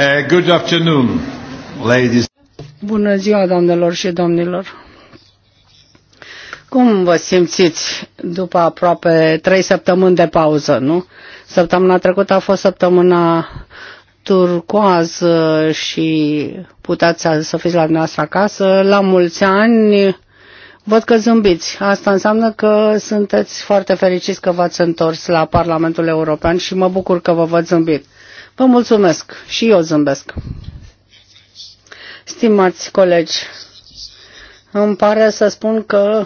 Eh, good afternoon, ladies. Bună ziua, doamnelor și domnilor. Cum vă simțiți după aproape trei săptămâni de pauză, nu? Săptămâna trecută a fost săptămâna turcoază și puteți să fiți la dumneavoastră acasă. La mulți ani văd că zâmbiți. Asta înseamnă că sunteți foarte fericiți că v-ați întors la Parlamentul European și mă bucur că vă văd zâmbit. Vă mulțumesc și eu zâmbesc. Stimați colegi, îmi pare să spun că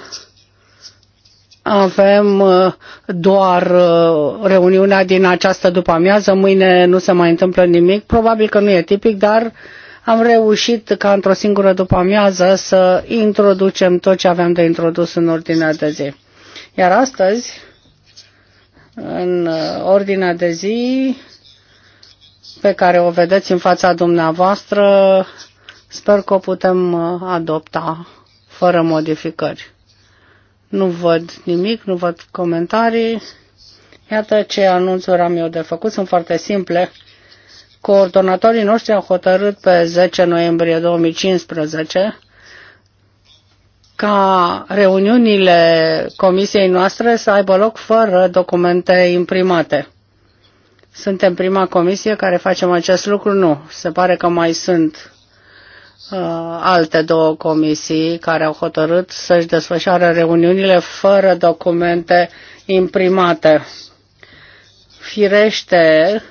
avem uh, doar uh, reuniunea din această după-amiază, mâine nu se mai întâmplă nimic, probabil că nu e tipic, dar am reușit ca într-o singură după-amiază să introducem tot ce aveam de introdus în ordinea de zi. Iar astăzi, în uh, ordinea de zi, pe care o vedeți în fața dumneavoastră, sper că o putem uh, adopta fără modificări. Nu văd nimic, nu văd comentarii. Iată ce anunțuri am eu de făcut, sunt foarte simple. Coordonatorii noștri au hotărât pe 10 noiembrie 2015 ca reuniunile comisiei noastre să aibă loc fără documente imprimate. Suntem prima comisie care facem acest lucru? Nu. Se pare că mai sunt uh, alte două comisii care au hotărât să-și desfășoare reuniunile fără documente imprimate. Firește,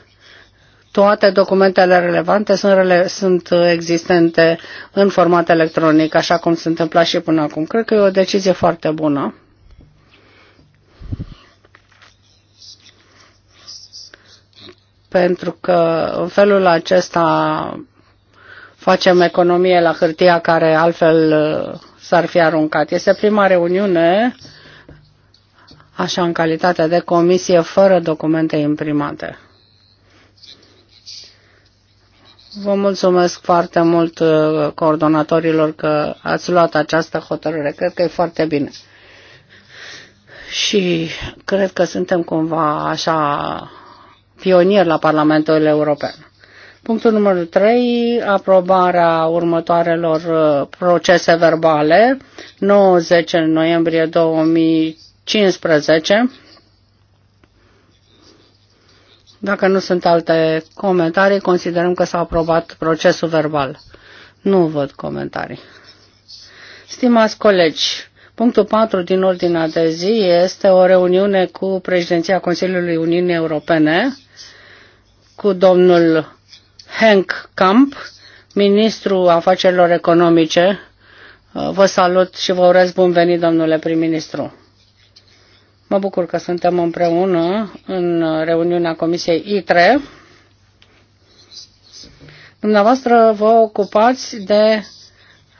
toate documentele relevante sunt, rele- sunt existente în format electronic, așa cum se întâmpla și până acum. Cred că e o decizie foarte bună. pentru că în felul acesta facem economie la hârtia care altfel uh, s-ar fi aruncat. Este prima reuniune, așa în calitate de comisie, fără documente imprimate. Vă mulțumesc foarte mult uh, coordonatorilor că ați luat această hotărâre. Cred că e foarte bine. Și cred că suntem cumva așa pionier la Parlamentul European. Punctul numărul 3, aprobarea următoarelor uh, procese verbale, 90 noiembrie 2015. Dacă nu sunt alte comentarii, considerăm că s-a aprobat procesul verbal. Nu văd comentarii. Stimați colegi, punctul 4 din ordinea de zi este o reuniune cu președinția Consiliului Uniunii Europene cu domnul Hank Camp, ministru afacerilor economice. Uh, vă salut și vă urez bun venit, domnule prim-ministru. Mă bucur că suntem împreună în reuniunea Comisiei ITRE. Dumneavoastră vă ocupați de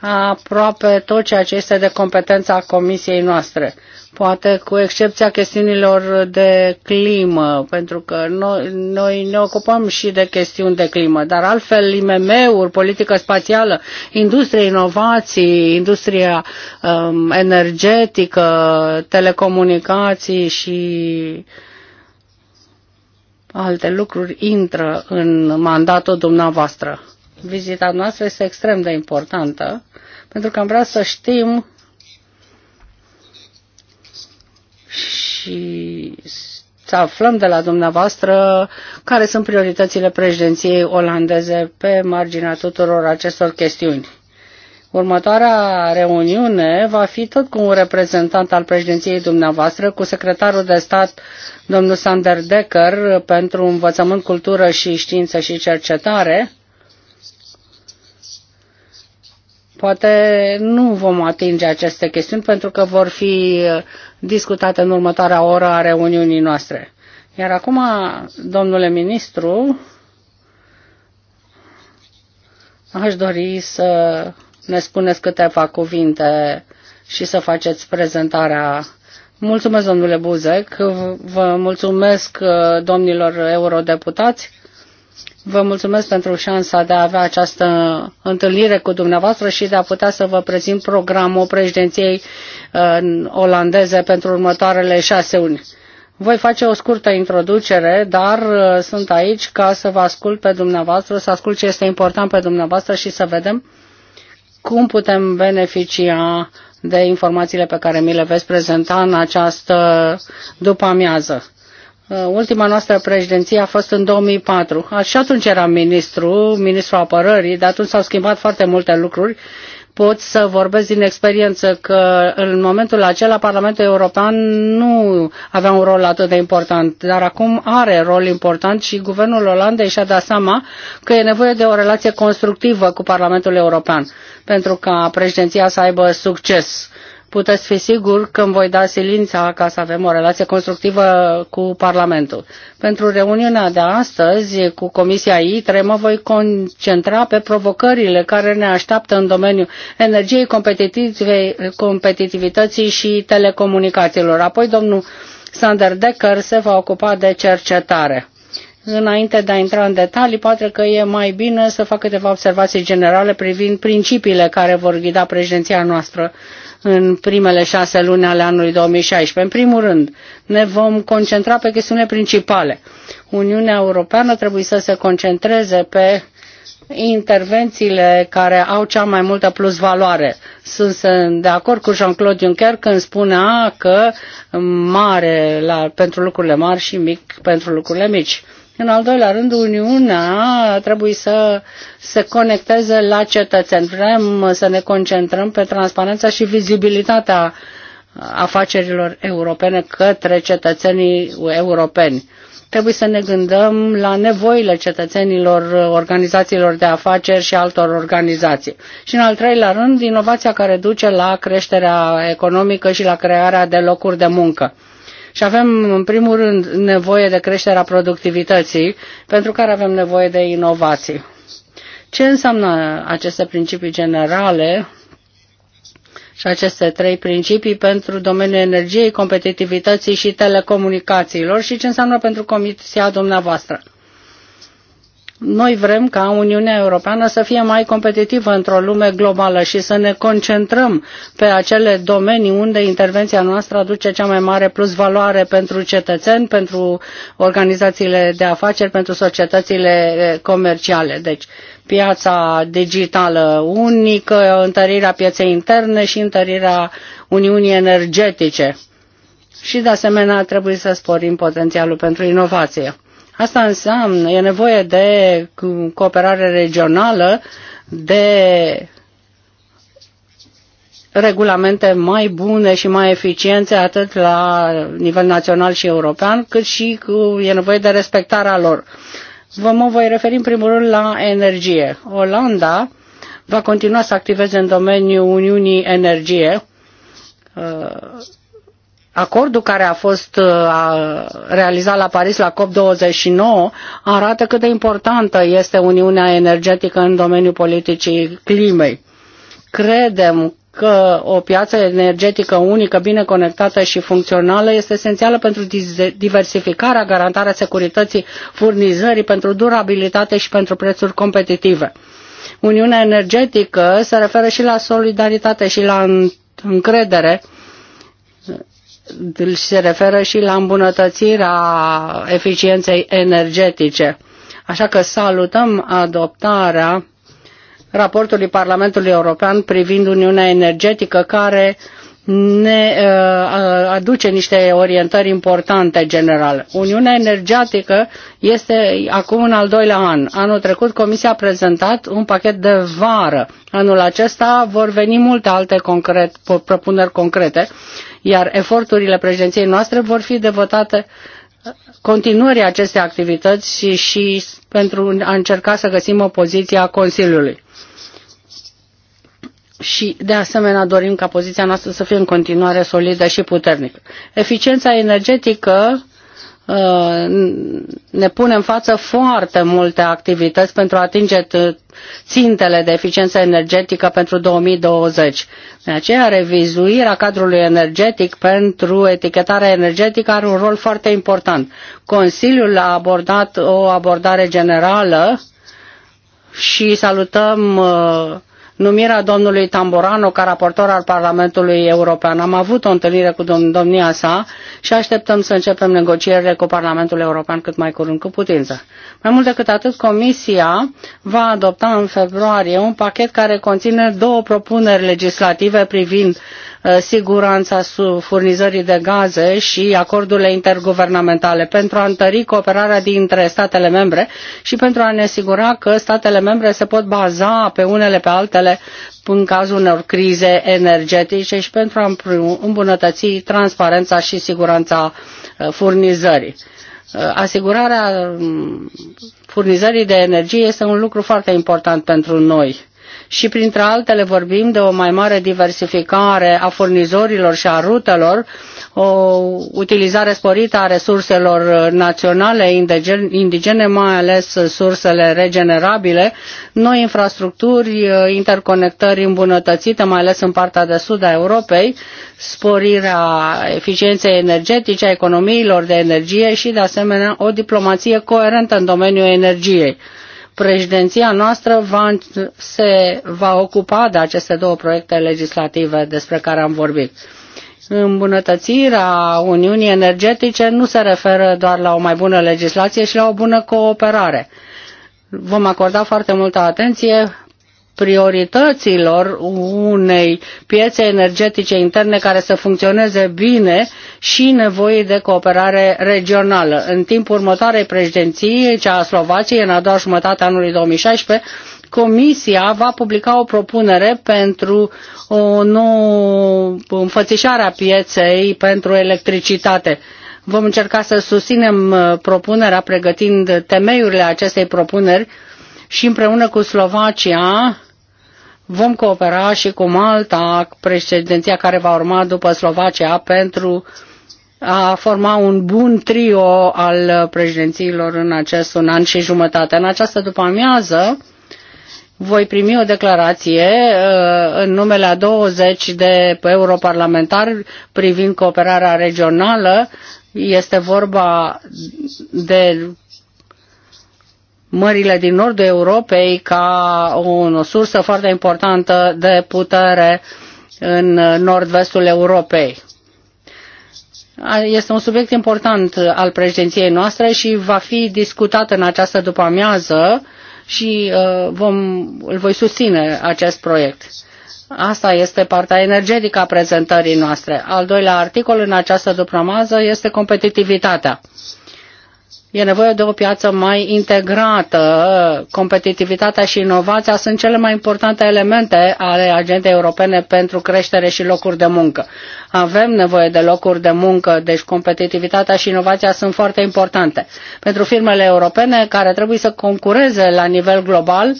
aproape tot ceea ce este de competența Comisiei noastre poate cu excepția chestiunilor de climă, pentru că noi, noi ne ocupăm și de chestiuni de climă, dar altfel IMM-uri, politică spațială, industrie, inovații, industria um, energetică, telecomunicații și alte lucruri intră în mandatul dumneavoastră. Vizita noastră este extrem de importantă, pentru că am vrea să știm și să aflăm de la dumneavoastră care sunt prioritățile președinției olandeze pe marginea tuturor acestor chestiuni. Următoarea reuniune va fi tot cu un reprezentant al președinției dumneavoastră, cu secretarul de stat, domnul Sander Decker, pentru învățământ, cultură și știință și cercetare. Poate nu vom atinge aceste chestiuni pentru că vor fi discutată în următoarea oră a reuniunii noastre. Iar acum, domnule ministru, aș dori să ne spuneți câteva cuvinte și să faceți prezentarea. Mulțumesc, domnule Buzec, vă mulțumesc domnilor eurodeputați Vă mulțumesc pentru șansa de a avea această întâlnire cu dumneavoastră și de a putea să vă prezint programul președinției uh, olandeze pentru următoarele șase luni. Voi face o scurtă introducere, dar uh, sunt aici ca să vă ascult pe dumneavoastră, să ascult ce este important pe dumneavoastră și să vedem cum putem beneficia de informațiile pe care mi le veți prezenta în această după amiază. Uh, ultima noastră președinție a fost în 2004. Și atunci eram ministru, ministru apărării, dar atunci s-au schimbat foarte multe lucruri. Pot să vorbesc din experiență că în momentul acela Parlamentul European nu avea un rol atât de important, dar acum are rol important și guvernul Olandei și-a dat seama că e nevoie de o relație constructivă cu Parlamentul European pentru ca președinția să aibă succes puteți fi sigur că îmi voi da silința ca să avem o relație constructivă cu Parlamentul. Pentru reuniunea de astăzi cu Comisia ITRE mă voi concentra pe provocările care ne așteaptă în domeniul energiei, competitivității și telecomunicațiilor. Apoi domnul Sander Decker se va ocupa de cercetare. Înainte de a intra în detalii, poate că e mai bine să fac câteva observații generale privind principiile care vor ghida președinția noastră în primele șase luni ale anului 2016. În primul rând, ne vom concentra pe chestiunile principale. Uniunea Europeană trebuie să se concentreze pe intervențiile care au cea mai multă plus valoare. Sunt de acord cu Jean-Claude Juncker când spunea că mare la, pentru lucrurile mari și mic pentru lucrurile mici. În al doilea rând, Uniunea trebuie să se conecteze la cetățeni. Vrem să ne concentrăm pe transparența și vizibilitatea afacerilor europene către cetățenii europeni. Trebuie să ne gândăm la nevoile cetățenilor, organizațiilor de afaceri și altor organizații. Și în al treilea rând, inovația care duce la creșterea economică și la crearea de locuri de muncă și avem, în primul rând, nevoie de creșterea productivității, pentru care avem nevoie de inovații. Ce înseamnă aceste principii generale și aceste trei principii pentru domeniul energiei, competitivității și telecomunicațiilor și ce înseamnă pentru comisia dumneavoastră? Noi vrem ca Uniunea Europeană să fie mai competitivă într-o lume globală și să ne concentrăm pe acele domenii unde intervenția noastră aduce cea mai mare plus valoare pentru cetățeni, pentru organizațiile de afaceri, pentru societățile comerciale. Deci piața digitală unică, întărirea pieței interne și întărirea Uniunii energetice. Și de asemenea trebuie să sporim potențialul pentru inovație Asta înseamnă, e nevoie de cooperare regională, de regulamente mai bune și mai eficiente atât la nivel național și european, cât și cu, e nevoie de respectarea lor. Vă mă voi referi în primul rând la energie. Olanda va continua să activeze în domeniul Uniunii Energie uh, Acordul care a fost uh, realizat la Paris la COP29 arată cât de importantă este Uniunea Energetică în domeniul politicii climei. Credem că o piață energetică unică, bine conectată și funcțională este esențială pentru diversificarea, garantarea securității furnizării, pentru durabilitate și pentru prețuri competitive. Uniunea energetică se referă și la solidaritate și la încredere se referă și la îmbunătățirea eficienței energetice. Așa că salutăm adoptarea raportului Parlamentului European privind Uniunea Energetică, care ne uh, aduce niște orientări importante generale. Uniunea energetică este acum în al doilea an. Anul trecut Comisia a prezentat un pachet de vară. Anul acesta vor veni multe alte concret, propuneri concrete iar eforturile președinției noastre vor fi devotate continuării acestei activități și, și pentru a încerca să găsim o poziție a Consiliului. Și, de asemenea, dorim ca poziția noastră să fie în continuare solidă și puternică. Eficiența energetică uh, ne pune în față foarte multe activități pentru a atinge țintele de eficiență energetică pentru 2020. De aceea, revizuirea cadrului energetic pentru etichetarea energetică are un rol foarte important. Consiliul a abordat o abordare generală și salutăm uh, numirea domnului Tamburano ca raportor al Parlamentului European. Am avut o întâlnire cu domnia sa și așteptăm să începem negocierile cu Parlamentul European cât mai curând cu putință. Mai mult decât atât, Comisia va adopta în februarie un pachet care conține două propuneri legislative privind uh, siguranța furnizării de gaze și acordurile interguvernamentale pentru a întări cooperarea dintre statele membre și pentru a ne asigura că statele membre se pot baza pe unele pe altele naționale în cazul unor crize energetice și pentru a îmbunătăți transparența și siguranța uh, furnizării. Uh, asigurarea mm, furnizării de energie este un lucru foarte important pentru noi și printre altele vorbim de o mai mare diversificare a furnizorilor și a rutelor, o utilizare sporită a resurselor naționale indigene, mai ales sursele regenerabile, noi infrastructuri, interconectări îmbunătățite, mai ales în partea de sud a Europei, sporirea eficienței energetice, a economiilor de energie și, de asemenea, o diplomație coerentă în domeniul energiei. Președinția noastră va, se va ocupa de aceste două proiecte legislative despre care am vorbit. Îmbunătățirea Uniunii Energetice nu se referă doar la o mai bună legislație și la o bună cooperare. Vom acorda foarte multă atenție priorităților unei piețe energetice interne care să funcționeze bine și nevoie de cooperare regională. În timpul următoarei președinții, cea a Slovaciei în a doua jumătate a anului 2016, Comisia va publica o propunere pentru o nouă înfățișare a pieței pentru electricitate. Vom încerca să susținem uh, propunerea pregătind temeiurile acestei propuneri și împreună cu Slovacia Vom coopera și cu Malta, președinția care va urma după Slovacia, pentru a forma un bun trio al președințiilor în acest un an și jumătate. În această după-amiază voi primi o declarație uh, în numele a 20 de europarlamentari privind cooperarea regională. Este vorba de mările din nordul Europei ca o sursă foarte importantă de putere în nord-vestul Europei. Este un subiect important al președinției noastre și va fi discutat în această după-amiază și uh, vom, îl voi susține acest proiect. Asta este partea energetică a prezentării noastre. Al doilea articol în această după-amiază este competitivitatea. E nevoie de o piață mai integrată. Competitivitatea și inovația sunt cele mai importante elemente ale agendei europene pentru creștere și locuri de muncă. Avem nevoie de locuri de muncă, deci competitivitatea și inovația sunt foarte importante. Pentru firmele europene care trebuie să concureze la nivel global,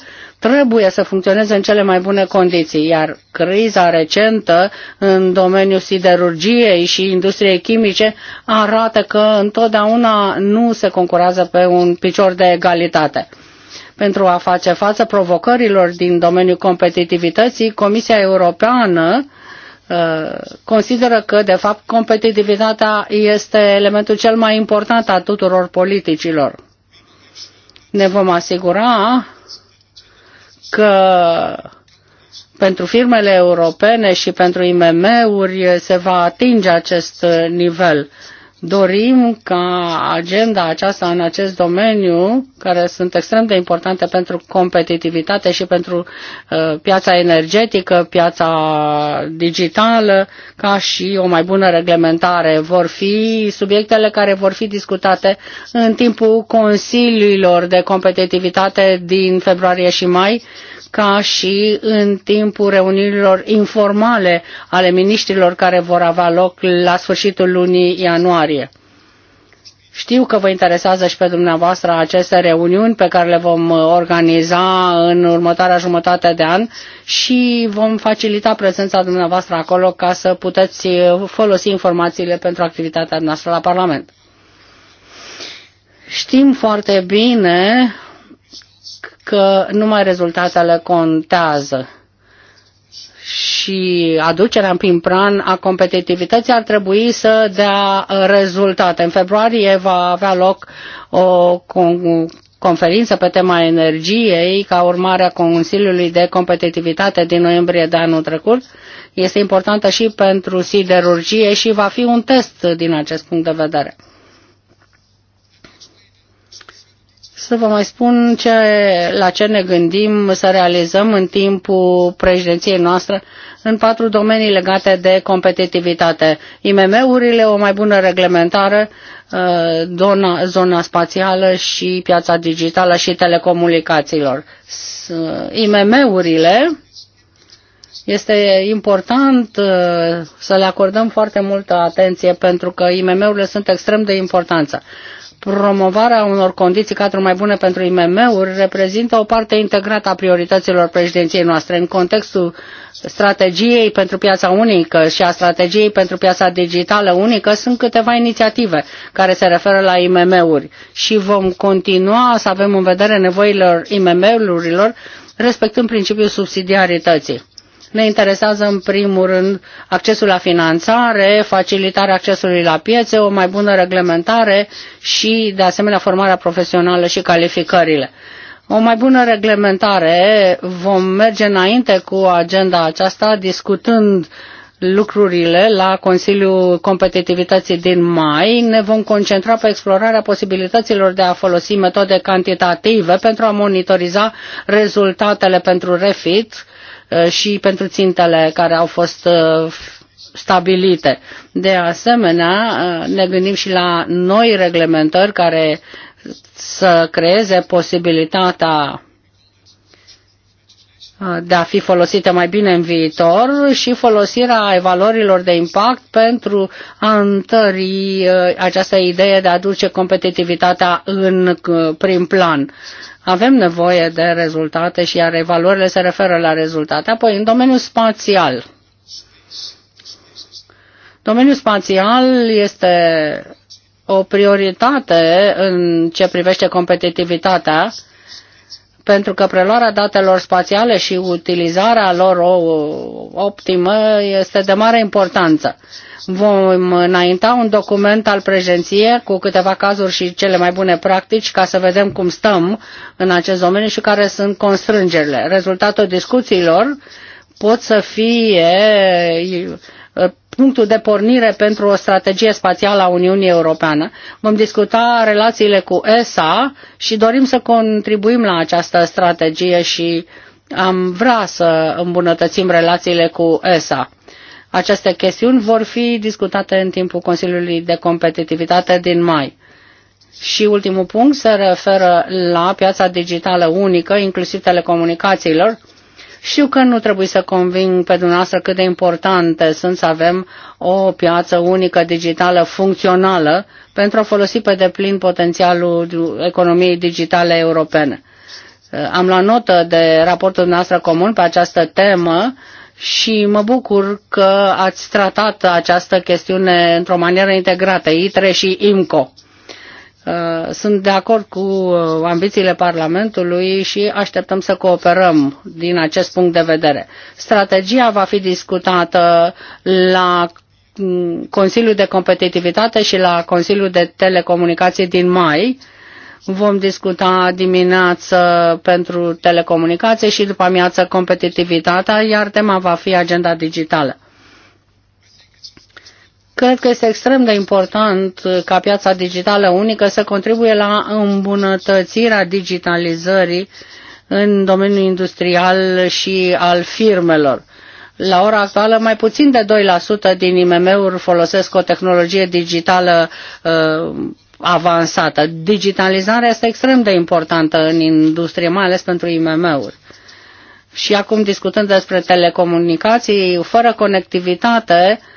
trebuie să funcționeze în cele mai bune condiții, iar criza recentă în domeniul siderurgiei și industriei chimice arată că întotdeauna nu se concurează pe un picior de egalitate. Pentru a face față provocărilor din domeniul competitivității, Comisia Europeană uh, consideră că, de fapt, competitivitatea este elementul cel mai important al tuturor politicilor. Ne vom asigura că pentru firmele europene și pentru IMM-uri se va atinge acest nivel dorim ca agenda aceasta în acest domeniu, care sunt extrem de importante pentru competitivitate și pentru uh, piața energetică, piața digitală, ca și o mai bună reglementare, vor fi subiectele care vor fi discutate în timpul consiliilor de competitivitate din februarie și mai, ca și în timpul reunirilor informale ale miniștrilor care vor avea loc la sfârșitul lunii ianuarie ianuarie. Știu că vă interesează și pe dumneavoastră aceste reuniuni pe care le vom uh, organiza în următoarea jumătate de an și vom facilita prezența dumneavoastră acolo ca să puteți uh, folosi informațiile pentru activitatea noastră la Parlament. Știm foarte bine că numai rezultatele contează și aducerea în prim plan a competitivității ar trebui să dea uh, rezultate. În februarie va avea loc o conferință pe tema energiei ca urmare a Consiliului de Competitivitate din noiembrie de anul trecut. Este importantă și pentru siderurgie și va fi un test din acest punct de vedere. să vă mai spun ce, la ce ne gândim să realizăm în timpul președinției noastre în patru domenii legate de competitivitate. IMM-urile, o mai bună reglementare, zona, uh, zona spațială și piața digitală și telecomunicațiilor. Uh, IMM-urile este important uh, să le acordăm foarte multă atenție pentru că IMM-urile sunt extrem de importanță promovarea unor condiții cadru mai bune pentru IMM-uri reprezintă o parte integrată a priorităților președinției noastre în contextul strategiei pentru piața unică și a strategiei pentru piața digitală unică sunt câteva inițiative care se referă la IMM-uri și vom continua să avem în vedere nevoile IMM-urilor respectând principiul subsidiarității. Ne interesează în primul rând accesul la finanțare, facilitarea accesului la piețe, o mai bună reglementare și de asemenea formarea profesională și calificările. O mai bună reglementare, vom merge înainte cu agenda aceasta discutând lucrurile la Consiliul Competitivității din mai, ne vom concentra pe explorarea posibilităților de a folosi metode cantitative pentru a monitoriza rezultatele pentru refit Uh, și pentru țintele care au fost uh, stabilite. De asemenea, uh, ne gândim și la noi reglementări care să creeze posibilitatea de a fi folosite mai bine în viitor și folosirea evaluărilor de impact pentru a întări această idee de a aduce competitivitatea în prim plan. Avem nevoie de rezultate și iar evaluările se referă la rezultate. Apoi, în domeniul spațial. Domeniul spațial este o prioritate în ce privește competitivitatea pentru că preluarea datelor spațiale și utilizarea lor optimă este de mare importanță. Vom înainta un document al prezenției cu câteva cazuri și cele mai bune practici ca să vedem cum stăm în acest domeniu și care sunt constrângerile. Rezultatul discuțiilor pot să fie punctul de pornire pentru o strategie spațială a Uniunii Europeană. Vom discuta relațiile cu ESA și dorim să contribuim la această strategie și am vrea să îmbunătățim relațiile cu ESA. Aceste chestiuni vor fi discutate în timpul Consiliului de Competitivitate din mai. Și ultimul punct se referă la piața digitală unică, inclusiv telecomunicațiilor știu că nu trebuie să conving pe dumneavoastră cât de importante sunt să avem o piață unică digitală funcțională pentru a folosi pe deplin potențialul economiei digitale europene. Uh, am luat notă de raportul noastră comun pe această temă și mă bucur că ați tratat această chestiune într-o manieră integrată, ITRE și IMCO. Uh, sunt de acord cu uh, ambițiile Parlamentului și așteptăm să cooperăm din acest punct de vedere. Strategia va fi discutată la mm, Consiliul de Competitivitate și la Consiliul de Telecomunicații din mai. Vom discuta dimineață pentru telecomunicații și după amiață competitivitatea, iar tema va fi agenda digitală. Cred că este extrem de important ca piața digitală unică să contribuie la îmbunătățirea digitalizării în domeniul industrial și al firmelor. La ora actuală, mai puțin de 2% din IMM-uri folosesc o tehnologie digitală uh, avansată. Digitalizarea este extrem de importantă în industrie, mai ales pentru IMM-uri. Și acum discutând despre telecomunicații, fără conectivitate, uh,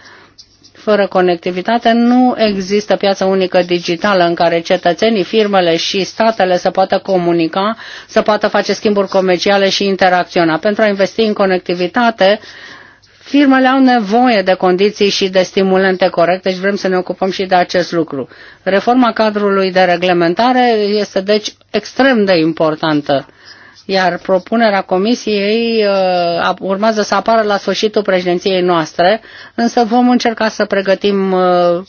fără conectivitate nu există piață unică digitală în care cetățenii, firmele și statele să poată comunica, să poată face schimburi comerciale și interacționa. Pentru a investi în conectivitate, firmele au nevoie de condiții și de stimulente corecte și vrem să ne ocupăm și de acest lucru. Reforma cadrului de reglementare este deci extrem de importantă iar propunerea Comisiei uh, urmează să apară la sfârșitul președinției noastre, însă vom încerca să pregătim uh,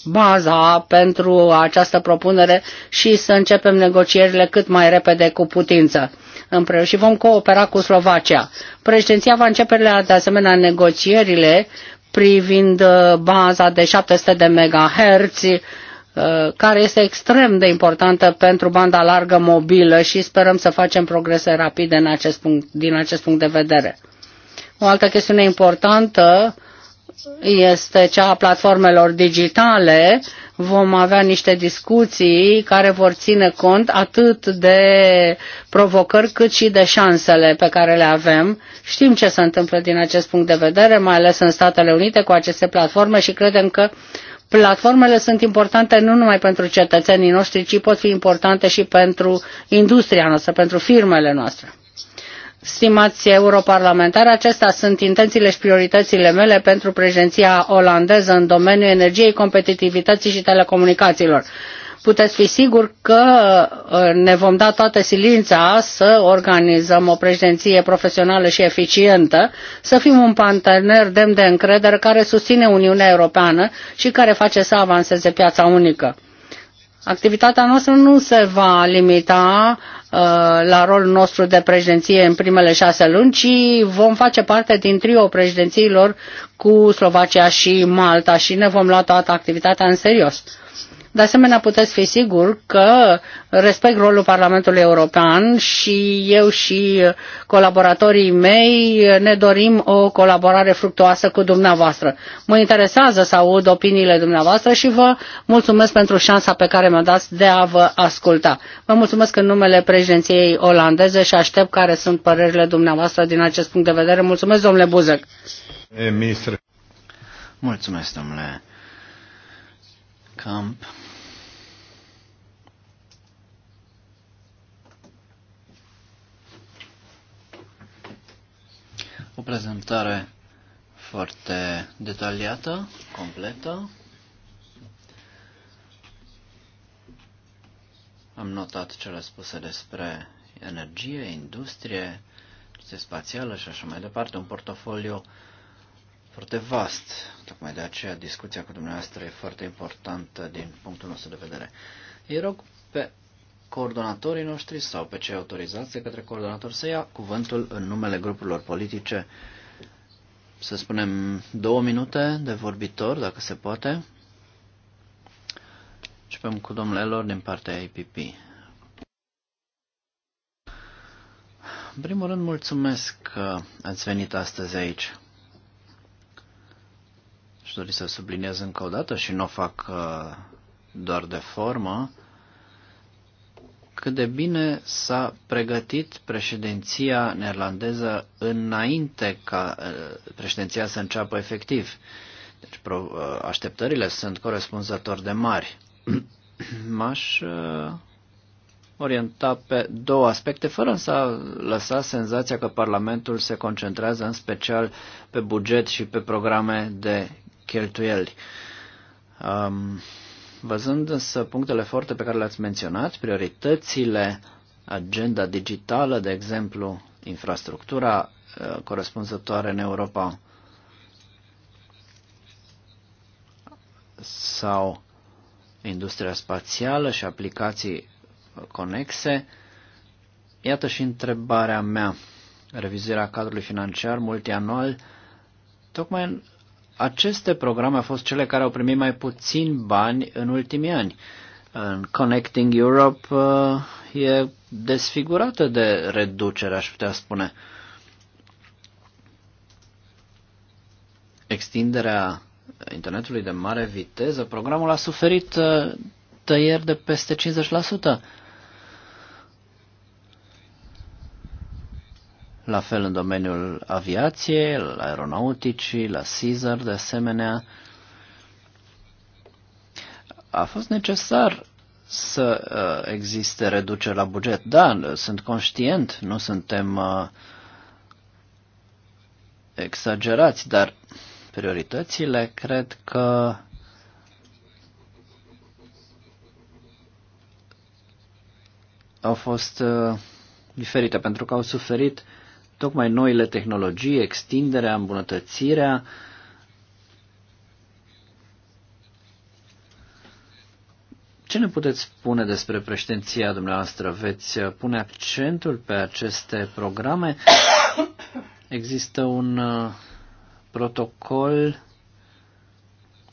baza pentru această propunere și să începem negocierile cât mai repede cu putință împreună și vom coopera cu Slovacia. Președinția va începe la, de asemenea negocierile privind uh, baza de 700 de megahertz. Uh, care este extrem de importantă pentru banda largă mobilă și sperăm să facem progrese rapide în acest punct, din acest punct de vedere. O altă chestiune importantă este cea a platformelor digitale. Vom avea niște discuții care vor ține cont atât de provocări cât și de șansele pe care le avem. Știm ce se întâmplă din acest punct de vedere, mai ales în Statele Unite cu aceste platforme și credem că Platformele sunt importante nu numai pentru cetățenii noștri, ci pot fi importante și pentru industria noastră, pentru firmele noastre. Stimați europarlamentari, acestea sunt intențiile și prioritățile mele pentru președinția olandeză în domeniul energiei, competitivității și telecomunicațiilor puteți fi sigur că uh, ne vom da toată silința să organizăm o președinție profesională și eficientă, să fim un partener demn de încredere care susține Uniunea Europeană și care face să avanseze piața unică. Activitatea noastră nu se va limita uh, la rolul nostru de președinție în primele șase luni, ci vom face parte din trio președințiilor cu Slovacia și Malta și ne vom lua toată activitatea în serios. De asemenea, puteți fi sigur că respect rolul Parlamentului European și eu și colaboratorii mei ne dorim o colaborare fructuoasă cu dumneavoastră. Mă interesează să aud opiniile dumneavoastră și vă mulțumesc pentru șansa pe care mi-o dați de a vă asculta. Vă mulțumesc în numele președinției olandeze și aștept care sunt părerile dumneavoastră din acest punct de vedere. Mulțumesc, domnule Buzek. Mulțumesc, domnule Camp. prezentare foarte detaliată, completă. Am notat cele spuse despre energie, industrie, spațială și așa mai departe, un portofoliu foarte vast. Tocmai de aceea discuția cu dumneavoastră e foarte importantă din punctul nostru de vedere. Îi rog pe coordonatorii noștri sau pe cei autorizați de către coordonator să ia cuvântul în numele grupurilor politice, să spunem două minute de vorbitor, dacă se poate. Începem cu domnul Elor din partea IPP. În primul rând, mulțumesc că ați venit astăzi aici. Și dori să subliniez încă o dată și nu o fac uh, doar de formă, cât de bine s-a pregătit președinția neerlandeză înainte ca uh, președinția să înceapă efectiv. Deci uh, așteptările sunt corespunzător de mari. M-aș uh, orienta pe două aspecte, fără să lăsa senzația că Parlamentul se concentrează în special pe buget și pe programe de cheltuieli. Um, Văzând însă punctele forte pe care le-ați menționat, prioritățile, agenda digitală, de exemplu, infrastructura uh, corespunzătoare în Europa sau industria spațială și aplicații conexe, iată și întrebarea mea. Revizuirea cadrului financiar multianual, tocmai aceste programe au fost cele care au primit mai puțin bani în ultimii ani. Connecting Europe uh, e desfigurată de reducere, aș putea spune. Extinderea internetului de mare viteză, programul a suferit uh, tăieri de peste 50%. la fel în domeniul aviației, la aeronauticii, la Caesar de asemenea. A fost necesar să uh, existe reduceri la buget. Da, sunt conștient, nu suntem uh, exagerați, dar prioritățile cred că au fost uh, diferite pentru că au suferit uh, tocmai noile tehnologii, extinderea, îmbunătățirea, Ce ne puteți spune despre președinția dumneavoastră? Veți pune accentul pe aceste programe? Există un uh, protocol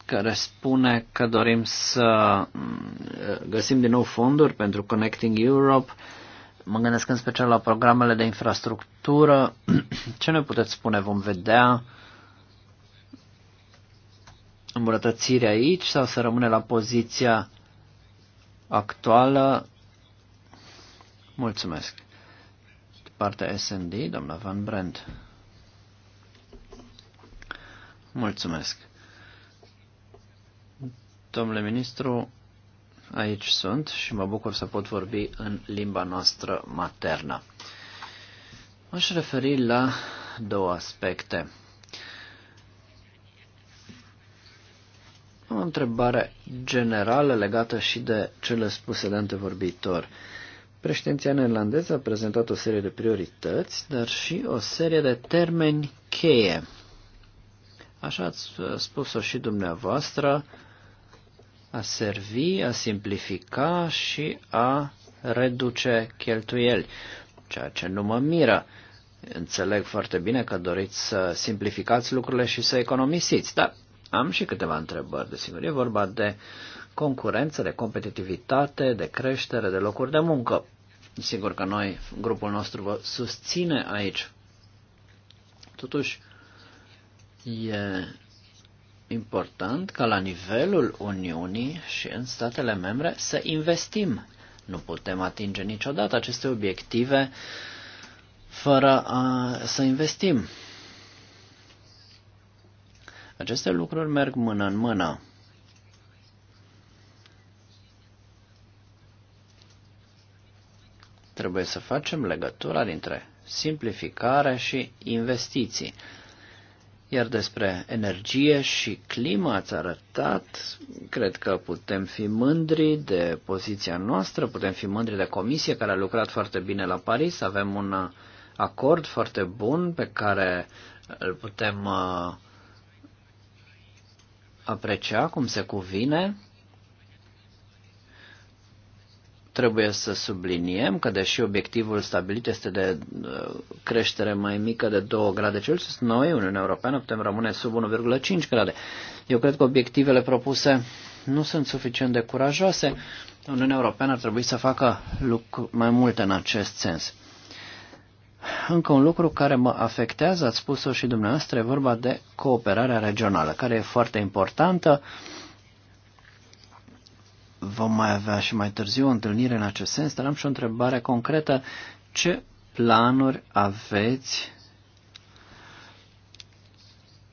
care spune că dorim să mm, găsim din nou fonduri pentru Connecting Europe. Mă gândesc în special la programele de infrastructură. Ce ne puteți spune? Vom vedea îmbunătățiri aici sau să rămâne la poziția actuală? Mulțumesc. De partea SND, doamna Van Brent. Mulțumesc. Domnule ministru, aici sunt și mă bucur să pot vorbi în limba noastră maternă. M-aș referi la două aspecte. O întrebare generală legată și de cele spuse de antevorbitor. Președinția neerlandeză a prezentat o serie de priorități, dar și o serie de termeni cheie. Așa ați spus-o și dumneavoastră, a servi, a simplifica și a reduce cheltuieli, ceea ce nu mă miră. Înțeleg foarte bine că doriți să simplificați lucrurile și să economisiți, dar am și câteva întrebări, desigur. E vorba de concurență, de competitivitate, de creștere, de locuri de muncă. Sigur că noi, grupul nostru, vă susține aici. Totuși, e important ca la nivelul Uniunii și în statele membre să investim. Nu putem atinge niciodată aceste obiective fără a, să investim. Aceste lucruri merg mână în mână. Trebuie să facem legătura dintre simplificare și investiții. Iar despre energie și climă ați arătat, cred că putem fi mândri de poziția noastră, putem fi mândri de comisie care a lucrat foarte bine la Paris, avem un uh, acord foarte bun pe care îl putem uh, aprecia cum se cuvine Trebuie să subliniem că deși obiectivul stabilit este de uh, creștere mai mică de 2 grade Celsius, noi, Uniunea Europeană, putem rămâne sub 1,5 grade. Eu cred că obiectivele propuse nu sunt suficient de curajoase. Uniunea Europeană ar trebui să facă lucru mai mult în acest sens. Încă un lucru care mă afectează, ați spus-o și dumneavoastră, e vorba de cooperarea regională, care e foarte importantă. Uh, Vom mai avea și mai târziu o întâlnire în acest sens, dar am și o întrebare concretă. Ce planuri aveți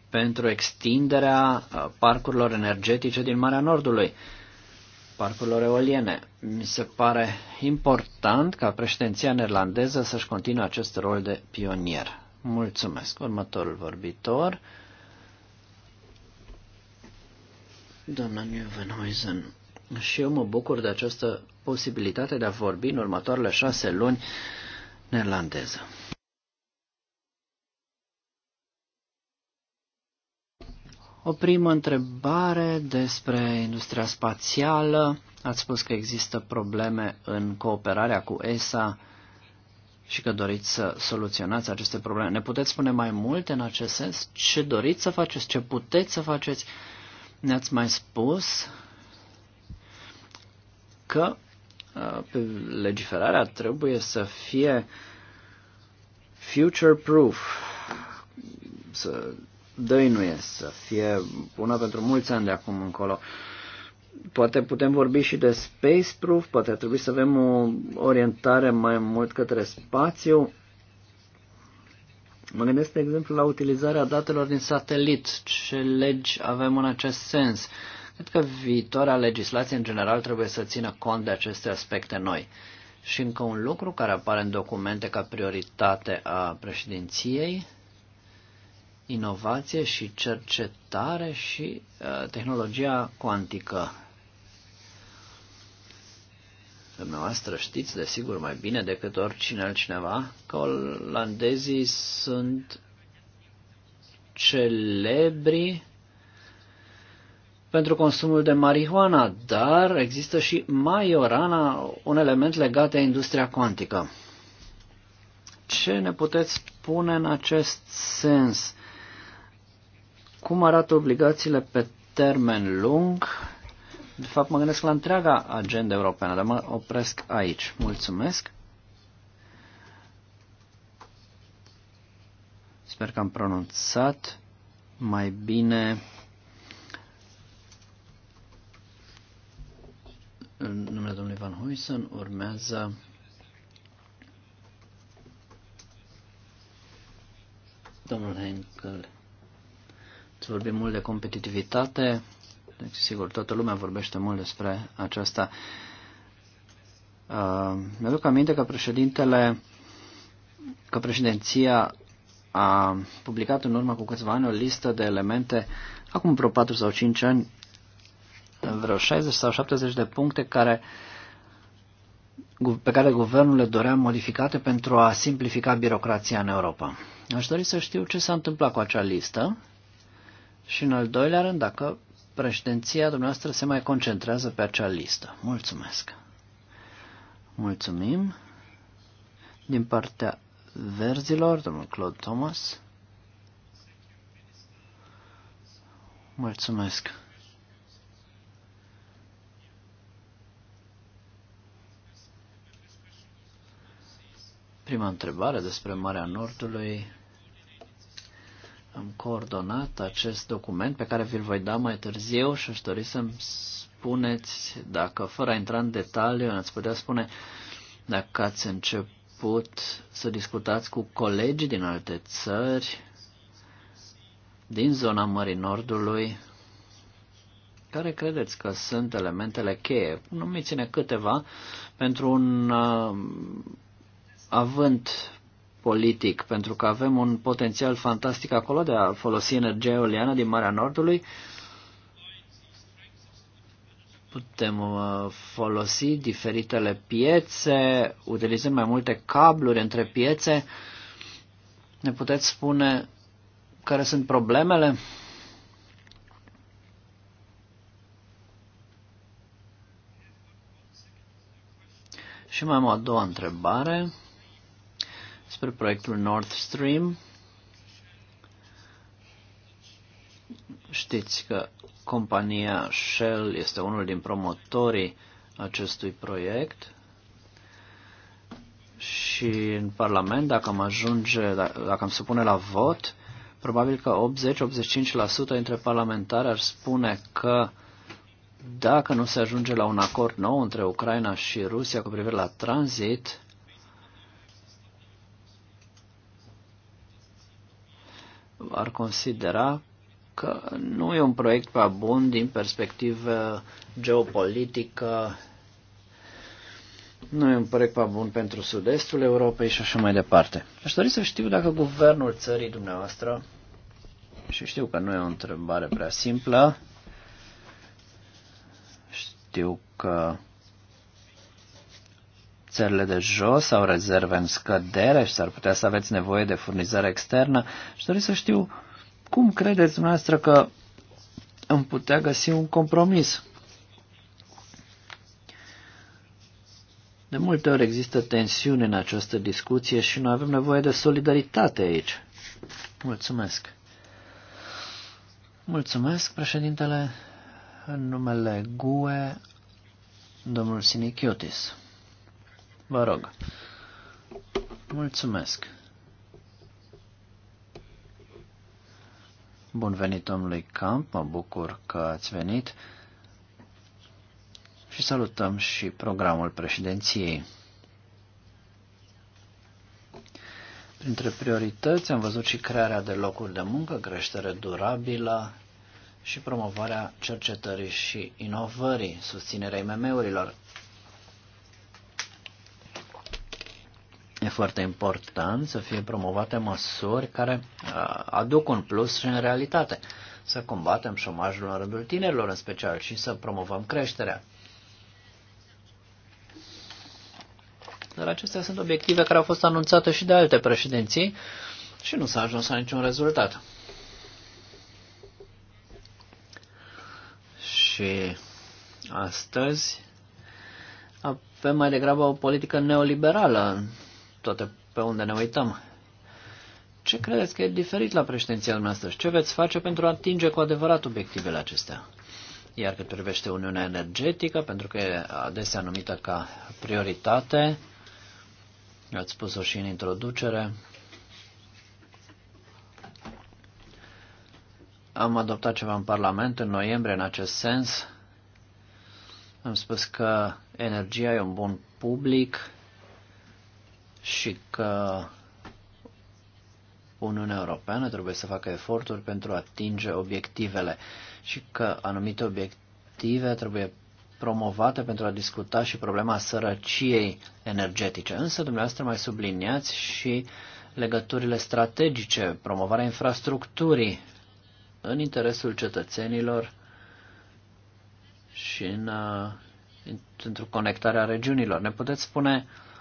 pentru extinderea uh, parcurilor energetice din Marea Nordului, parcurilor eoliene. Mi se pare important ca președinția neerlandeză să-și continue acest rol de pionier. Mulțumesc. Următorul vorbitor, doamna Nieuwenhuizen și eu mă bucur de această posibilitate de a vorbi în următoarele șase luni neerlandeză. O primă întrebare despre industria spațială. Ați spus că există probleme în cooperarea cu ESA și că doriți să soluționați aceste probleme. Ne puteți spune mai multe în acest sens? Ce doriți să faceți? Ce puteți să faceți? Ne-ați mai spus că uh, pe legiferarea trebuie să fie future-proof, să dăinuie, să fie bună pentru mulți ani de acum încolo. Poate putem vorbi și de space-proof, poate trebuie să avem o orientare mai mult către spațiu. Mă gândesc, de exemplu, la utilizarea datelor din satelit. Ce legi avem în acest sens? Uh, Cred că viitoarea legislație în general trebuie să țină cont de aceste aspecte noi. Și încă un lucru care apare în documente ca prioritate a președinției, inovație și cercetare și uh, tehnologia cuantică. Dumneavoastră știți, desigur, mai bine decât oricine altcineva, că olandezii sunt celebri pentru consumul de marihuana, dar există și majorana, un element legat de industria cuantică. Ce ne puteți spune în acest sens? Cum arată obligațiile pe termen lung? De fapt, mă gândesc la întreaga agenda europeană, dar mă opresc aici. Mulțumesc! Sper că am pronunțat mai bine În numele domnului Van Huysen urmează domnul Henkel. Să vorbim mult de competitivitate, deci sigur toată lumea vorbește mult despre aceasta. Uh, mi-aduc aminte că președintele, că președinția a publicat în urmă cu câțiva ani o listă de elemente, acum vreo 4 sau 5 ani, vreo 60 sau 70 de puncte care, pe care guvernul le dorea modificate pentru a simplifica birocrația în Europa. Aș dori să știu ce s-a întâmplat cu acea listă și, în al doilea rând, dacă președinția dumneavoastră se mai concentrează pe acea listă. Mulțumesc! Mulțumim! Din partea verzilor, domnul Claude Thomas. Mulțumesc! prima întrebare despre Marea Nordului, am coordonat acest document pe care vi-l voi da mai târziu și aș dori să-mi spuneți dacă, fără a intra în detaliu, ați putea spune dacă ați început să discutați cu colegi din alte țări, din zona Mării Nordului, care credeți că sunt elementele cheie? Numiți-ne câteva pentru un uh, avânt politic, pentru că avem un potențial fantastic acolo de a folosi energia eoliană din Marea Nordului. Putem uh, folosi diferitele piețe, utilizând mai multe cabluri între piețe. Ne puteți spune care sunt problemele? Și mai am o a doua întrebare despre proiectul Nord Stream. Știți că compania Shell este unul din promotorii acestui proiect și în Parlament, dacă am ajunge, da, dacă am supune la vot, probabil că 80-85% dintre parlamentari ar spune că dacă nu se ajunge la un acord nou între Ucraina și Rusia cu privire la tranzit, ar considera că nu e un proiect prea bun din perspectivă geopolitică, nu e un proiect prea bun pentru sud-estul Europei și așa mai departe. Aș dori să știu dacă guvernul țării dumneavoastră, și știu că nu e o întrebare prea simplă, știu că țările de jos au rezerve în scădere și s-ar putea să aveți nevoie de furnizare externă și dori să știu cum credeți dumneavoastră că îmi putea găsi un compromis. De multe ori există tensiune în această discuție și noi avem nevoie de solidaritate aici. Mulțumesc. Mulțumesc, președintele, în numele GUE, domnul Sinichiotis. Vă rog. Mulțumesc. Bun venit domnului Camp, mă bucur că ați venit și salutăm și programul președinției. Printre priorități am văzut și crearea de locuri de muncă, creștere durabilă și promovarea cercetării și inovării, susținerea IMM-urilor. E foarte important să fie promovate măsuri care uh, aduc un plus și în realitate. Să combatem șomajul în rândul tinerilor în special și să promovăm creșterea. Dar acestea sunt obiective care au fost anunțate și de alte președinții și nu s-a ajuns la niciun rezultat. Și astăzi avem mai degrabă o politică neoliberală toate pe unde ne uităm. Ce credeți că e diferit la președinția noastră și ce veți face pentru a atinge cu adevărat obiectivele acestea? Iar cât privește Uniunea Energetică, pentru că e adesea numită ca prioritate, ați spus-o și în introducere, am adoptat ceva în Parlament în noiembrie în acest sens. Am spus că energia e un bun public, și că Uniunea Europeană trebuie să facă eforturi pentru a atinge obiectivele și că anumite obiective trebuie promovate pentru a discuta și problema sărăciei energetice. Însă dumneavoastră mai subliniați și legăturile strategice, promovarea infrastructurii în interesul cetățenilor și în, uh, într-o conectare a regiunilor. Ne puteți spune uh,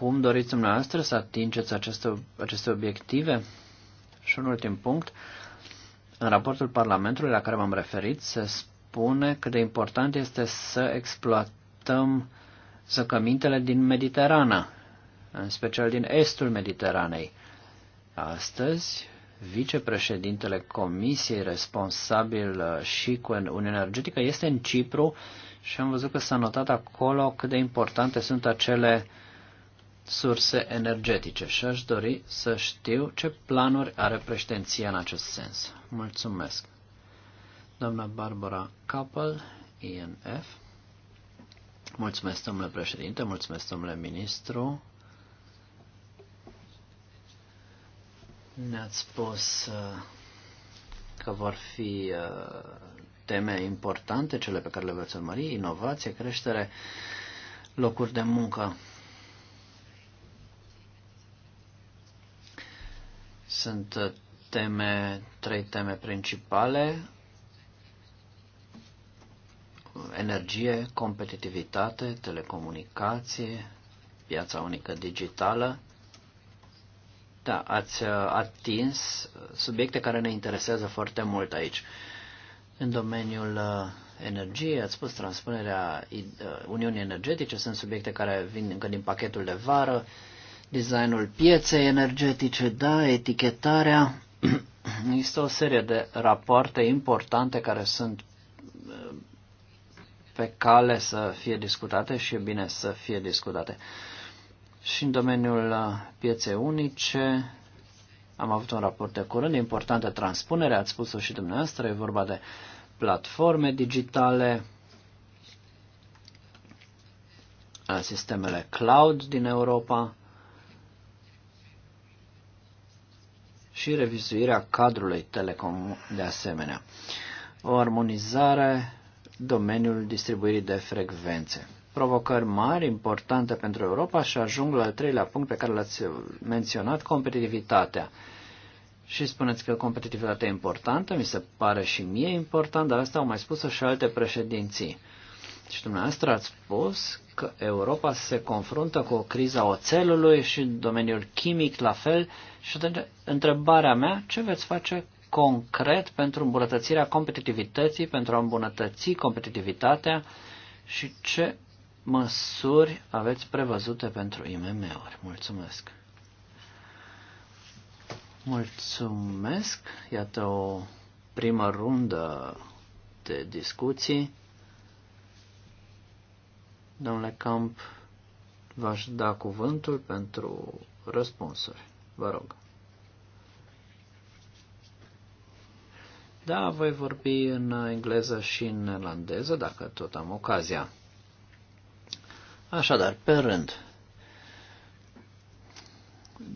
cum doriți dumneavoastră să atingeți aceste, aceste obiective? Și un ultim punct. În raportul Parlamentului la care m-am referit se spune cât de important este să exploatăm zăcămintele din Mediterana, în special din estul Mediteranei. Astăzi, vicepreședintele Comisiei responsabil uh, și cu Uniunea Energetică este în Cipru și am văzut că s-a notat acolo cât de importante sunt acele uh, surse energetice și aș dori să știu ce planuri are președinția în acest sens. Mulțumesc. Doamna Barbara Kappel, INF. Mulțumesc, domnule președinte, mulțumesc, domnule ministru. Ne-ați spus uh, că vor fi uh, teme importante, cele pe care le veți urmări, inovație, creștere, locuri de muncă. Sunt uh, teme, trei teme principale. Energie, competitivitate, telecomunicație, piața unică digitală. Da, ați uh, atins subiecte care ne interesează foarte mult aici. În domeniul uh, energiei, ați spus transpunerea Uniunii Energetice, sunt subiecte care vin încă din pachetul de vară, designul pieței energetice, da, etichetarea. Există o serie de rapoarte importante care sunt eh, pe cale să fie discutate și e bine să fie discutate. Și în domeniul eh, pieței unice am avut un raport de curând, importantă transpunere, ați spus-o și dumneavoastră, e vorba de platforme digitale, eh, sistemele cloud din Europa, și revizuirea cadrului telecom de asemenea. O armonizare domeniul distribuirii de frecvențe. Provocări mari, importante pentru Europa și ajung la al treilea punct pe care l-ați menționat, competitivitatea. Și spuneți că competitivitatea e importantă, mi se pare și mie important, dar asta au mai spus-o și alte președinții. Și dumneavoastră ați spus că Europa se confruntă cu o criza oțelului și în domeniul chimic la fel și atunci întrebarea mea, ce veți face concret pentru îmbunătățirea competitivității, pentru a îmbunătăți competitivitatea și ce măsuri aveți prevăzute pentru IMM-uri? Mulțumesc! Mulțumesc! Iată o primă rundă de discuții. Domnule Camp, v-aș da cuvântul pentru răspunsuri. Vă rog. Da, voi vorbi în engleză și în neerlandeză, dacă tot am ocazia. Așadar, pe rând,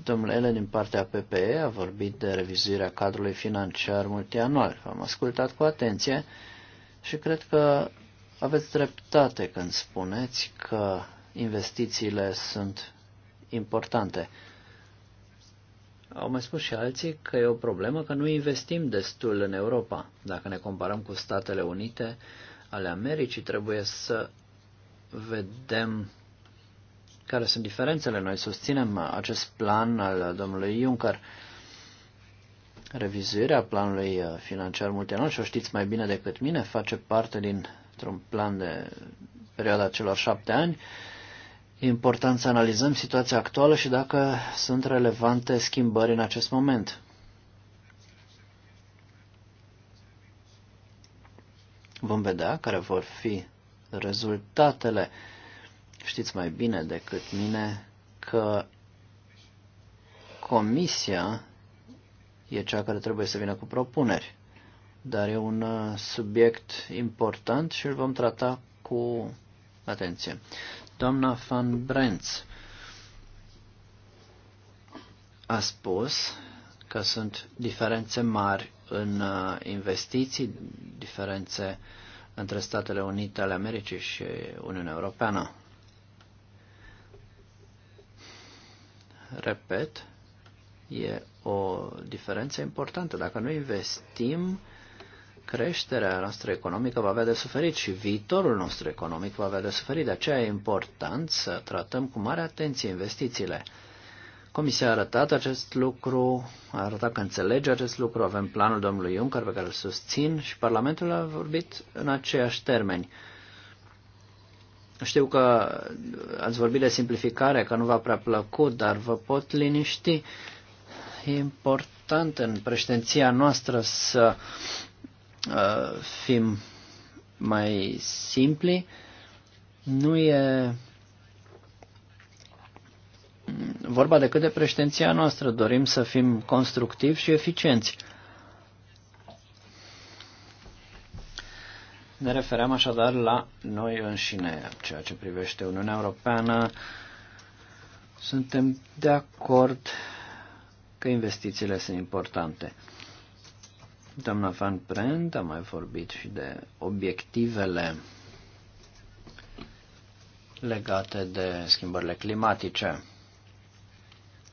domnul Ele din partea PPE a vorbit de revizuirea cadrului financiar multianual. V-am ascultat cu atenție și cred că aveți dreptate când spuneți că investițiile sunt importante. Au mai spus și alții că e o problemă că nu investim destul în Europa. Dacă ne comparăm cu Statele Unite ale Americii, trebuie să vedem care sunt diferențele. Noi susținem acest plan al domnului Juncker. Revizuirea planului financiar multianual, și o știți mai bine decât mine, face parte din într-un plan de perioada celor șapte ani. E important să analizăm situația actuală și dacă sunt relevante schimbări în acest moment. Vom vedea care vor fi rezultatele. Știți mai bine decât mine că comisia e cea care trebuie să vină cu propuneri dar e un uh, subiect important și îl vom trata cu atenție. Doamna Van Brentz a spus că sunt diferențe mari în uh, investiții, diferențe între Statele Unite ale Americii și Uniunea Europeană. Repet, e o diferență importantă. Dacă nu investim, creșterea noastră economică va avea de suferit și viitorul nostru economic va avea de suferit. De aceea e important să tratăm cu mare atenție investițiile. Comisia a arătat acest lucru, a arătat că înțelege acest lucru, avem planul domnului Juncker pe care îl susțin și Parlamentul a vorbit în aceiași termeni. Știu că ați vorbit de simplificare, că nu v-a prea plăcut, dar vă pot liniști. E important în președinția noastră să Uh, fim mai simpli. Nu e vorba decât de preștenția noastră. Dorim să fim constructivi și eficienți. Ne refeream așadar la noi înșine, ceea ce privește Uniunea Europeană. Suntem de acord că investițiile sunt importante. Doamna Van prent, a mai vorbit și de obiectivele legate de schimbările climatice,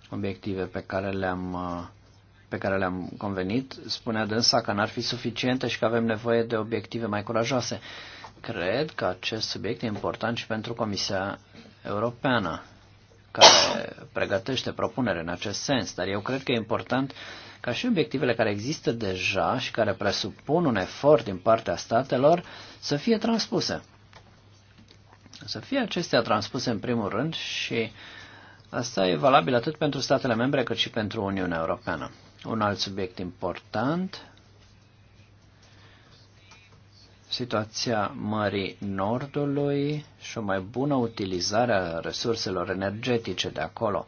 obiective pe care le-am pe care le-am convenit, spunea dânsa că n-ar fi suficiente și că avem nevoie de obiective mai curajoase. Cred că acest subiect e important și pentru Comisia Europeană, care pregătește propunere în acest sens, dar eu cred că e important ca și obiectivele care există deja și care presupun un efort din partea statelor să fie transpuse. Să fie acestea transpuse în primul rând și asta e valabil atât pentru statele membre cât și pentru Uniunea Europeană. Un alt subiect important, situația Mării Nordului și o mai bună utilizare a resurselor energetice de acolo.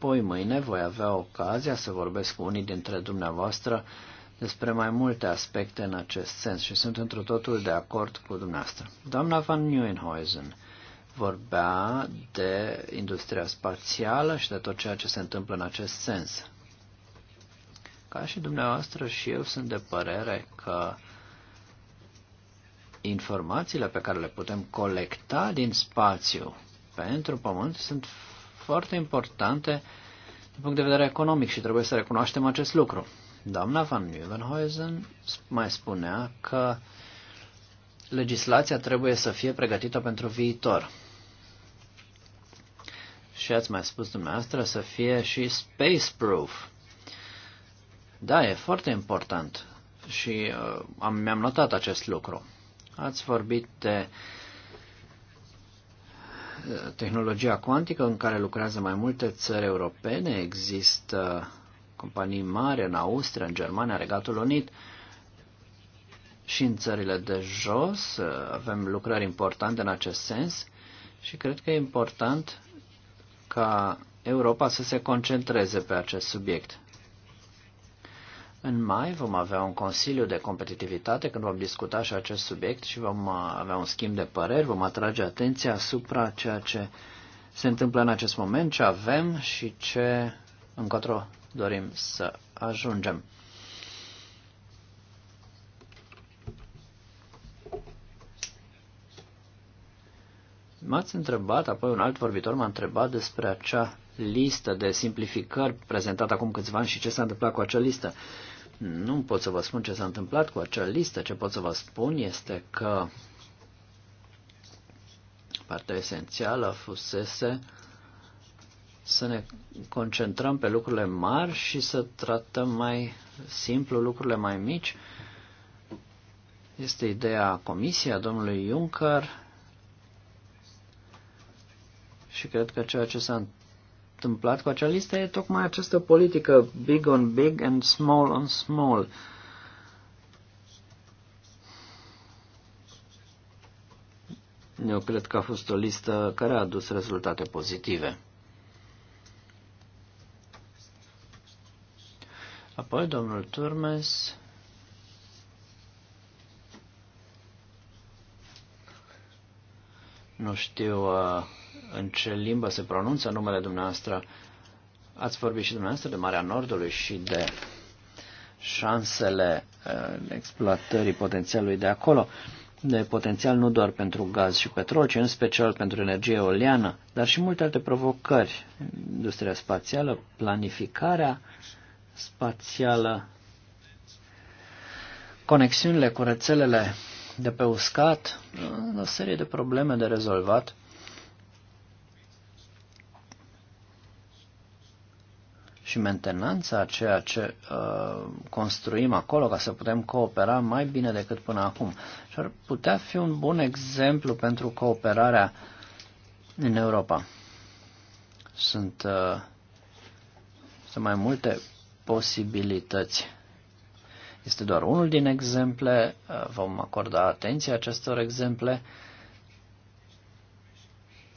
Apoi mâine voi avea ocazia să vorbesc cu unii dintre dumneavoastră despre mai multe aspecte în acest sens și sunt într totul de acord cu dumneavoastră. Doamna Van Nieuwenhuizen vorbea de industria spațială și de tot ceea ce se întâmplă în acest sens. Ca și dumneavoastră și eu sunt de părere că informațiile pe care le putem colecta din spațiu pentru Pământ sunt foarte importante din punct de vedere economic și trebuie să recunoaștem acest lucru. Doamna van Nieuwenhuizen mai spunea că legislația trebuie să fie pregătită pentru viitor. Și ați mai spus dumneavoastră să fie și space-proof. Da, e foarte important și uh, am, mi-am notat acest lucru. Ați vorbit de uh, tehnologia cuantică în care lucrează mai multe țări europene. Există companii mari în Austria, în Germania, Regatul Unit și în țările de jos. Avem lucrări importante în acest sens și cred că e important ca Europa să se concentreze pe acest subiect. În mai vom avea un Consiliu de Competitivitate când vom discuta și acest subiect și vom avea un schimb de păreri, vom atrage atenția asupra ceea ce se întâmplă în acest moment, ce avem și ce încotro dorim să ajungem. M-ați întrebat, apoi un alt vorbitor m-a întrebat despre acea listă de simplificări prezentată acum câțiva ani și ce s-a întâmplat cu acea listă. Nu pot să vă spun ce s-a întâmplat cu acea listă. Ce pot să vă spun este că partea esențială fusese să ne concentrăm pe lucrurile mari și să tratăm mai simplu lucrurile mai mici. Este ideea comisiei a domnului Juncker și cred că ceea ce s-a întâmplat întâmplat cu acea listă e tocmai această politică big on big and small on small. Eu cred că a fost o listă care a adus rezultate pozitive. Apoi domnul Turmes nu știu uh, în ce limbă se pronunță numele dumneavoastră. Ați vorbit și dumneavoastră de Marea Nordului și de șansele uh, exploatării potențialului de acolo, de potențial nu doar pentru gaz și petrol, ci în special pentru energie eoliană, dar și multe alte provocări, industria spațială, planificarea spațială, conexiunile cu rețelele de pe uscat, o serie de probleme de rezolvat și mentenanța a ceea ce uh, construim acolo ca să putem coopera mai bine decât până acum. Și ar putea fi un bun exemplu pentru cooperarea în Europa. Sunt, uh, sunt mai multe posibilități. Este doar unul din exemple, uh, vom acorda atenție acestor exemple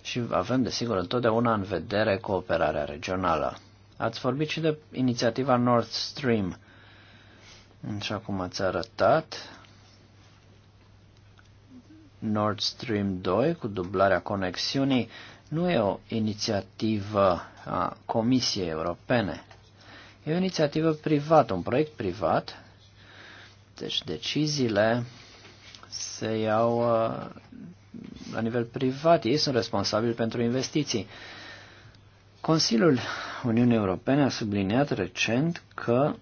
și avem, desigur, întotdeauna în vedere cooperarea regională. Ați vorbit și de inițiativa Nord Stream, așa cum ați arătat. Nord Stream 2 cu dublarea conexiunii nu e o inițiativă a Comisiei Europene. E o inițiativă privată, un proiect privat. Deci deciziile se iau uh, la nivel privat. Ei sunt responsabili pentru investiții. Consiliul Uniunii Europene a subliniat recent că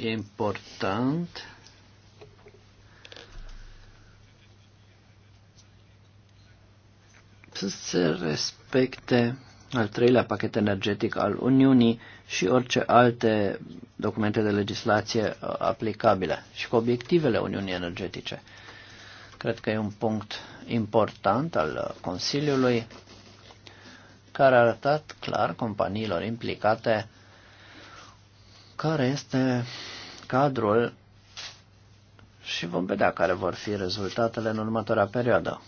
e important să se respecte al treilea pachet energetic al Uniunii și orice alte documente de legislație uh, aplicabile și cu obiectivele Uniunii Energetice. Cred că e un punct important al uh, Consiliului care a arătat clar companiilor implicate care este cadrul și vom vedea care vor fi rezultatele în următoarea perioadă.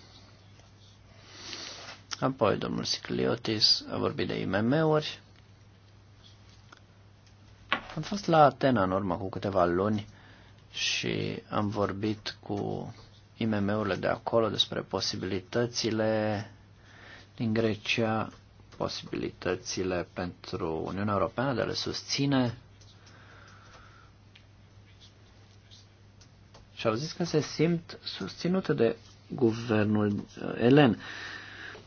Apoi domnul Sicliotis a vorbit de IMM-uri. Am fost la Atena în urmă cu câteva luni și am vorbit cu IMM-urile de acolo despre posibilitățile din Grecia posibilitățile pentru Uniunea Europeană de a le susține. Și au zis că se simt susținute de guvernul uh, elen.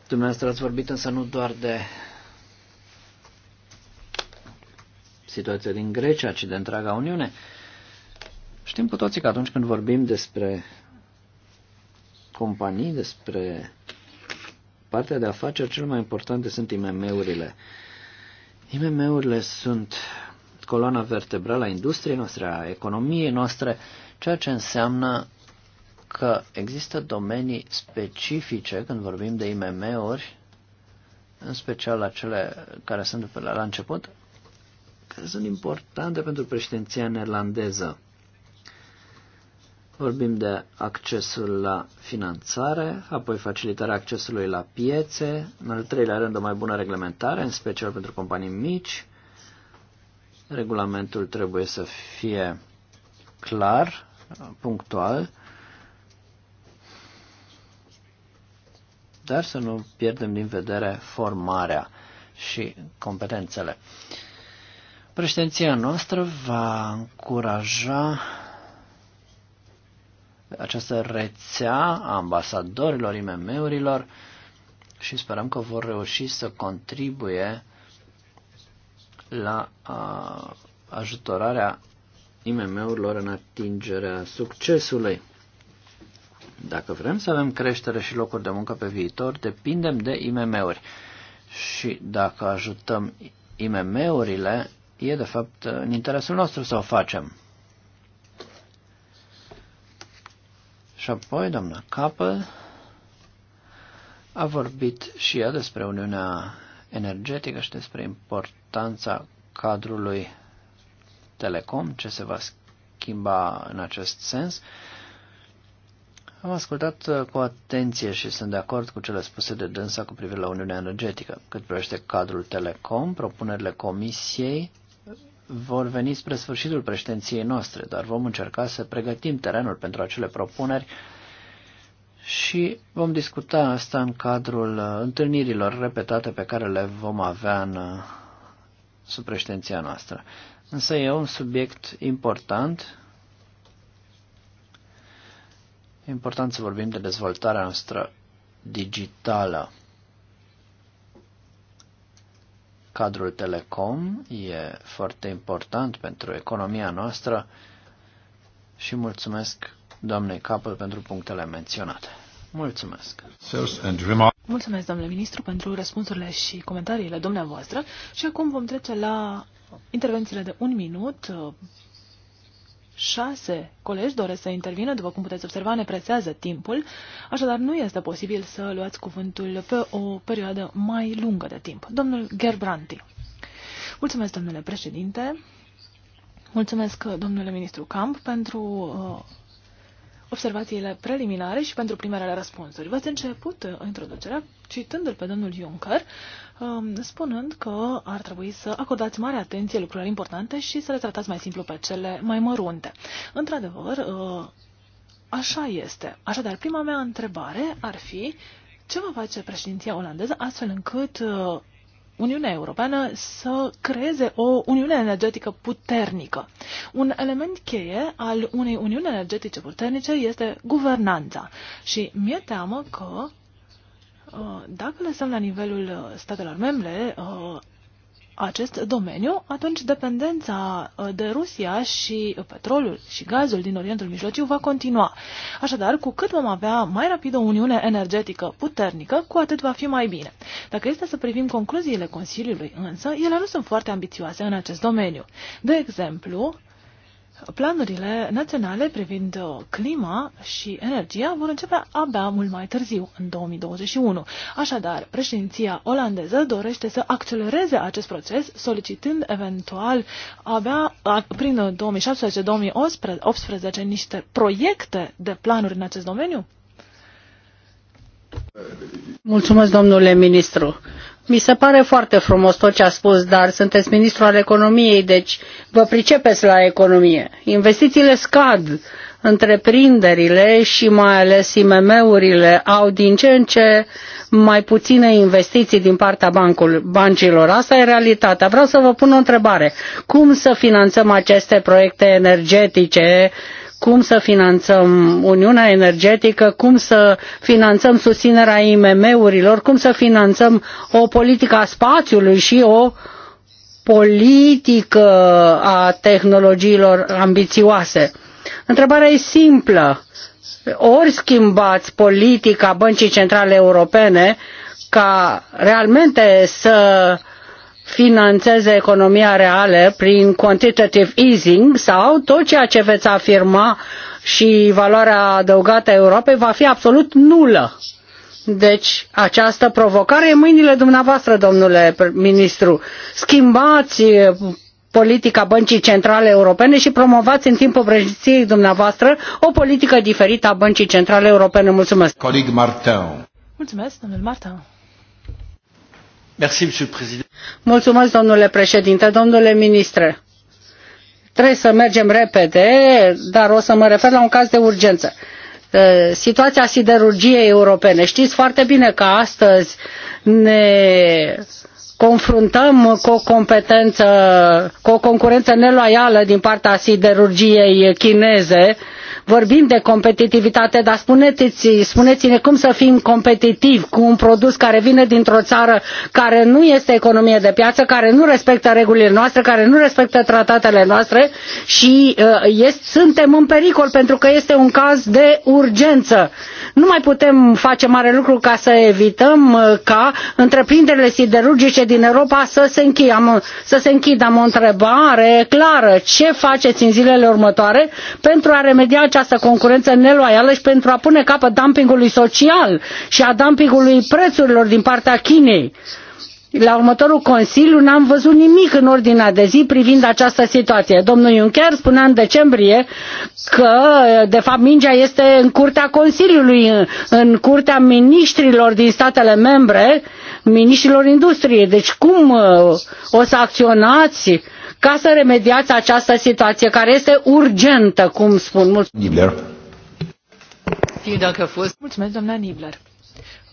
Dumneavoastră ați vorbit însă nu doar de situația din Grecia, ci de întreaga Uniune. Știm cu toții că atunci când vorbim despre companii, despre partea de afaceri, cel mai importante sunt IMM-urile. IMM-urile sunt coloana vertebrală a industriei noastre, a economiei noastre, ceea ce înseamnă că există domenii specifice când vorbim de IMM-uri, în special acele care sunt la, la început, care sunt importante pentru președinția neerlandeză. Vorbim de accesul la finanțare, apoi facilitarea accesului la piețe, în al treilea rând o mai bună reglementare, în special pentru companii mici. Regulamentul trebuie să fie clar, punctual, dar să nu pierdem din vedere formarea și competențele. Președinția noastră va încuraja această rețea a ambasadorilor IMM-urilor și sperăm că vor reuși să contribuie la a, ajutorarea IMM-urilor în atingerea succesului. Dacă vrem să avem creștere și locuri de muncă pe viitor, depindem de IMM-uri. Și dacă ajutăm IMM-urile, e de fapt în interesul nostru să o facem. Și apoi doamna Capel a vorbit și ea despre Uniunea Energetică și despre importanța cadrului telecom, ce se va schimba în acest sens. Am ascultat uh, cu atenție și sunt de acord cu cele spuse de dânsa cu privire la Uniunea Energetică. Cât privește cadrul Telecom, propunerile Comisiei vor veni spre sfârșitul președinției noastre, dar vom încerca să pregătim terenul pentru acele propuneri și vom discuta asta în cadrul uh, întâlnirilor repetate pe care le vom avea în uh, sub președinția noastră. Însă e un subiect important. E important să vorbim de dezvoltarea noastră digitală. Cadrul telecom e foarte important pentru economia noastră și mulțumesc doamnei Capăl pentru punctele menționate. Mulțumesc! Mulțumesc, domnule ministru, pentru răspunsurile și comentariile dumneavoastră și acum vom trece la intervențiile de un minut șase colegi doresc să intervină, după cum puteți observa, ne presează timpul, așadar nu este posibil să luați cuvântul pe o perioadă mai lungă de timp. Domnul Gerbranti. Mulțumesc, domnule președinte. Mulțumesc, domnule ministru Camp, pentru uh, observațiile preliminare și pentru primele răspunsuri. V-ați început uh, introducerea citându-l pe domnul Juncker, Um, spunând că ar trebui să acordați mare atenție lucrurilor importante și să le tratați mai simplu pe cele mai mărunte. Într-adevăr, uh, așa este. Așadar, prima mea întrebare ar fi ce va face președinția olandeză astfel încât uh, Uniunea Europeană să creeze o Uniune energetică puternică. Un element cheie al unei Uniuni energetice puternice este guvernanța și mi-e teamă că Uh, dacă lăsăm la nivelul uh, statelor membre uh, acest domeniu, atunci dependența de Rusia și petrolul și gazul din Orientul Mijlociu va continua. Așadar, cu cât vom avea mai rapid o uniune energetică puternică, cu atât va fi mai bine. Dacă este să privim concluziile Consiliului însă, ele nu sunt foarte ambițioase în acest domeniu. De exemplu, planurile naționale privind uh, clima și energia vor începe abia mult mai târziu, în 2021. Așadar, președinția olandeză dorește să accelereze acest proces, solicitând eventual abia prin 2017-2018 uh, niște proiecte de planuri în acest domeniu? Mulțumesc, domnule ministru. Mi se pare foarte frumos tot ce a spus, dar sunteți ministru al economiei, deci vă pricepeți la economie. Investițiile scad, întreprinderile și mai ales IMM-urile au din ce în ce mai puține investiții din partea bancul, bancilor. Asta e realitatea. Vreau să vă pun o întrebare. Cum să finanțăm aceste proiecte energetice cum să finanțăm Uniunea Energetică, cum să finanțăm susținerea IMM-urilor, cum să finanțăm o politică a spațiului și o politică a tehnologiilor ambițioase. Întrebarea e simplă. Ori schimbați politica Băncii Centrale Europene ca realmente să financeze economia reală prin quantitative easing sau tot ceea ce veți afirma și valoarea adăugată a Europei va fi absolut nulă. Deci această provocare e mâinile dumneavoastră, domnule ministru. Schimbați eh, politica Băncii Centrale Europene și promovați în timpul președinției dumneavoastră o politică diferită a Băncii Centrale Europene. Mulțumesc. Coleg Martin. Mulțumesc, domnul Martin. Mulțumesc, domnule președinte, domnule ministru Trebuie să mergem repede, dar o să mă refer la un caz de urgență uh, situația siderurgiei europene. Știți foarte bine că astăzi ne confruntăm cu o competență, cu o concurență neloială din partea siderurgiei chineze. Vorbim de competitivitate, dar spuneți-ne spuneți cum să fim competitivi cu un produs care vine dintr-o țară care nu este economie de piață, care nu respectă regulile noastre, care nu respectă tratatele noastre și uh, este, suntem în pericol pentru că este un caz de urgență. Nu mai putem face mare lucru ca să evităm uh, ca întreprinderile siderurgice economice din Europa să se, închidă. Am, să se închidă. Am o întrebare clară. Ce faceți în zilele următoare pentru a remedia această concurență neloială și pentru a pune capăt dumpingului social și a dumpingului prețurilor din partea Chinei? la următorul Consiliu n-am văzut nimic în ordinea de zi privind această situație. Domnul Juncker spunea în decembrie că, de fapt, mingea este în curtea Consiliului, în curtea ministrilor din statele membre, ministrilor industriei. Deci cum uh, o să acționați ca să remediați această situație care este urgentă, cum spun mulți? Mulțumesc, doamna Nibler.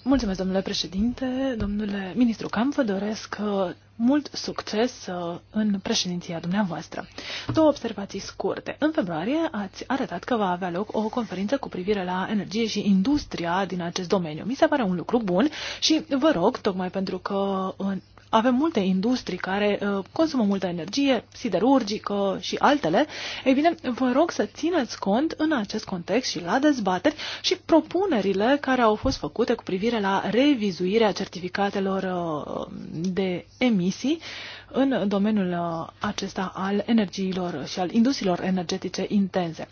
Mulțumesc, domnule președinte, domnule ministru Cam, vă doresc uh, mult succes uh, în președinția dumneavoastră. Două observații scurte. În februarie ați arătat că va avea loc o conferință cu privire la energie și industria din acest domeniu. Mi se pare un lucru bun și vă rog, tocmai pentru că în avem multe industrii care uh, consumă multă energie, siderurgică și altele, ei bine, vă rog să țineți cont în acest context și la dezbateri și propunerile care au fost făcute cu privire la revizuirea certificatelor uh, de emisii, în domeniul uh, acesta al energiilor și al industriilor energetice intense.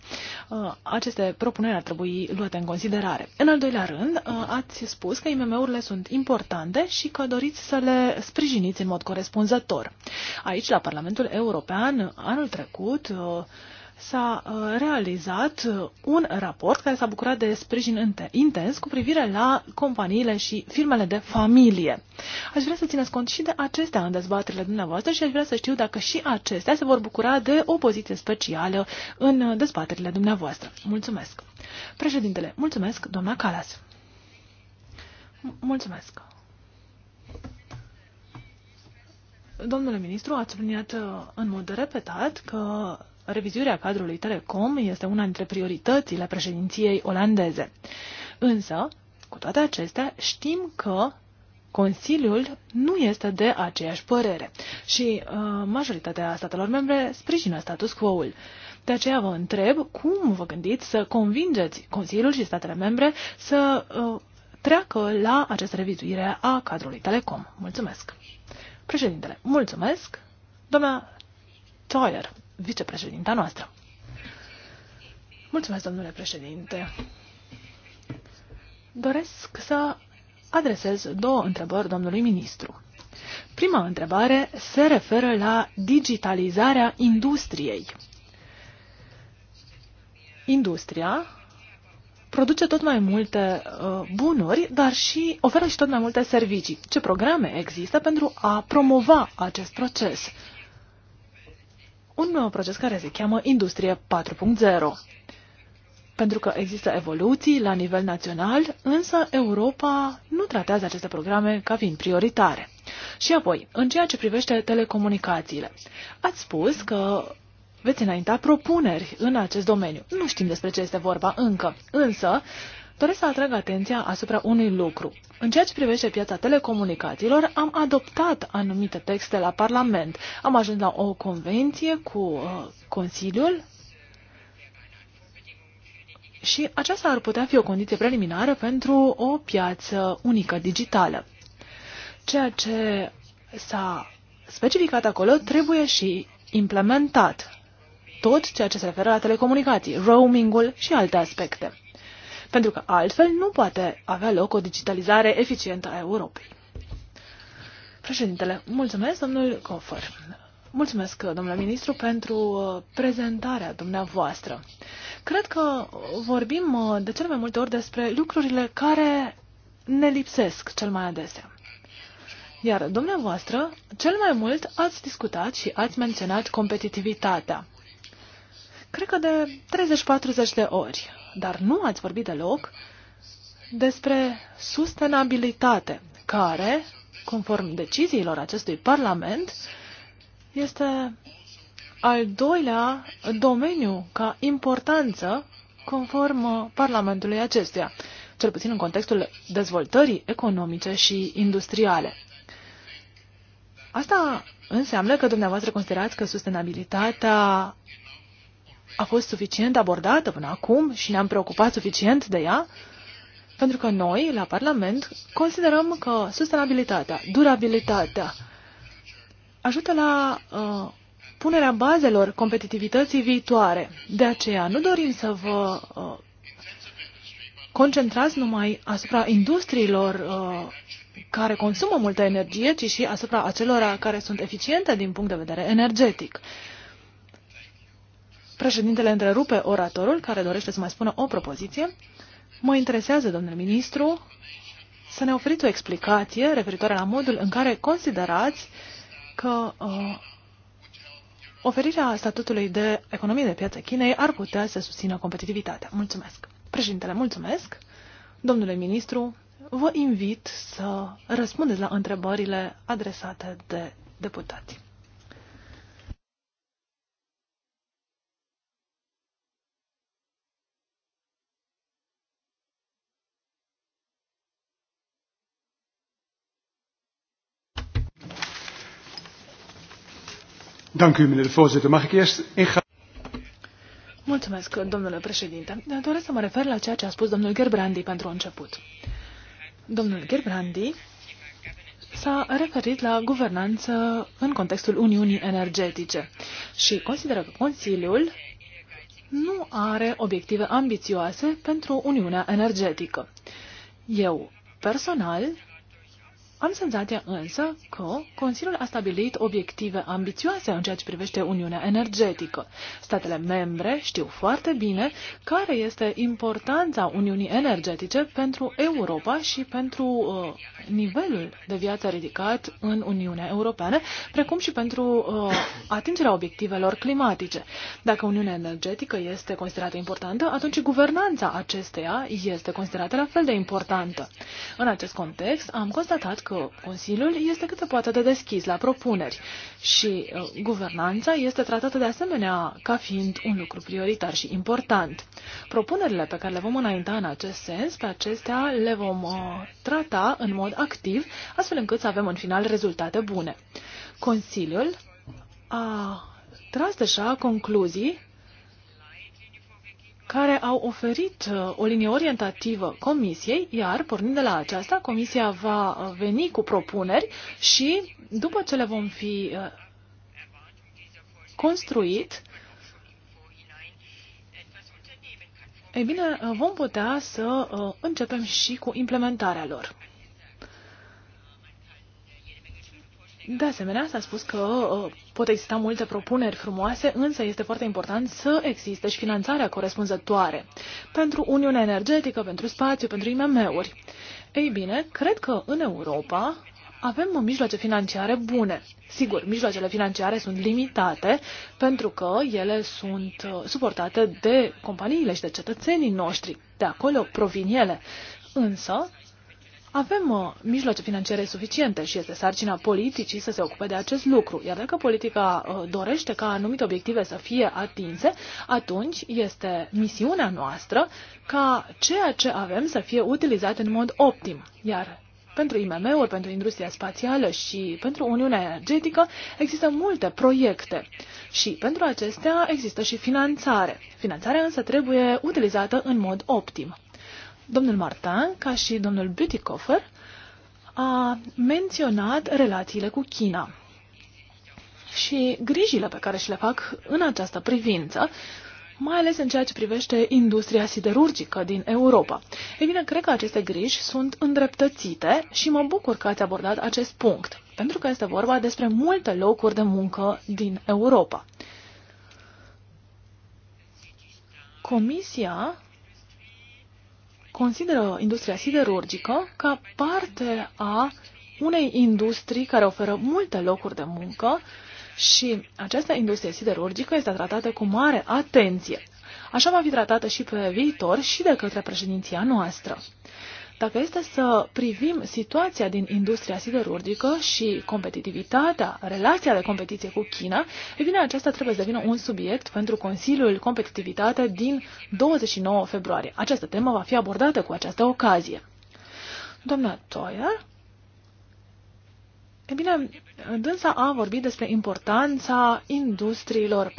Uh, aceste propuneri ar trebui luate în considerare. În al doilea rând, uh, ați spus că IMM-urile sunt importante și că doriți să le sprijiniți în mod corespunzător. Aici, la Parlamentul European, anul trecut, s-a uh, realizat uh, un raport care s-a bucurat de sprijin intens cu privire la companiile și firmele de familie. Aș vrea să țineți cont și de acestea în dezbaterile dumneavoastră și aș vrea să știu dacă și acestea se vor bucura de o poziție specială în uh, dezbaterile dumneavoastră. Mulțumesc. Președintele, mulțumesc, doamna Calas. Mulțumesc. Domnule ministru, ați subliniat în mod repetat că revizuirea cadrului Telecom este una dintre prioritățile președinției olandeze. Însă, cu toate acestea, știm că Consiliul nu este de aceeași părere și uh, majoritatea statelor membre sprijină status quo-ul. De aceea vă întreb cum vă gândiți să convingeți Consiliul și statele membre să uh, treacă la această revizuire a cadrului Telecom. Mulțumesc. Președintele, mulțumesc. Doamna Toyer vicepreședinta noastră. Mulțumesc, domnule președinte. Doresc să adresez două întrebări domnului ministru. Prima întrebare se referă la digitalizarea industriei. Industria produce tot mai multe uh, bunuri, dar și oferă și tot mai multe servicii. Ce programe există pentru a promova acest proces? un proces care se cheamă Industrie 4.0. Pentru că există evoluții la nivel național, însă Europa nu tratează aceste programe ca fiind prioritare. Și apoi, în ceea ce privește telecomunicațiile, ați spus că veți înainta propuneri în acest domeniu. Nu știm despre ce este vorba încă, însă Doresc să atrag atenția asupra unui lucru. În ceea ce privește piața telecomunicațiilor, am adoptat anumite texte la Parlament. Am ajuns la o convenție cu uh, Consiliul și aceasta ar putea fi o condiție preliminară pentru o piață unică digitală. Ceea ce s-a specificat acolo trebuie și implementat tot ceea ce se referă la telecomunicații, roamingul și alte aspecte pentru că altfel nu poate avea loc o digitalizare eficientă a Europei. Președintele, mulțumesc, domnul Cofer. Mulțumesc, domnule ministru, pentru uh, prezentarea dumneavoastră. Cred că vorbim uh, de cele mai multe ori despre lucrurile care ne lipsesc cel mai adesea. Iar dumneavoastră, cel mai mult ați discutat și ați menționat competitivitatea. Cred că de 30-40 de ori dar nu ați vorbit deloc despre sustenabilitate, care, conform deciziilor acestui Parlament, este al doilea domeniu ca importanță conform Parlamentului acestuia, cel puțin în contextul dezvoltării economice și industriale. Asta înseamnă că dumneavoastră considerați că sustenabilitatea a fost suficient abordată până acum și ne-am preocupat suficient de ea? Pentru că noi, la Parlament, considerăm că sustenabilitatea, durabilitatea, ajută la uh, punerea bazelor competitivității viitoare. De aceea nu dorim să vă uh, concentrați numai asupra industriilor uh, care consumă multă energie, ci și asupra acelora care sunt eficiente din punct de vedere energetic. Uh, Președintele întrerupe oratorul care dorește să mai spună o propoziție. Mă interesează, domnule ministru, să ne oferiți o explicație referitoare la modul în care considerați că uh, oferirea statutului de economie de piață Chinei ar putea să susțină competitivitatea. Mulțumesc. Președintele, mulțumesc. Domnule ministru, vă invit să răspundeți la întrebările adresate de deputați. Mulțumesc, domnule președinte. Doresc să mă refer la ceea ce a spus domnul Gerbrandi pentru început. Domnul Gerbrandi s-a referit la guvernanță în contextul Uniunii Energetice și consideră că Consiliul nu are obiective ambițioase pentru Uniunea Energetică. Eu, personal, am senzația însă că Consiliul a stabilit obiective ambițioase în ceea ce privește Uniunea Energetică. Statele membre știu foarte bine care este importanța Uniunii Energetice pentru Europa și pentru uh, nivelul de viață ridicat în Uniunea Europeană, precum și pentru uh, atingerea obiectivelor climatice. Dacă Uniunea Energetică este considerată importantă, atunci guvernanța acesteia este considerată la fel de importantă. În acest context, am constatat că că Consiliul este câte poate de deschis la propuneri și uh, guvernanța este tratată de asemenea ca fiind un lucru prioritar și important. Propunerile pe care le vom înainta în acest sens, pe acestea le vom uh, trata în mod activ, astfel încât să avem în final rezultate bune. Consiliul a tras deja concluzii care au oferit uh, o linie orientativă comisiei, iar pornind de la aceasta, comisia va uh, veni cu propuneri și după ce le vom fi uh, construit, ei bine, vom putea să începem și cu implementarea lor. De asemenea, s-a spus că uh, pot exista multe propuneri frumoase, însă este foarte important să existe și finanțarea corespunzătoare pentru Uniunea Energetică, pentru spațiu, pentru IMM-uri. Ei bine, cred că în Europa avem mijloace financiare bune. Sigur, mijloacele financiare sunt limitate pentru că ele sunt uh, suportate de companiile și de cetățenii noștri. De acolo provin ele. Însă, avem uh, mijloace financiare suficiente și este sarcina politicii să se ocupe de acest lucru. Iar dacă politica uh, dorește ca anumite obiective să fie atinse, atunci este misiunea noastră ca ceea ce avem să fie utilizat în mod optim. Iar pentru IMM-uri, pentru industria spațială și pentru Uniunea Energetică există multe proiecte și pentru acestea există și finanțare. Finanțarea însă trebuie utilizată în mod optim. Domnul Martin, ca și domnul Bütikofer, a menționat relațiile cu China și grijile pe care și le fac în această privință, mai ales în ceea ce privește industria siderurgică din Europa. Ei bine, cred că aceste griji sunt îndreptățite și mă bucur că ați abordat acest punct, pentru că este vorba despre multe locuri de muncă din Europa. Comisia consideră industria siderurgică ca parte a unei industrii care oferă multe locuri de muncă și această industrie siderurgică este tratată cu mare atenție. Așa va fi tratată și pe viitor și de către președinția noastră. Dacă este să privim situația din industria siderurgică și competitivitatea, relația de competiție cu China, e bine, aceasta trebuie să devină un subiect pentru Consiliul Competitivitate din 29 februarie. Această temă va fi abordată cu această ocazie. Doamna Toyer E bine, dânsa a vorbit despre importanța industriilor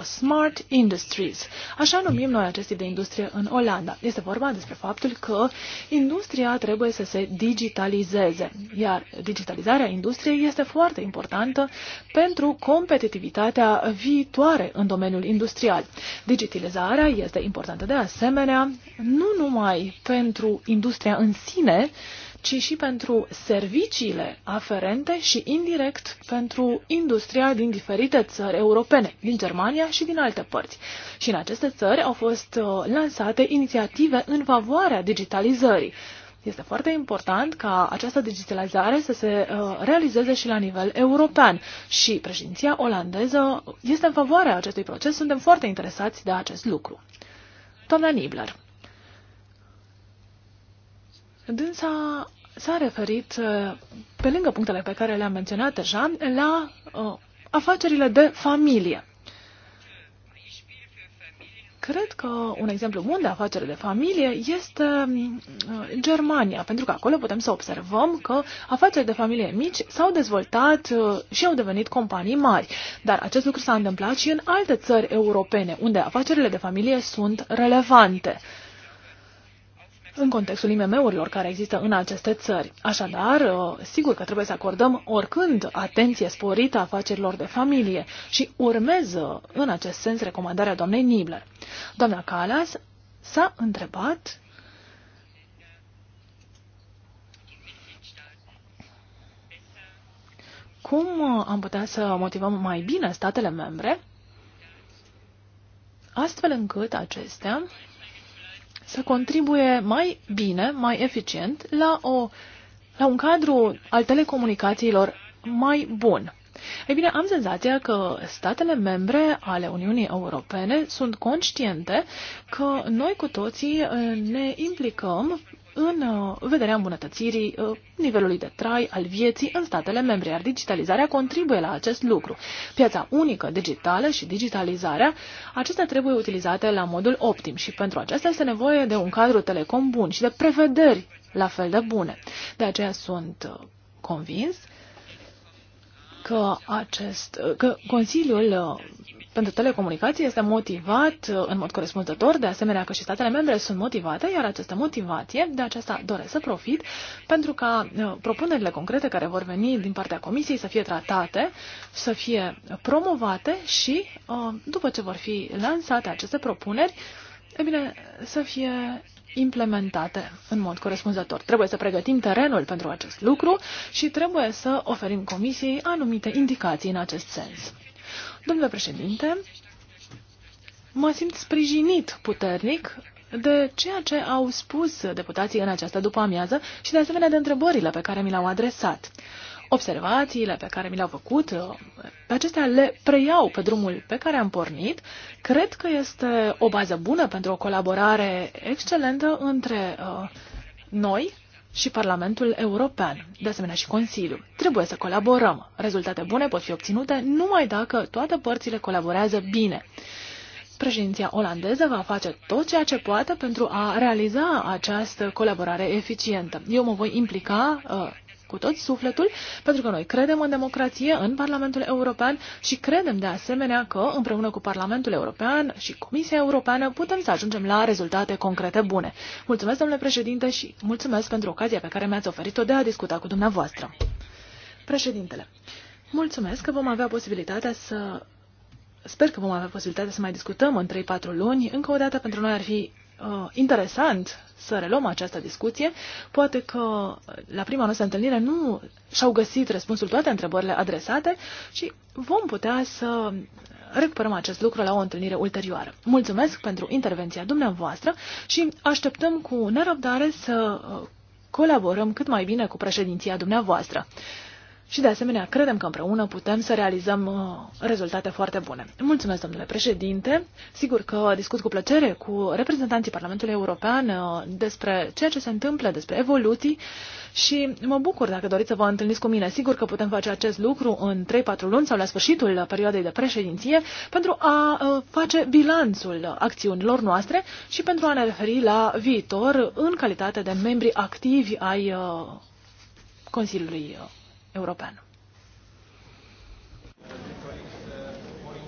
4.0, Smart Industries. Așa numim noi acest tip de industrie în Olanda. Este vorba despre faptul că industria trebuie să se digitalizeze, iar digitalizarea industriei este foarte importantă pentru competitivitatea viitoare în domeniul industrial. Digitalizarea este importantă de asemenea nu numai pentru industria în sine, ci și pentru serviciile aferente și indirect pentru industria din diferite țări europene, din Germania și din alte părți. Și în aceste țări au fost uh, lansate inițiative în favoarea digitalizării. Este foarte important ca această digitalizare să se uh, realizeze și la nivel european și președinția olandeză este în favoarea acestui proces. Suntem foarte interesați de acest lucru. Doamna Nibler. Dânsa s-a referit, uh, pe lângă punctele pe care le-am menționat deja, la uh, afacerile de familie. Cred că un exemplu bun de afacere de familie este uh, Germania, pentru că acolo putem să observăm că afaceri de familie mici s-au dezvoltat uh, și au devenit companii mari. Dar acest lucru s-a întâmplat și în alte țări europene, unde afacerile de familie sunt relevante în contextul IMM-urilor care există în aceste țări. Așadar, uh, sigur că trebuie să acordăm oricând atenție sporită afacerilor de familie și urmează în acest sens recomandarea doamnei Nibler. Doamna Calas s-a întrebat cum uh, am putea să motivăm mai bine statele membre astfel încât acestea să contribuie mai bine, mai eficient la, o, la un cadru al telecomunicațiilor mai bun. Ei bine, am senzația că statele membre ale Uniunii Europene sunt conștiente că noi cu toții ne implicăm Uh, în vederea îmbunătățirii uh, nivelului de trai al vieții în statele membre, iar digitalizarea contribuie la acest lucru. Piața unică digitală și digitalizarea, acestea trebuie utilizate la modul optim și pentru aceasta este nevoie de un cadru telecom bun și de prevederi la fel de bune. De aceea sunt uh, convins că, acest, că Consiliul pentru telecomunicații este motivat uh, în mod corespunzător, de asemenea că și statele membre sunt motivate, iar această motivație, de aceasta doresc să profit, pentru ca uh, propunerile concrete care vor veni din partea Comisiei să fie tratate, să fie promovate și, uh, după ce vor fi lansate aceste propuneri, e bine, să fie implementate în mod corespunzător. Trebuie să pregătim terenul pentru acest lucru și trebuie să oferim comisiei anumite indicații în acest sens. Domnule președinte, mă simt sprijinit puternic de ceea ce au spus deputații în această după-amiază și de asemenea de întrebările pe care mi le-au adresat. Observațiile pe care mi le-au făcut, pe acestea le preiau pe drumul pe care am pornit. Cred că este o bază bună pentru o colaborare excelentă între uh, noi și Parlamentul European, de asemenea și Consiliul. Trebuie să colaborăm. Rezultate bune pot fi obținute numai dacă toate părțile colaborează bine. Președinția olandeză va face tot ceea ce poate pentru a realiza această colaborare eficientă. Eu mă voi implica uh, cu tot sufletul, pentru că noi credem în democrație, în Parlamentul European și credem de asemenea că, împreună cu Parlamentul European și Comisia Europeană, putem să ajungem la rezultate concrete bune. Mulțumesc, domnule președinte, și mulțumesc pentru ocazia pe care mi-ați oferit-o de a discuta cu dumneavoastră. Președintele, mulțumesc că vom avea posibilitatea să Sper că vom avea posibilitatea să mai discutăm în 3-4 luni. Încă o dată, pentru noi ar fi uh, interesant să reluăm această discuție. Poate că la prima noastră întâlnire nu și-au găsit răspunsul toate întrebările adresate și vom putea să recuperăm acest lucru la o întâlnire ulterioară. Mulțumesc pentru intervenția dumneavoastră și așteptăm cu nerăbdare să uh, colaborăm cât mai bine cu președinția dumneavoastră. Și de asemenea, credem că împreună putem să realizăm uh, rezultate foarte bune. Mulțumesc, domnule președinte. Sigur că discut cu plăcere cu reprezentanții Parlamentului European uh, despre ceea ce se întâmplă, despre evoluții și mă bucur dacă doriți să vă întâlniți cu mine. Sigur că putem face acest lucru în 3-4 luni sau la sfârșitul perioadei de președinție pentru a uh, face bilanțul acțiunilor noastre și pentru a ne referi la viitor în calitate de membri activi ai Consiliului european.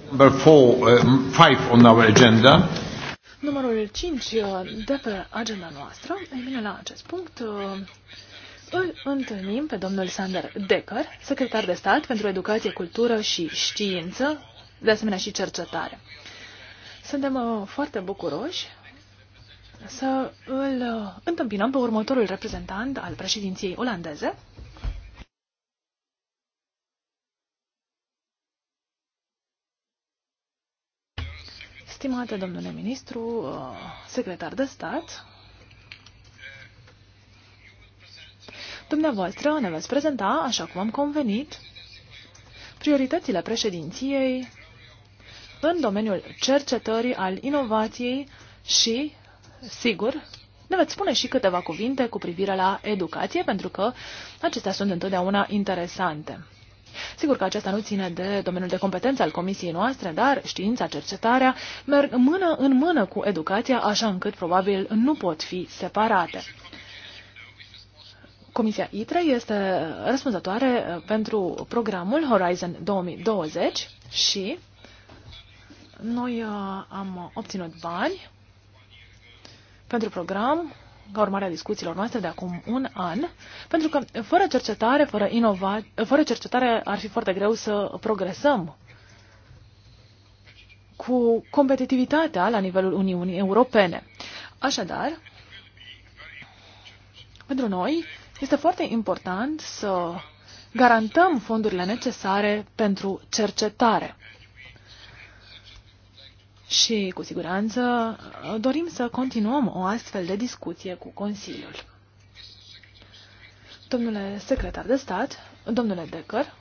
Number four, uh, five on our agenda. Numărul 5 uh, de pe agenda noastră, ei bine, la acest punct uh, îl întâlnim pe domnul Sander Decker, secretar de stat pentru educație, cultură și știință, de asemenea și cercetare. Suntem uh, foarte bucuroși să îl întâmpinăm pe următorul reprezentant al președinției olandeze, Stimate domnule ministru, uh, secretar de stat, dumneavoastră ne veți prezenta, așa cum am convenit, prioritățile președinției în domeniul cercetării al inovației și, sigur, ne veți spune și câteva cuvinte cu privire la educație, pentru că acestea sunt întotdeauna interesante. Sigur că acesta nu ține de domeniul de competență al comisiei noastre, dar știința, cercetarea merg mână în mână cu educația, așa încât probabil nu pot fi separate. Comisia ITRE este răspunzătoare uh, pentru programul Horizon 2020 și noi uh, am obținut bani pentru program ca urmare a discuțiilor noastre de acum un an, pentru că fără cercetare, fără, inova... fără cercetare ar fi foarte greu să progresăm cu competitivitatea la nivelul Uniunii Europene. Așadar, pentru noi este foarte important să garantăm fondurile necesare pentru cercetare. Și, cu siguranță, dorim să continuăm o astfel de discuție cu Consiliul. Domnule secretar de stat, domnule Decker,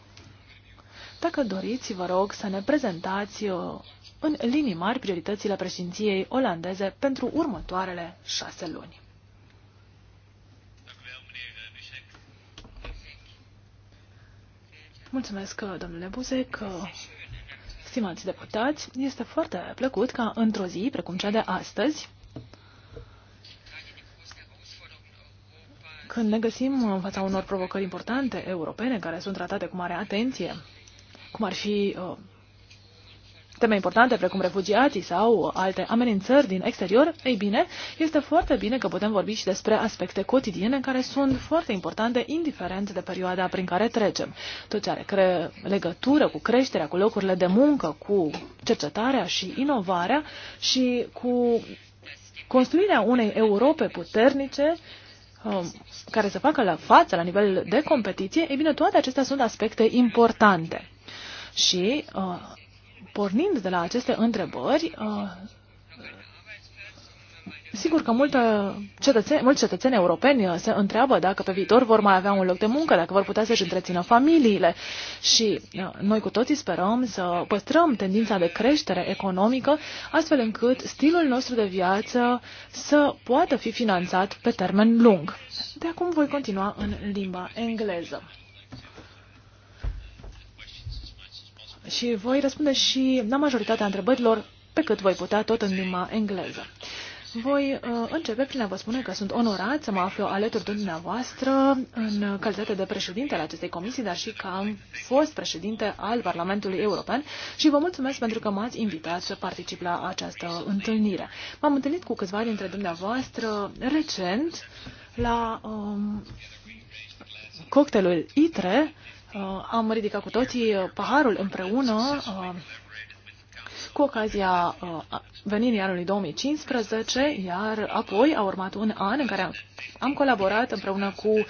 dacă doriți, vă rog să ne prezentați uh, în linii mari prioritățile președinției olandeze pentru următoarele șase luni. Mulțumesc, domnule Buzec. Stimați deputați, este foarte plăcut ca într-o zi, precum cea de astăzi, când ne găsim în fața unor provocări importante europene care sunt tratate cu mare atenție, cum ar fi uh, teme importante precum refugiații sau alte amenințări din exterior, ei bine, este foarte bine că putem vorbi și despre aspecte cotidiene care sunt foarte importante, indiferent de perioada prin care trecem. Tot ce are legătură cu creșterea, cu locurile de muncă, cu cercetarea și inovarea și cu construirea unei Europe puternice, um, care se facă la față, la nivel de competiție, e bine, toate acestea sunt aspecte importante. Și uh, pornind de la aceste întrebări, uh, Sigur că multe cetățeni, mulți cetățeni europeni uh, se întreabă dacă pe viitor vor mai avea un loc de muncă, dacă vor putea să-și întrețină familiile. Și uh, noi cu toții sperăm să păstrăm tendința de creștere economică, astfel încât stilul nostru de viață să poată fi finanțat pe termen lung. De acum voi continua în limba engleză. și voi răspunde și la majoritatea întrebărilor pe cât voi putea tot în limba engleză. Voi uh, începe prin a vă spune că sunt onorat să mă aflu alături de dumneavoastră în calitate de președinte al acestei comisii, dar și că am fost președinte al Parlamentului European și vă mulțumesc pentru că m-ați invitat să particip la această întâlnire. M-am întâlnit cu câțiva dintre dumneavoastră recent la um, cocktailul ITRE Uh, am ridicat cu toții uh, paharul împreună uh, cu ocazia venirii anului 2015, iar apoi a urmat un an în care am colaborat împreună cu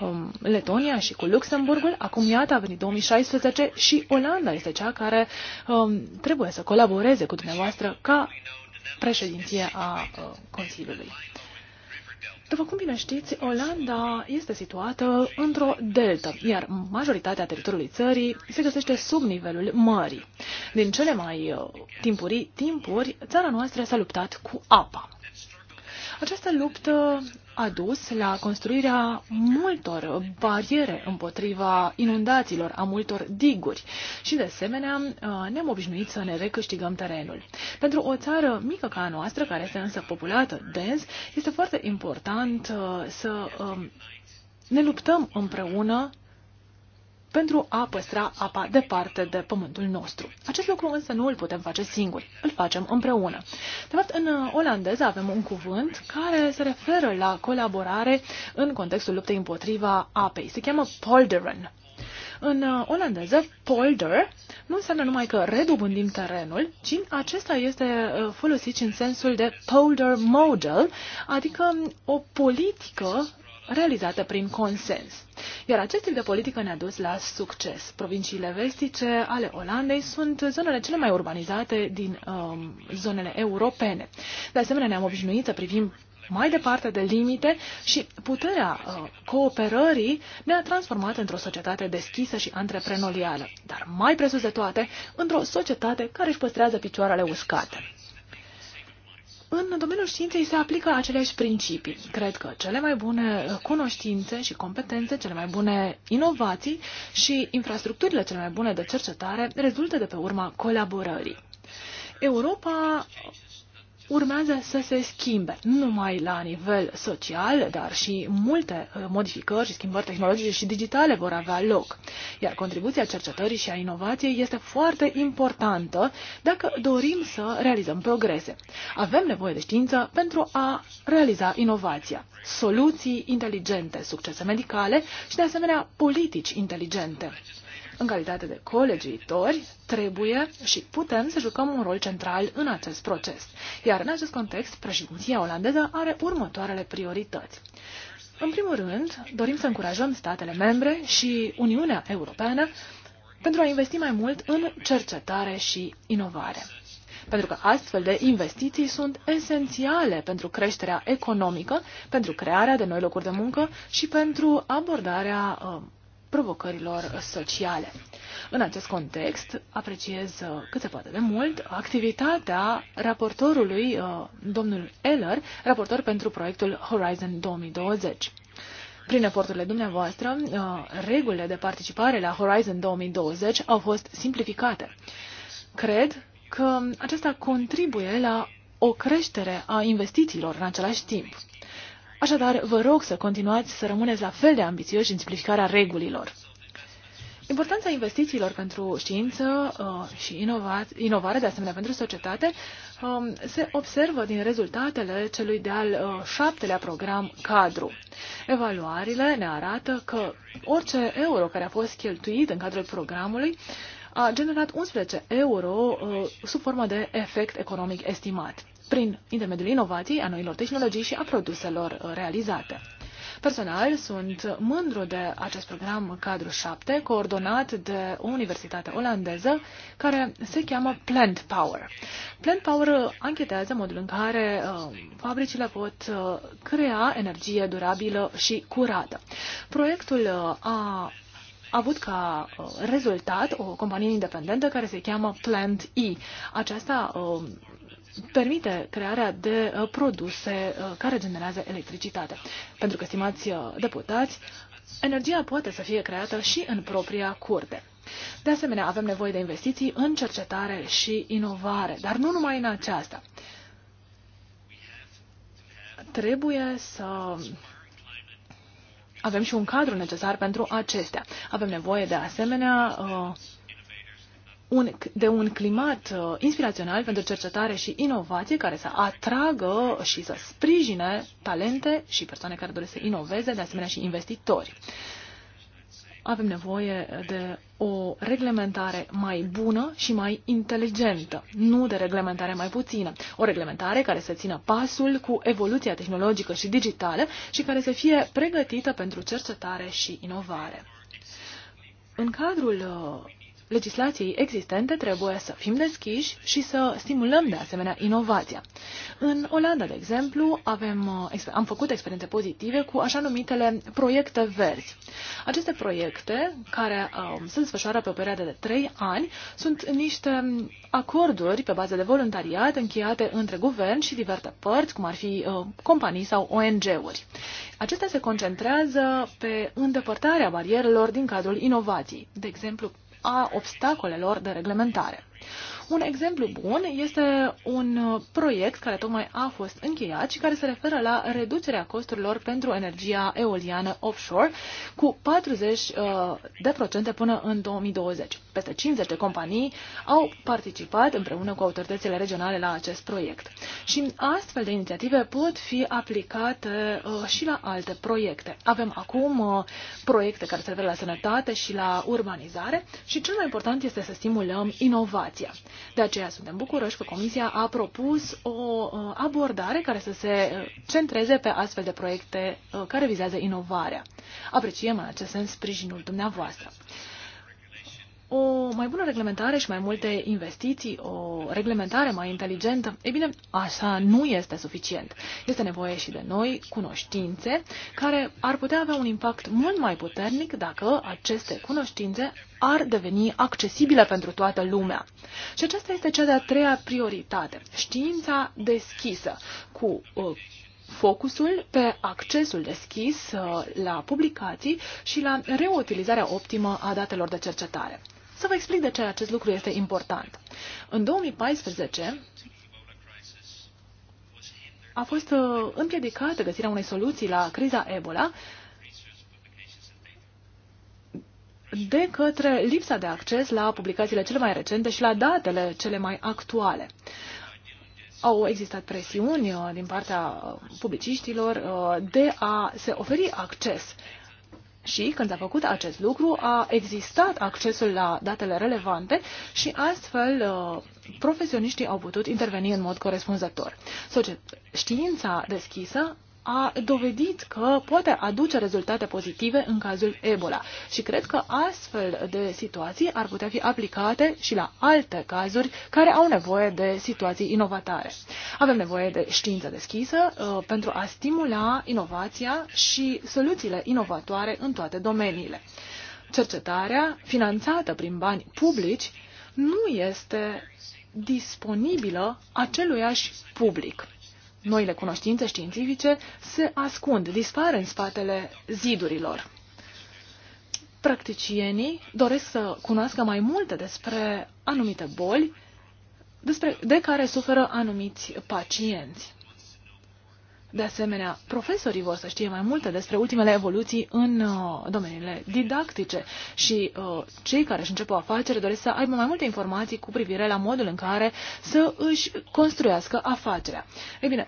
um, Letonia și cu Luxemburgul. Acum, iată, a venit 2016 și Olanda este cea care um, trebuie să colaboreze cu dumneavoastră ca președinție a Consiliului. După cum bine știți, Olanda este situată într-o deltă, iar majoritatea teritoriului țării se găsește sub nivelul mării. Din cele mai uh, timpurii timpuri, țara noastră s-a luptat cu apa. Această luptă a dus la construirea multor bariere împotriva inundațiilor, a multor diguri și, de asemenea, ne-am obișnuit să ne recâștigăm terenul. Pentru o țară mică ca a noastră, care este însă populată dens, este foarte important să ne luptăm împreună pentru a păstra apa departe de pământul nostru. Acest lucru însă nu îl putem face singuri, îl facem împreună. De fapt, în uh, olandeză avem un cuvânt care se referă la colaborare în contextul luptei împotriva apei. Se cheamă polderen. În uh, olandeză, polder nu înseamnă numai că redobândim terenul, ci acesta este uh, folosit în sensul de polder model, adică o politică realizată prin consens. Iar acest tip de politică ne-a dus la succes. Provinciile vestice ale Olandei sunt zonele cele mai urbanizate din um, zonele europene. De asemenea, ne-am obișnuit să privim mai departe de limite și puterea uh, cooperării ne-a transformat într-o societate deschisă și antreprenorială, dar mai presus de toate, într-o societate care își păstrează picioarele uscate. În domeniul științei se aplică aceleași principii. Cred că cele mai bune cunoștințe și competențe, cele mai bune inovații și infrastructurile cele mai bune de cercetare rezultă de pe urma colaborării. Europa urmează să se schimbe, nu numai la nivel social, dar și multe uh, modificări și schimbări tehnologice și digitale vor avea loc. Iar contribuția cercetării și a inovației este foarte importantă dacă dorim să realizăm progrese. Avem nevoie de știință pentru a realiza inovația, soluții inteligente, succese medicale și, de asemenea, politici inteligente. În calitate de colegiuitori, trebuie și putem să jucăm un rol central în acest proces. Iar în acest context, președinția olandeză are următoarele priorități. În primul rând, dorim să încurajăm statele membre și Uniunea Europeană pentru a investi mai mult în cercetare și inovare. Pentru că astfel de investiții sunt esențiale pentru creșterea economică, pentru crearea de noi locuri de muncă și pentru abordarea uh, provocărilor sociale. În acest context, apreciez uh, cât se poate de mult activitatea raportorului, uh, domnul Eller, raportor pentru proiectul Horizon 2020. Prin eforturile dumneavoastră, uh, regulile de participare la Horizon 2020 au fost simplificate. Cred că acesta contribuie la o creștere a investițiilor în același timp. Așadar, vă rog să continuați să rămâneți la fel de ambițioși în simplificarea regulilor. Importanța investițiilor pentru știință uh, și inova inovare, de asemenea pentru societate, um, se observă din rezultatele celui de-al uh, șaptelea program cadru. Evaluările ne arată că orice euro care a fost cheltuit în cadrul programului a generat 11 euro uh, sub formă de efect economic estimat prin intermediul inovației, a noilor tehnologii și a produselor uh, realizate. Personal, sunt mândru de acest program Cadru 7, coordonat de o universitate olandeză care se cheamă Plant Power. Plant Power uh, anchetează modul în care uh, fabricile pot uh, crea energie durabilă și curată. Proiectul uh, a avut ca uh, rezultat o companie independentă care se cheamă Plant E. Aceasta permite crearea de uh, produse uh, care generează electricitate. Pentru că, stimați uh, deputați, energia poate să fie creată și în propria curte. De asemenea, avem nevoie de investiții în cercetare și inovare, dar nu numai în aceasta. Trebuie să avem și un cadru necesar pentru acestea. Avem nevoie de asemenea un, de un climat uh, inspirațional pentru cercetare și inovație care să atragă și să sprijine talente și persoane care doresc să inoveze, de asemenea și investitori. Avem nevoie de o reglementare mai bună și mai inteligentă, nu de reglementare mai puțină. O reglementare care să țină pasul cu evoluția tehnologică și digitală și care să fie pregătită pentru cercetare și inovare. În cadrul uh, legislației existente trebuie să fim deschiși și să stimulăm de asemenea inovația. În Olanda, de exemplu, avem, uh, am făcut experiențe pozitive cu așa numitele proiecte verzi. Aceste proiecte, care um, se desfășoară pe o perioadă de 3 ani, sunt niște acorduri pe bază de voluntariat încheiate între guvern și diverse părți, cum ar fi uh, companii sau ONG-uri. Acestea se concentrează pe îndepărtarea barierelor din cadrul inovației. De exemplu, a obstacolelor de reglementare. Un exemplu bun este un proiect care tocmai a fost încheiat și care se referă la reducerea costurilor pentru energia eoliană offshore cu 40% uh, până în 2020. Peste 50 de companii au participat împreună cu autoritățile regionale la acest proiect. Și astfel de inițiative pot fi aplicate uh, și la alte proiecte. Avem acum uh, proiecte care se referă la sănătate și la urbanizare și cel mai important este să stimulăm inovația migrația. De aceea suntem bucuroși că Comisia a propus o uh, abordare care să se uh, centreze pe astfel de proiecte uh, care vizează inovarea. Apreciem în acest sens sprijinul dumneavoastră o mai bună reglementare și mai multe investiții, o reglementare mai inteligentă, e bine, așa nu este suficient. Este nevoie și de noi cunoștințe care ar putea avea un impact mult mai puternic dacă aceste cunoștințe ar deveni accesibile pentru toată lumea. Și aceasta este cea de-a treia prioritate, știința deschisă, cu uh, focusul pe accesul deschis uh, la publicații și la reutilizarea optimă a datelor de cercetare. Să vă explic de ce acest lucru este important. În 2014 a fost uh, împiedicată găsirea unei soluții la criza Ebola de către lipsa de acces la publicațiile cele mai recente și la datele cele mai actuale. Au existat presiuni uh, din partea uh, publiciștilor de a se oferi acces și când a făcut acest lucru, a existat accesul la datele relevante și astfel uh, profesioniștii au putut interveni în mod corespunzător. Știința deschisă a dovedit că poate aduce rezultate pozitive în cazul Ebola și cred că astfel de situații ar putea fi aplicate și la alte cazuri care au nevoie de situații inovatoare. Avem nevoie de știință deschisă uh, pentru a stimula inovația și soluțiile inovatoare în toate domeniile. Cercetarea, finanțată prin bani publici, nu este disponibilă aceluiași public noile cunoștințe științifice se ascund, dispar în spatele zidurilor. Practicienii doresc să cunoască mai multe despre anumite boli despre, de care suferă anumiți pacienți. De asemenea, profesorii vor să știe mai multe despre ultimele evoluții în uh, domeniile didactice și uh, cei care își încep o afacere doresc să aibă mai multe informații cu privire la modul în care să își construiască afacerea. Ei bine,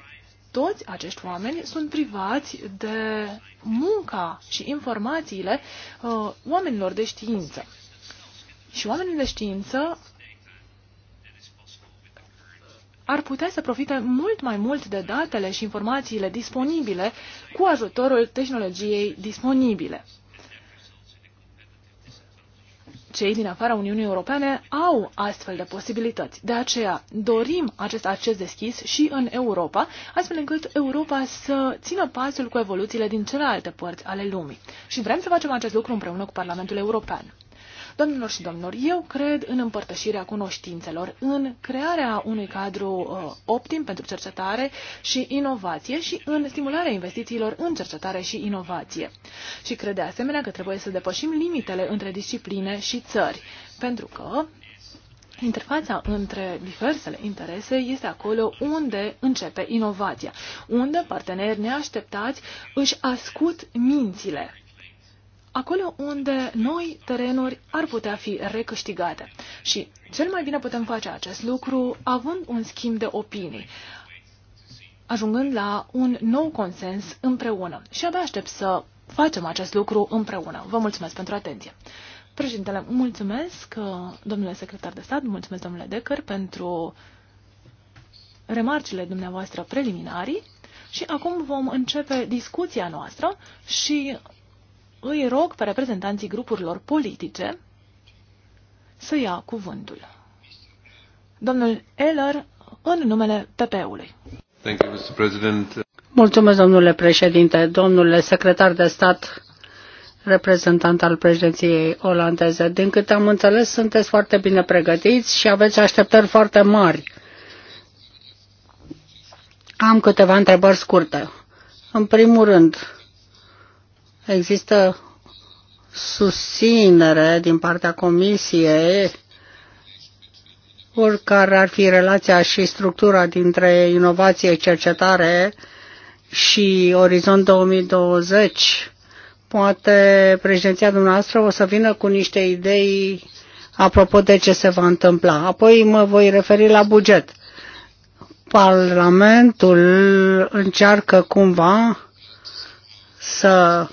toți acești oameni sunt privați de munca și informațiile uh, oamenilor de știință. Și oamenii de știință ar putea să profite mult mai mult de datele și informațiile disponibile cu ajutorul tehnologiei disponibile. Cei din afara Uniunii Europene au astfel de posibilități. De aceea dorim acest acces deschis și în Europa, astfel încât Europa să țină pasul cu evoluțiile din celelalte părți ale lumii. Și vrem să facem acest lucru împreună cu Parlamentul European. Domnilor și domnilor, eu cred în împărtășirea cunoștințelor, în crearea unui cadru uh, optim pentru cercetare și inovație și în stimularea investițiilor în cercetare și inovație. Și cred de asemenea că trebuie să depășim limitele între discipline și țări, pentru că Interfața între diversele interese este acolo unde începe inovația, unde parteneri neașteptați își ascut mințile acolo unde noi terenuri ar putea fi recâștigate. Și cel mai bine putem face acest lucru având un schimb de opinii, ajungând la un nou consens împreună. Și abia aștept să facem acest lucru împreună. Vă mulțumesc pentru atenție. Președintele, mulțumesc, uh, domnule secretar de stat, mulțumesc, domnule Decker, pentru remarcile dumneavoastră preliminarii. Și acum vom începe discuția noastră și îi rog pe reprezentanții grupurilor politice să ia cuvântul. Domnul Eller, în numele PP-ului. Mulțumesc, domnule președinte, domnule secretar de stat, reprezentant al președinției olandeze. Din câte am înțeles, sunteți foarte bine pregătiți și aveți așteptări foarte mari. Am câteva întrebări scurte. În primul rând, Există susținere din partea Comisiei oricare ar fi relația și structura dintre inovație, cercetare și Orizont 2020. Poate președinția dumneavoastră o să vină cu niște idei apropo de ce se va întâmpla. Apoi mă voi referi la buget. Parlamentul încearcă cumva să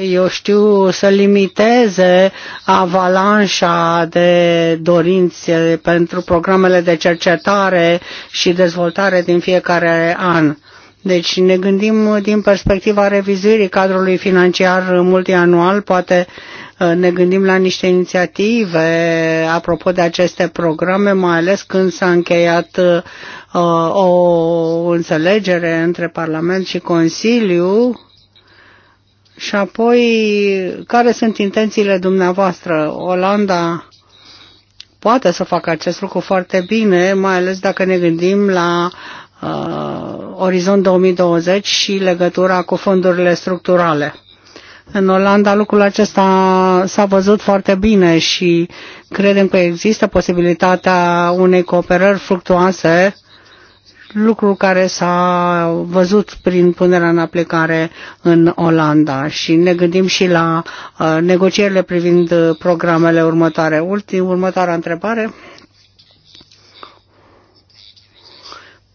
eu știu, să limiteze avalanșa de dorințe pentru programele de cercetare și dezvoltare din fiecare an. Deci ne gândim din perspectiva revizuirii cadrului financiar multianual, poate ă, ne gândim la niște inițiative apropo de aceste programe, mai ales când s-a încheiat ă, o înțelegere între Parlament și Consiliu și apoi, care sunt intențiile dumneavoastră? Olanda poate să facă acest lucru foarte bine, mai ales dacă ne gândim la uh, Orizont 2020 și legătura cu fondurile structurale. În Olanda lucrul acesta s-a văzut foarte bine și credem că există posibilitatea unei cooperări fructuoase lucru care s-a văzut prin punerea în aplicare în Olanda și ne gândim și la uh, negocierile privind uh, programele următoare. Ultim, următoarea întrebare.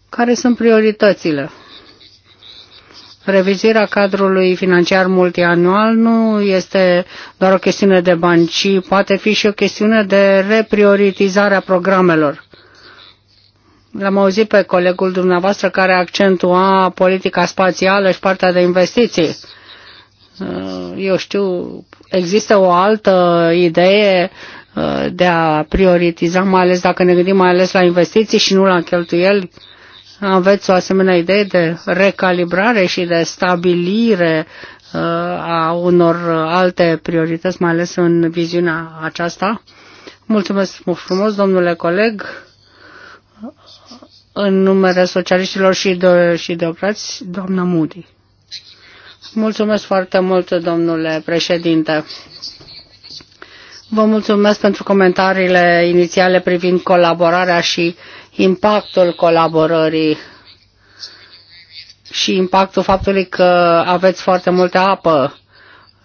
Care sunt prioritățile? Revizirea cadrului financiar multianual nu este doar o chestiune de bani, ci poate fi și o chestiune de reprioritizare a programelor L-am auzit pe colegul dumneavoastră care accentua politica spațială și partea de investiții. Uh, eu știu, există o altă idee uh, de a prioritiza, mai ales dacă ne gândim mai ales la investiții și nu la cheltuieli? Aveți o asemenea idee de recalibrare și de stabilire uh, a unor alte priorități, mai ales în viziunea aceasta? Mulțumesc frumos, domnule coleg în numele socialiștilor și, de, și deoprați, doamna Moody. Mulțumesc foarte mult, domnule președinte. Vă mulțumesc pentru comentariile inițiale privind colaborarea și impactul colaborării și impactul faptului că aveți foarte multă apă.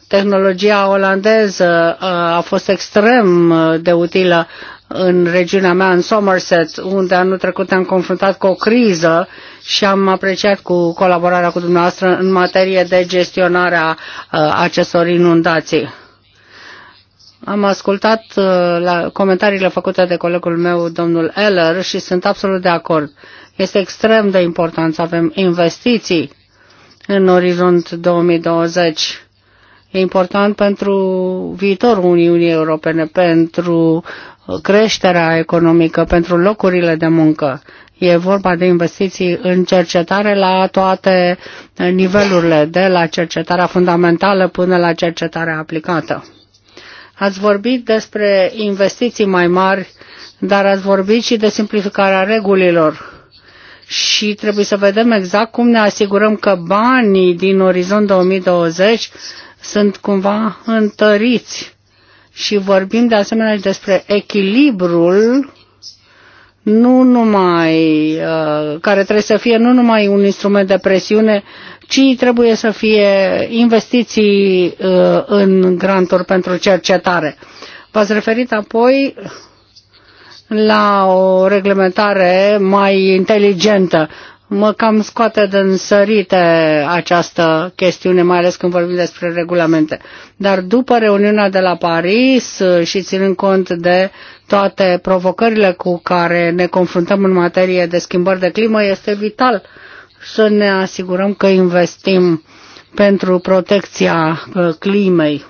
Tehnologia olandeză uh, a fost extrem de utilă în regiunea mea, în Somerset, unde anul trecut am confruntat cu o criză și am apreciat cu colaborarea cu dumneavoastră în materie de gestionarea uh, acestor inundații. Am ascultat uh, la comentariile făcute de colegul meu, domnul Eller, și sunt absolut de acord. Este extrem de important să avem investiții în orizont 2020 E important pentru viitorul Uniunii Europene, pentru creșterea economică, pentru locurile de muncă. E vorba de investiții în cercetare la toate nivelurile, de la cercetarea fundamentală până la cercetarea aplicată. Ați vorbit despre investiții mai mari, dar ați vorbit și de simplificarea regulilor. Și trebuie să vedem exact cum ne asigurăm că banii din orizont 2020 sunt cumva întăriți și vorbim de asemenea despre echilibrul nu numai uh, care trebuie să fie nu numai un instrument de presiune, ci trebuie să fie investiții uh, în granturi pentru cercetare. V-ați referit apoi la o reglementare mai inteligentă. Mă cam scoate de însărite această chestiune, mai ales când vorbim despre regulamente. Dar după reuniunea de la Paris și ținând cont de toate provocările cu care ne confruntăm în materie de schimbări de climă, este vital să ne asigurăm că investim pentru protecția uh, climei,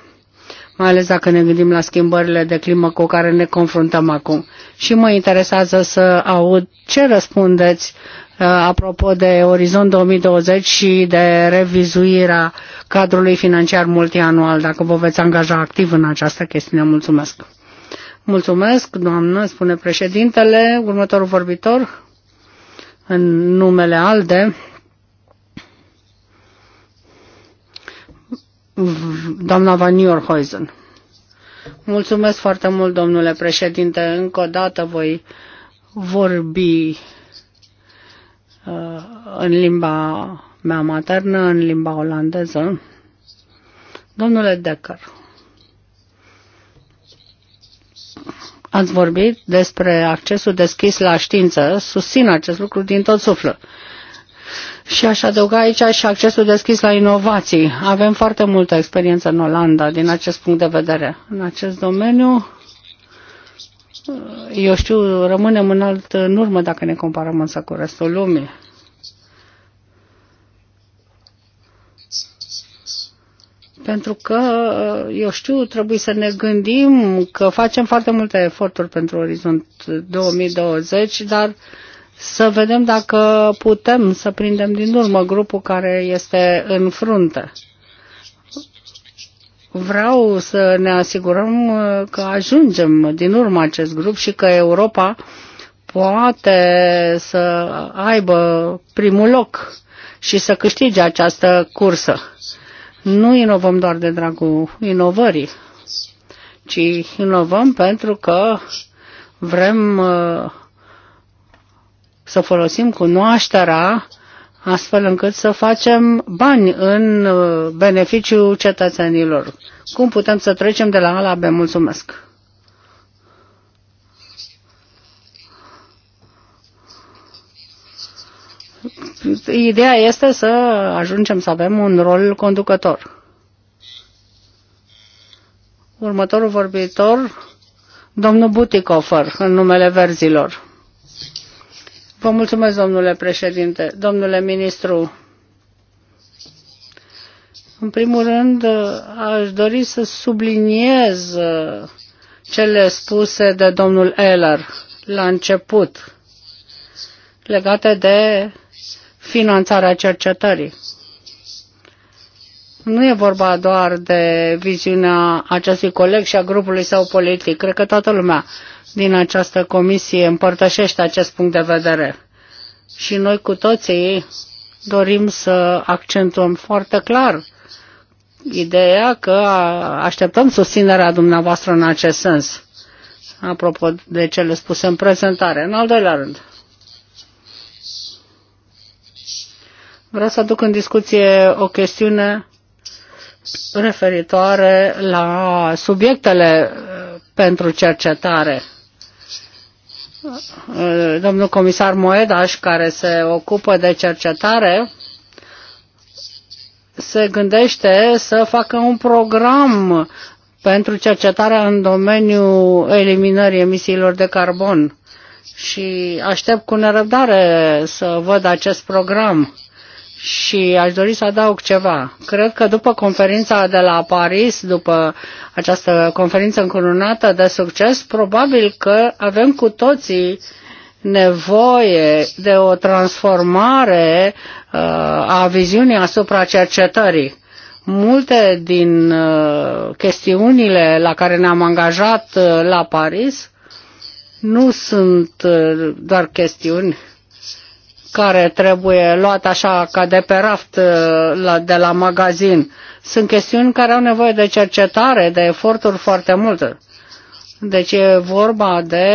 mai ales dacă ne gândim la schimbările de climă cu care ne confruntăm acum și mă interesează să aud ce răspundeți uh, apropo de Orizont 2020 și de revizuirea cadrului financiar multianual, dacă vă veți angaja activ în această chestiune. Mulțumesc! Mulțumesc, doamnă, spune președintele. Următorul vorbitor, în numele ALDE, doamna Van Nieuwenhuizen. Mulțumesc foarte mult, domnule președinte. Încă o dată voi vorbi uh, în limba mea maternă, în limba olandeză. Domnule Decker, ați vorbit despre accesul deschis la știință, susțin acest lucru din tot sufletul. Și aș adăuga aici și accesul deschis la inovații. Avem foarte multă experiență în Olanda din acest punct de vedere. În acest domeniu, eu știu, rămânem în alt în urmă dacă ne comparăm însă cu restul lumii. Pentru că, eu știu, trebuie să ne gândim că facem foarte multe eforturi pentru Orizont 2020, dar uh, să vedem dacă putem să prindem din urmă grupul care este în frunte. Vreau să ne asigurăm uh, că ajungem din urmă acest grup și că Europa poate să aibă primul loc și să câștige această cursă. Nu inovăm doar de dragul inovării, ci inovăm pentru că vrem uh, să folosim cunoașterea astfel încât să facem bani în uh, beneficiul cetățenilor. Cum putem să trecem de la A la B? Mulțumesc! Ideea este să ajungem să avem un rol conducător. Următorul vorbitor, domnul Buticofer, în numele verzilor. Vă mulțumesc, domnule președinte, domnule ministru. În primul rând, aș dori să subliniez cele spuse de domnul Eller la început legate de finanțarea cercetării. Nu e vorba doar de viziunea acestui coleg și a grupului său politic. Cred că toată lumea din această comisie împărtășește acest punct de vedere. Și noi cu toții dorim să accentuăm foarte clar ideea că așteptăm susținerea dumneavoastră în acest sens. Apropo de cele spuse în prezentare. În al doilea rând, vreau să aduc în discuție o chestiune referitoare la subiectele uh, pentru cercetare. Uh, domnul comisar Moedaș, care se ocupă de cercetare, se gândește să facă un program pentru cercetarea în domeniul eliminării emisiilor de carbon și aștept cu nerăbdare să văd acest program și aș dori să adaug ceva. Cred că după conferința de la Paris, după această conferință încununată de succes, probabil că avem cu toții nevoie de o transformare uh, a viziunii asupra cercetării. Multe din uh, chestiunile la care ne-am angajat uh, la Paris nu sunt uh, doar chestiuni care trebuie luat așa ca de pe raft uh, la, de la magazin. Sunt chestiuni care au nevoie de cercetare, de eforturi foarte multe. Deci e vorba de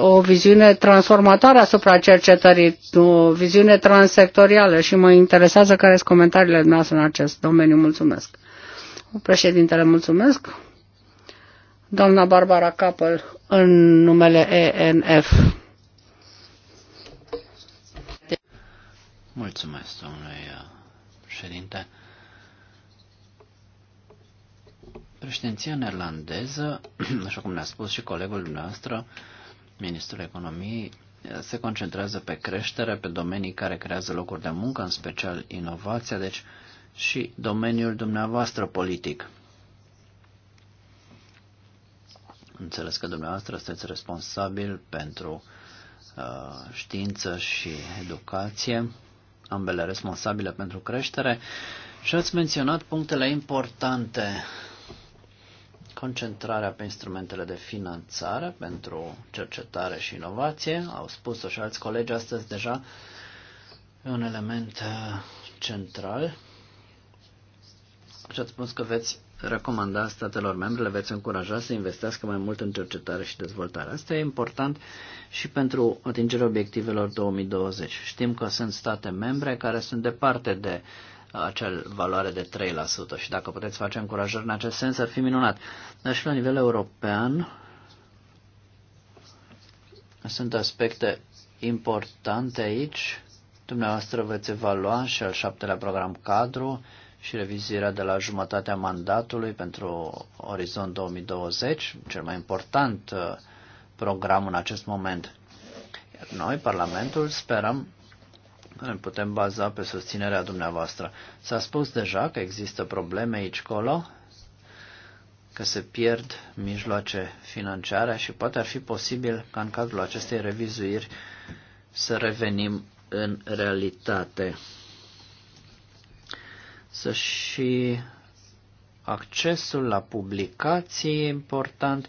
o viziune transformatoare asupra cercetării, o viziune transsectorială și mă interesează care sunt comentariile noastre în acest domeniu. Mulțumesc. Președintele, mulțumesc. Doamna Barbara Capel, în numele ENF. Mulțumesc, domnule uh, președinte. Președinția neerlandeză, așa cum ne-a spus și colegul dumneavoastră, ministrul economiei, uh, se concentrează pe creștere, pe domenii care creează locuri de muncă, în special inovația, deci și domeniul dumneavoastră politic. Înțeles că dumneavoastră sunteți responsabil pentru uh, știință și educație ambele responsabile pentru creștere, și ați menționat punctele importante. Concentrarea pe instrumentele de finanțare pentru cercetare și inovație, au spus-o și alți colegi astăzi deja, e un element uh, central. Și ați spus că veți recomanda statelor membre, le veți încuraja să investească mai mult în cercetare și dezvoltare. Asta e important și pentru atingerea obiectivelor 2020. Știm că sunt state membre care sunt departe de acel valoare de 3% și dacă puteți face încurajări în acest sens ar fi minunat. Dar și la nivel european sunt aspecte importante aici. Dumneavoastră veți evalua și al șaptelea program cadru și revizirea de la jumătatea mandatului pentru Orizont 2020, cel mai important uh, program în acest moment. Iar noi, Parlamentul, sperăm că ne putem baza pe susținerea dumneavoastră. S-a spus deja că există probleme aici-colo, că se pierd mijloace financiare și poate ar fi posibil ca în cadrul acestei revizuiri să revenim în realitate. Să și accesul la publicații important,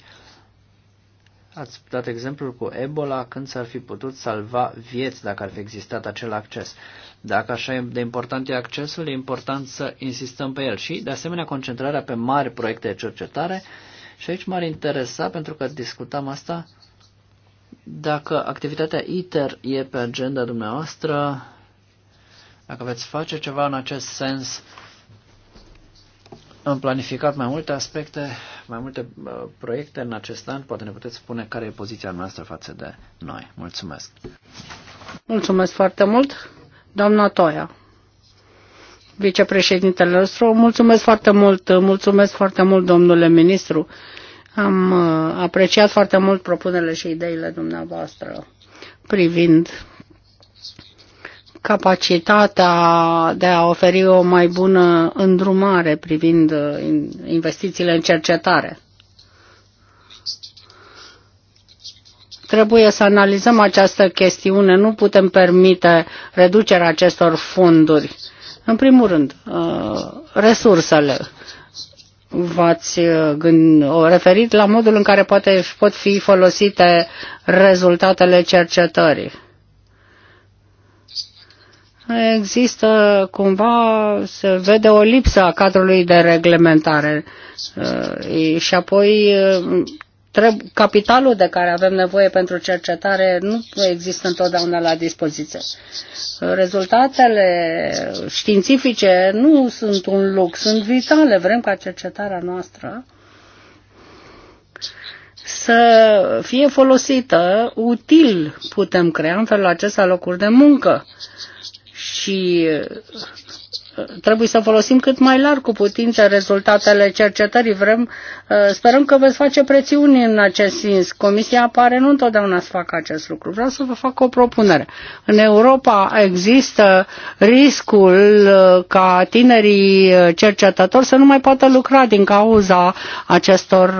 Ați dat exemplul cu Ebola când s-ar fi putut salva vieți dacă ar fi existat acel acces. Dacă așa de important e accesul, e important să insistăm pe el și, de asemenea, concentrarea pe mari proiecte de cercetare. Și aici m-ar interesa, pentru că discutam asta, dacă activitatea ITER e pe agenda dumneavoastră, dacă veți face ceva în acest sens, am planificat mai multe aspecte, mai multe uh, proiecte în acest an. Poate ne puteți spune care e poziția noastră față de noi. Mulțumesc! Mulțumesc foarte mult, doamna Toia, vicepreședintele nostru. Mulțumesc foarte mult, mulțumesc foarte mult, domnule ministru. Am uh, apreciat foarte mult propunerile și ideile dumneavoastră privind capacitatea de a oferi o mai bună îndrumare privind uh, investițiile în cercetare. Trebuie să analizăm această chestiune. Nu putem permite reducerea acestor fonduri. În primul rând, uh, resursele. V-ați uh, referit la modul în care poate, pot fi folosite rezultatele cercetării există cumva, se vede o lipsă a cadrului de reglementare uh, și apoi uh, capitalul de care avem nevoie pentru cercetare nu există întotdeauna la dispoziție. Uh, rezultatele științifice nu sunt un lux, sunt vitale. Vrem ca cercetarea noastră să fie folosită util. Putem crea în felul acesta locuri de muncă. Uh, și trebuie să folosim cât mai larg cu putință rezultatele cercetării. Vrem, uh, sperăm că veți face prețiuni în acest sens. Comisia apare nu întotdeauna să facă acest lucru. Vreau să vă fac o propunere. În Europa există riscul uh, ca tinerii uh, cercetători să nu mai poată lucra din cauza acestor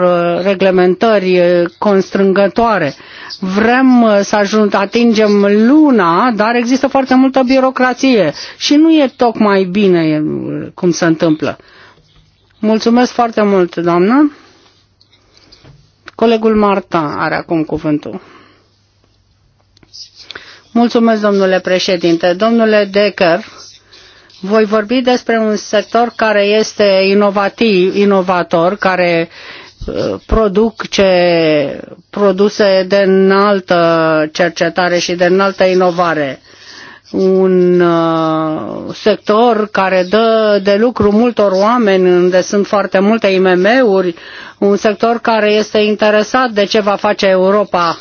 reglementări constrângătoare. Vrem să ajung, atingem luna, dar există foarte multă birocrație și nu e tocmai bine bine cum se întâmplă. Mulțumesc foarte mult, doamnă. Colegul Marta are acum cuvântul. Mulțumesc, domnule președinte. Domnule Decker, voi vorbi despre un sector care este inovativ, inovator, care uh, produce produse de înaltă cercetare și de înaltă inovare un uh, sector care dă de lucru multor oameni, unde sunt foarte multe IMM-uri, un sector care este interesat de ce va face Europa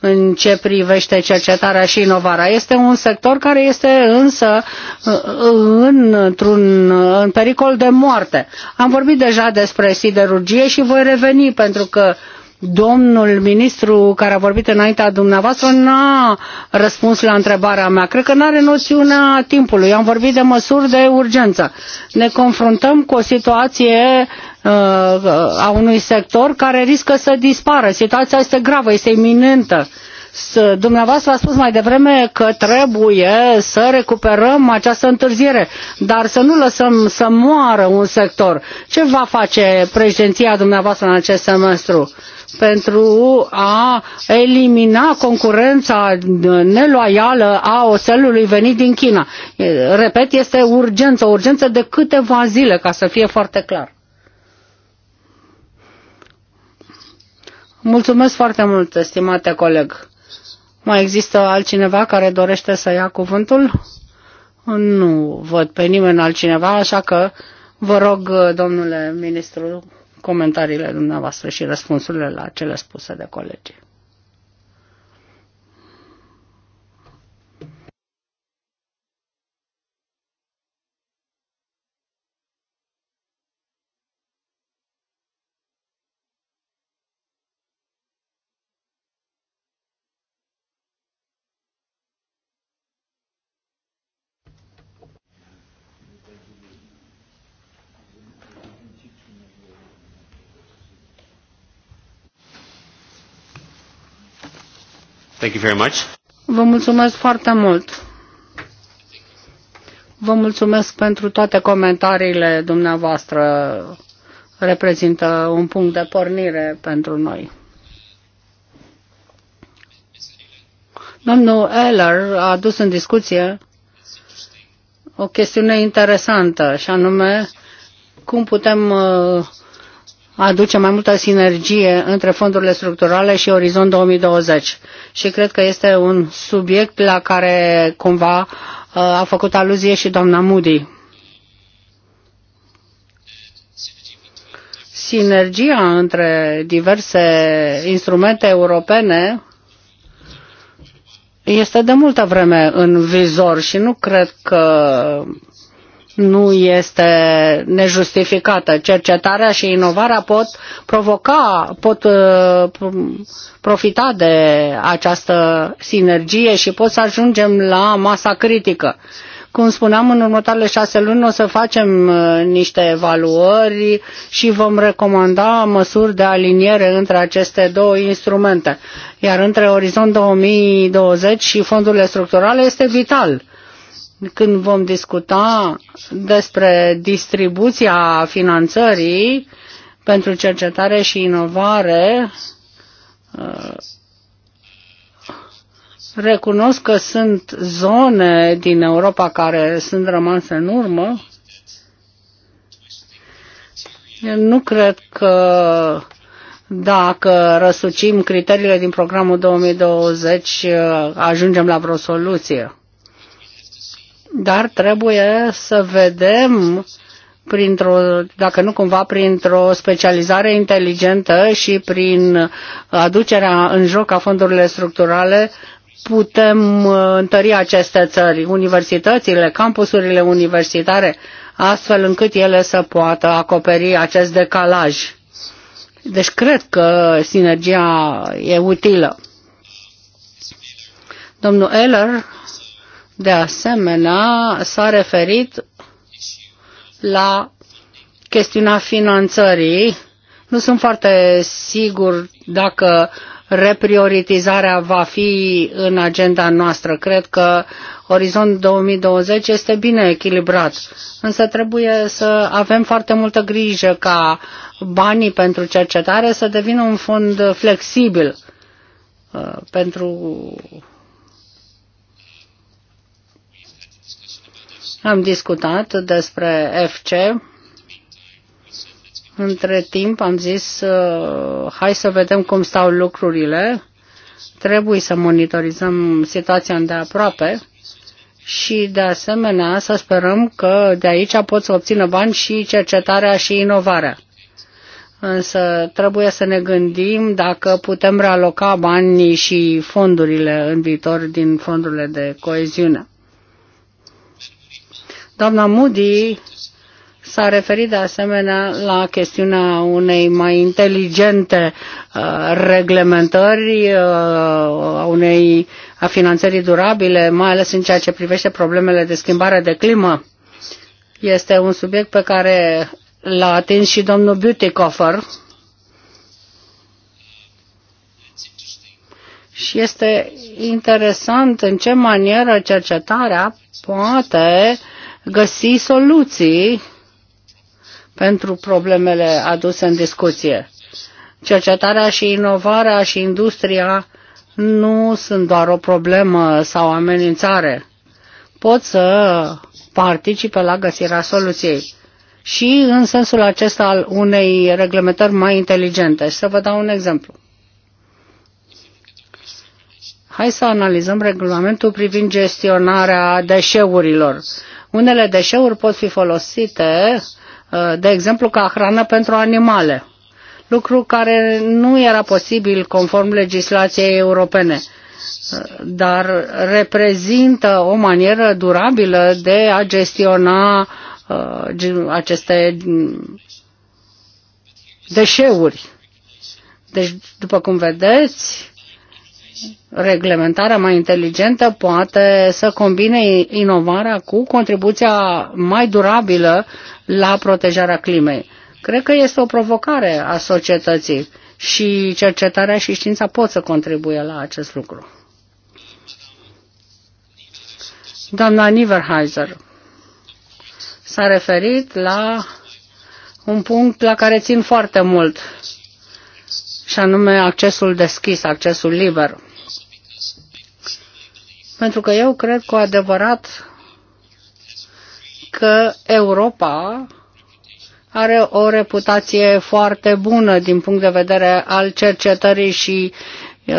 în ce privește cercetarea și inovarea. Este un sector care este însă uh, în, într-un în pericol de moarte. Am vorbit deja despre siderurgie și voi reveni pentru că domnul ministru care a vorbit înaintea dumneavoastră n-a răspuns la întrebarea mea. Cred că nu are noțiunea timpului. Am vorbit de măsuri de urgență. Ne confruntăm cu o situație uh, uh a unui sector care riscă să dispară. Situația este gravă, este iminentă. Uh, Dumneavoastră a spus mai devreme că trebuie să recuperăm această întârziere, dar să nu lăsăm să moară un sector. Ce va face președinția dumneavoastră în acest semestru? pentru a elimina concurența neloială a oțelului venit din China. Repet, este urgență, urgență de câteva zile, ca să fie foarte clar. Mulțumesc foarte mult, stimate coleg. Mai există altcineva care dorește să ia cuvântul? Nu văd pe nimeni altcineva, așa că vă rog, domnule ministru, comentariile dumneavoastră și răspunsurile la cele spuse de colegi. Thank you very much. Vă mulțumesc foarte mult. Vă mulțumesc pentru toate comentariile dumneavoastră. Reprezintă un punct de pornire pentru noi. Domnul Eller a adus în discuție o chestiune interesantă, și anume cum putem uh, aduce mai multă sinergie între fondurile structurale și Orizont 2020. Și cred că este un subiect la care cumva uh, a făcut aluzie și doamna Moody. Sinergia între diverse instrumente europene este de multă vreme în vizor și nu cred că nu este nejustificată. Cercetarea și inovarea pot provoca, pot uh, profita de această sinergie și pot să ajungem la masa critică. Cum spuneam, în următoarele șase luni o să facem uh, niște evaluări și vom recomanda măsuri de aliniere între aceste două instrumente. Iar între Orizont 2020 și fondurile structurale este vital când vom discuta despre distribuția finanțării pentru cercetare și inovare, uh, recunosc că sunt zone din Europa care sunt rămase în urmă. Eu nu cred că dacă răsucim criteriile din programul 2020, uh, ajungem la vreo soluție dar trebuie să vedem printr-o, dacă nu cumva printr-o specializare inteligentă și prin aducerea în joc a fondurilor structurale, putem uh, întări aceste țări, universitățile, campusurile universitare, astfel încât ele să poată acoperi acest decalaj. Deci cred că sinergia e utilă. Domnul Eller de asemenea, s-a referit la chestiunea finanțării. Nu sunt foarte sigur dacă reprioritizarea va fi în agenda noastră. Cred că Orizont 2020 este bine echilibrat, însă trebuie să avem foarte multă grijă ca banii pentru cercetare să devină un fond flexibil uh, pentru Am discutat despre FC. Între timp am zis, uh, hai să vedem cum stau lucrurile. Trebuie să monitorizăm situația de aproape și, de asemenea, să sperăm că de aici pot să obțină bani și cercetarea și inovarea. Însă trebuie să ne gândim dacă putem realoca banii și fondurile în viitor din fondurile de coeziune. Doamna Moody s-a referit de asemenea la chestiunea unei mai inteligente uh, reglementări, uh, a unei a finanțării durabile, mai ales în ceea ce privește problemele de schimbare de climă. Este un subiect pe care l-a atins și domnul Beautycoffer. Și este interesant în ce manieră cercetarea poate uh, găsi soluții pentru problemele aduse în discuție. Cercetarea și inovarea și industria nu sunt doar o problemă sau amenințare. Pot să participe la găsirea soluției și în sensul acesta al unei reglementări mai inteligente. Și să vă dau un exemplu. Hai să analizăm regulamentul privind gestionarea deșeurilor. Unele deșeuri pot fi folosite, uh, de exemplu, ca hrană pentru animale, lucru care nu era posibil conform legislației europene, uh, dar reprezintă o manieră durabilă de a gestiona uh, aceste mm, deșeuri. Deci, după cum vedeți, reglementarea mai inteligentă poate să combine inovarea cu contribuția mai durabilă la protejarea climei. Cred că este o provocare a societății și cercetarea și știința pot să contribuie la acest lucru. Doamna Niverheiser s-a referit la un punct la care țin foarte mult, și anume accesul deschis, accesul liber pentru că eu cred cu adevărat că Europa are o reputație foarte bună din punct de vedere al cercetării și uh,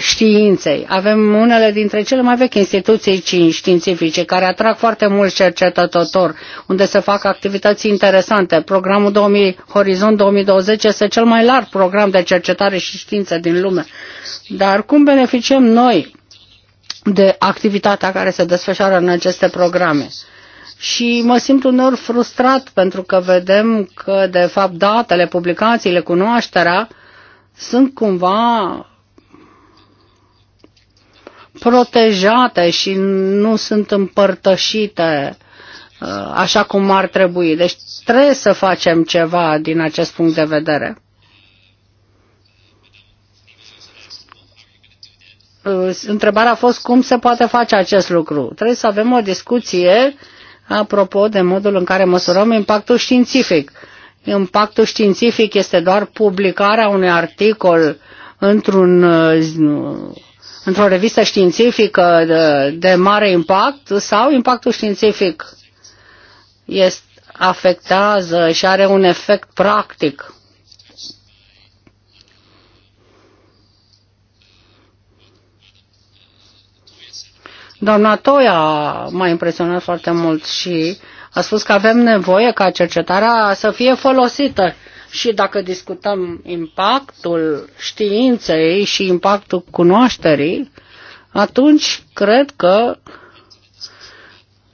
științei. Avem unele dintre cele mai vechi instituții științifice care atrag foarte mulți cercetători, unde se fac activități interesante. Programul 2000, Horizon 2020 este cel mai larg program de cercetare și știință din lume. Dar cum beneficiem noi de activitatea care se desfășoară în aceste programe. Și mă simt unor frustrat pentru că vedem că, de fapt, datele, publicațiile, cunoașterea sunt cumva protejate și nu sunt împărtășite uh, așa cum ar trebui. Deci trebuie să facem ceva din acest punct de vedere. Uh, întrebarea a fost cum se poate face acest lucru. Trebuie să avem o discuție apropo de modul în care măsurăm impactul științific. Impactul științific este doar publicarea unui articol într-un, uh, într-o revistă științifică de, de mare impact sau impactul științific este, afectează și are un efect practic Doamna Toia m-a impresionat foarte mult și a spus că avem nevoie ca cercetarea să fie folosită. Și dacă discutăm impactul științei și impactul cunoașterii, atunci cred că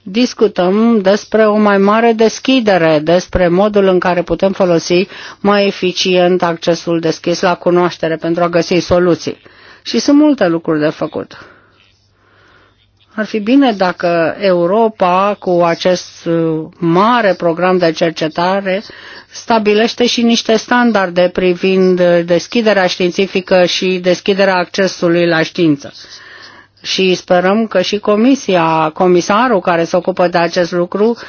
discutăm despre o mai mare deschidere, despre modul în care putem folosi mai eficient accesul deschis la cunoaștere pentru a găsi soluții. Și sunt multe lucruri de făcut. Ar fi bine dacă Europa, cu acest uh, mare program de cercetare, stabilește și niște standarde privind uh, deschiderea științifică și deschiderea accesului la știință. Și sperăm că și comisia, comisarul care se ocupă de acest lucru, uh,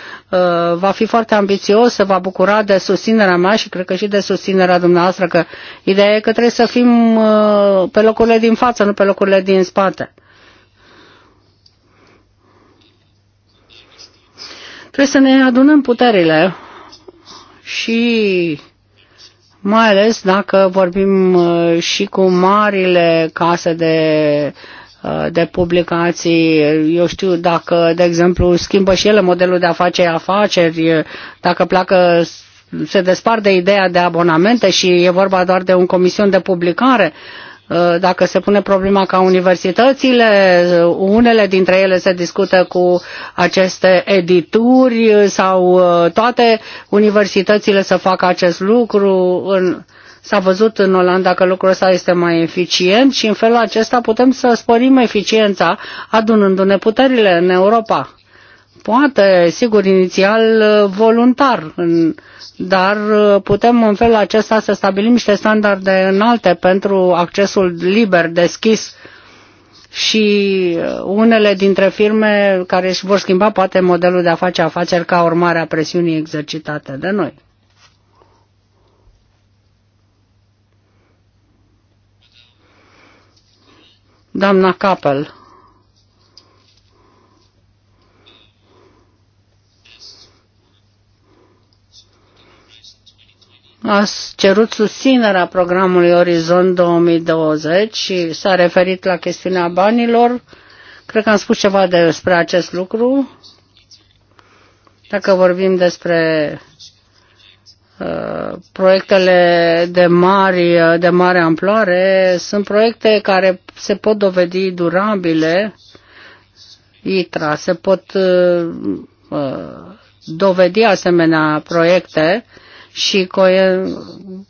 va fi foarte ambițios, se va bucura de susținerea mea și cred că și de susținerea dumneavoastră, că ideea e că trebuie să fim pe locurile din față, nu pe locurile din spate Trebuie să ne adunăm puterile și mai ales dacă vorbim uh, și cu marile case de uh, de publicații, eu știu dacă, de exemplu, schimbă și ele modelul de afaceri afaceri, uh, dacă pleacă se despart de ideea de abonamente și e vorba doar de un comision de publicare, Uh, dacă se pune problema ca universitățile, uh, unele dintre ele se discută cu aceste edituri uh, sau toate universitățile să facă acest lucru. S-a văzut în Olanda că lucrul ăsta este mai eficient și în felul acesta putem să sporim eficiența adunându-ne puterile în Europa poate, sigur, inițial uh, voluntar, dar uh, putem în felul acesta să stabilim niște standarde înalte pentru accesul liber, deschis și uh, unele dintre firme care își vor schimba poate modelul de a face afaceri ca urmare a presiunii exercitate de noi. Doamna Capel. a cerut susținerea programului Orizont 2020 și s-a referit la chestiunea banilor. Cred că am spus ceva despre acest lucru. Dacă vorbim despre uh, proiectele de, mari, de mare amploare, sunt proiecte care se pot dovedi durabile, ITRA, se pot uh, uh, dovedi asemenea proiecte și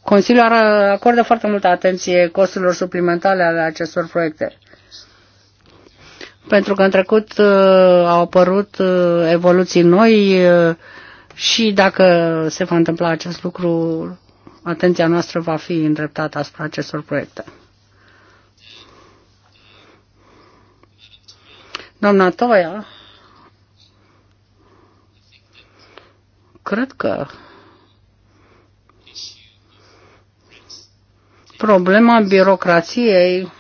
Consiliul acordă foarte multă atenție costurilor suplimentare ale acestor proiecte. Pentru că în trecut uh, au apărut uh, evoluții noi uh, și dacă se va întâmpla acest lucru, atenția noastră va fi îndreptată asupra acestor proiecte. Doamna Toia, cred că Problema birocrației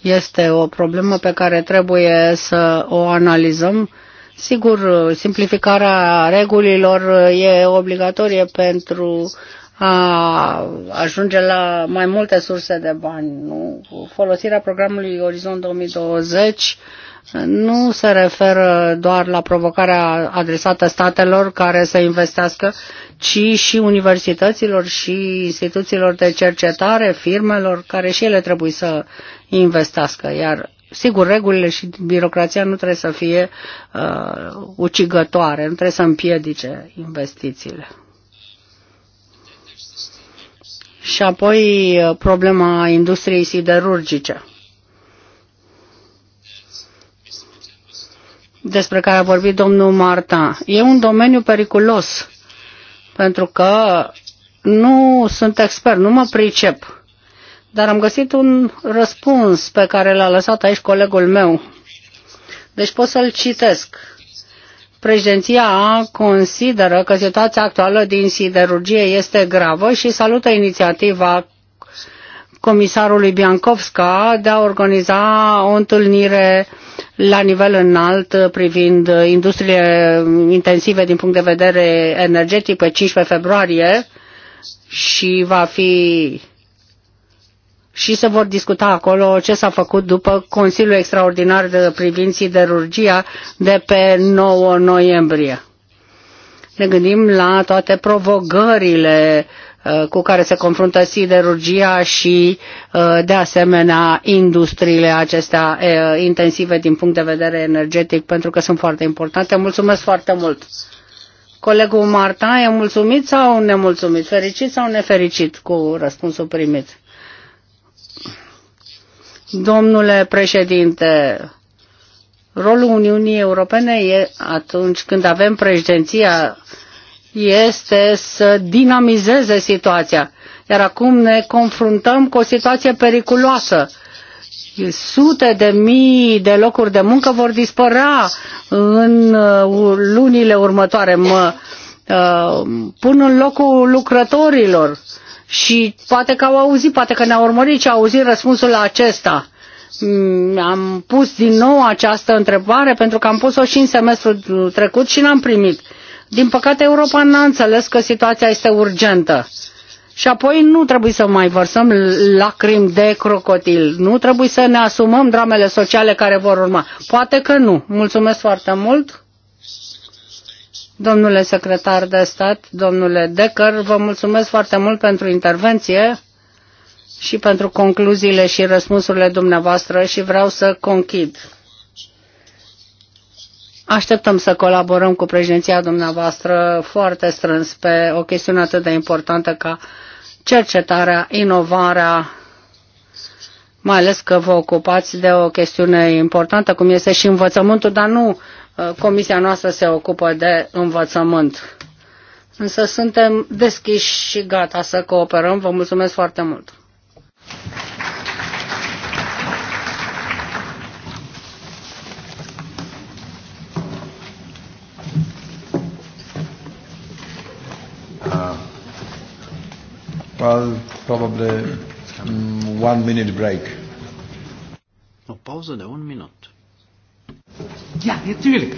este o problemă pe care trebuie să o analizăm. Sigur, simplificarea regulilor e obligatorie pentru a ajunge la mai multe surse de bani. Nu? Folosirea programului Orizont 2020 nu se referă doar la provocarea adresată statelor care să investească, ci și universităților și instituțiilor de cercetare, firmelor care și ele trebuie să investească. Iar, sigur, regulile și birocrația nu trebuie să fie uh, ucigătoare, nu trebuie să împiedice investițiile. Și apoi uh, problema industriei siderurgice despre care a vorbit domnul Marta. E un domeniu periculos, pentru că nu sunt expert, nu mă pricep. Dar am găsit un răspuns pe care l-a lăsat aici colegul meu. Deci pot să-l citesc. Președinția consideră că situația actuală din siderurgie este gravă și salută inițiativa comisarului Biancovska de a organiza o întâlnire uh, la nivel înalt privind industriile intensive din punct de vedere energetic pe 15 februarie și va fi și se vor discuta acolo ce s-a făcut după Consiliul Extraordinar de privind siderurgia de pe 9 noiembrie. Ne gândim la toate provocările uh, Uh, cu care se confruntă siderurgia și uh, de asemenea industriile acestea uh, intensive din punct de vedere energetic pentru că sunt foarte importante. Mulțumesc foarte mult! Colegul Marta, e mulțumit sau nemulțumit? Fericit sau nefericit cu răspunsul primit? Domnule președinte, rolul Uniunii Europene e atunci când avem președinția este să dinamizeze situația. Iar acum ne confruntăm cu o situație periculoasă. Sute de mii de locuri de muncă vor dispărea în uh, lunile următoare. Mă uh, pun în locul lucrătorilor și poate că au auzit, poate că ne-au urmărit și au auzit răspunsul la acesta. Mm, am pus din nou această întrebare pentru că am pus-o și în semestrul trecut și n-am primit. Din păcate, Europa n-a înțeles că situația este urgentă. Și apoi nu trebuie să mai vărsăm lacrimi de crocodil. Nu trebuie să ne asumăm dramele sociale care vor urma. Poate că nu. Mulțumesc foarte mult. Domnule secretar de stat, domnule Decker, vă mulțumesc foarte mult pentru intervenție și pentru concluziile și răspunsurile dumneavoastră și vreau să conchid. Așteptăm să colaborăm cu președinția dumneavoastră foarte strâns pe o chestiune atât de importantă ca cercetarea, inovarea, mai ales că vă ocupați de o chestiune importantă, cum este și învățământul, dar nu uh, comisia noastră se ocupă de învățământ. Însă suntem deschiși și gata să cooperăm. Vă mulțumesc foarte mult! Well, probably um, one minute break. O pauză de un minut. Ja, natuurlijk.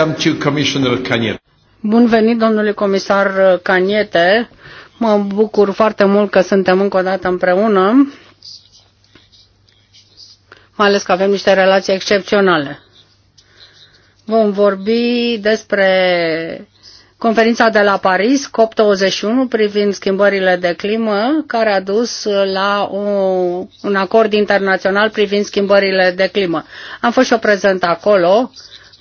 Welcome to Commissioner Caniete. Bun venit, domnule comisar Caniete. Mă bucur foarte mult că suntem încă o dată împreună, mai ales că avem niște relații excepționale. Vom vorbi despre conferința de la Paris, COP21, privind schimbările de climă, care a dus la o, un acord internațional privind schimbările de climă. Am fost și o prezent acolo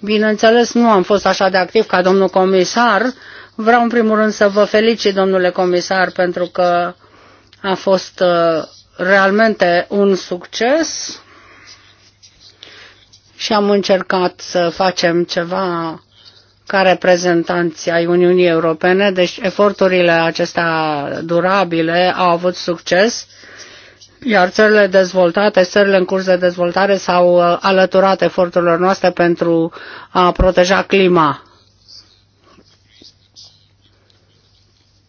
Bineînțeles, nu am fost așa de activ ca domnul comisar. Vreau în primul rând să vă felicit, domnule comisar, pentru că a fost uh, realmente un succes și am încercat să facem ceva ca reprezentanții ai Uniunii Europene, deci eforturile acestea durabile au avut succes iar țările dezvoltate, țările în curs de dezvoltare s-au uh, alăturat eforturilor noastre pentru a proteja clima.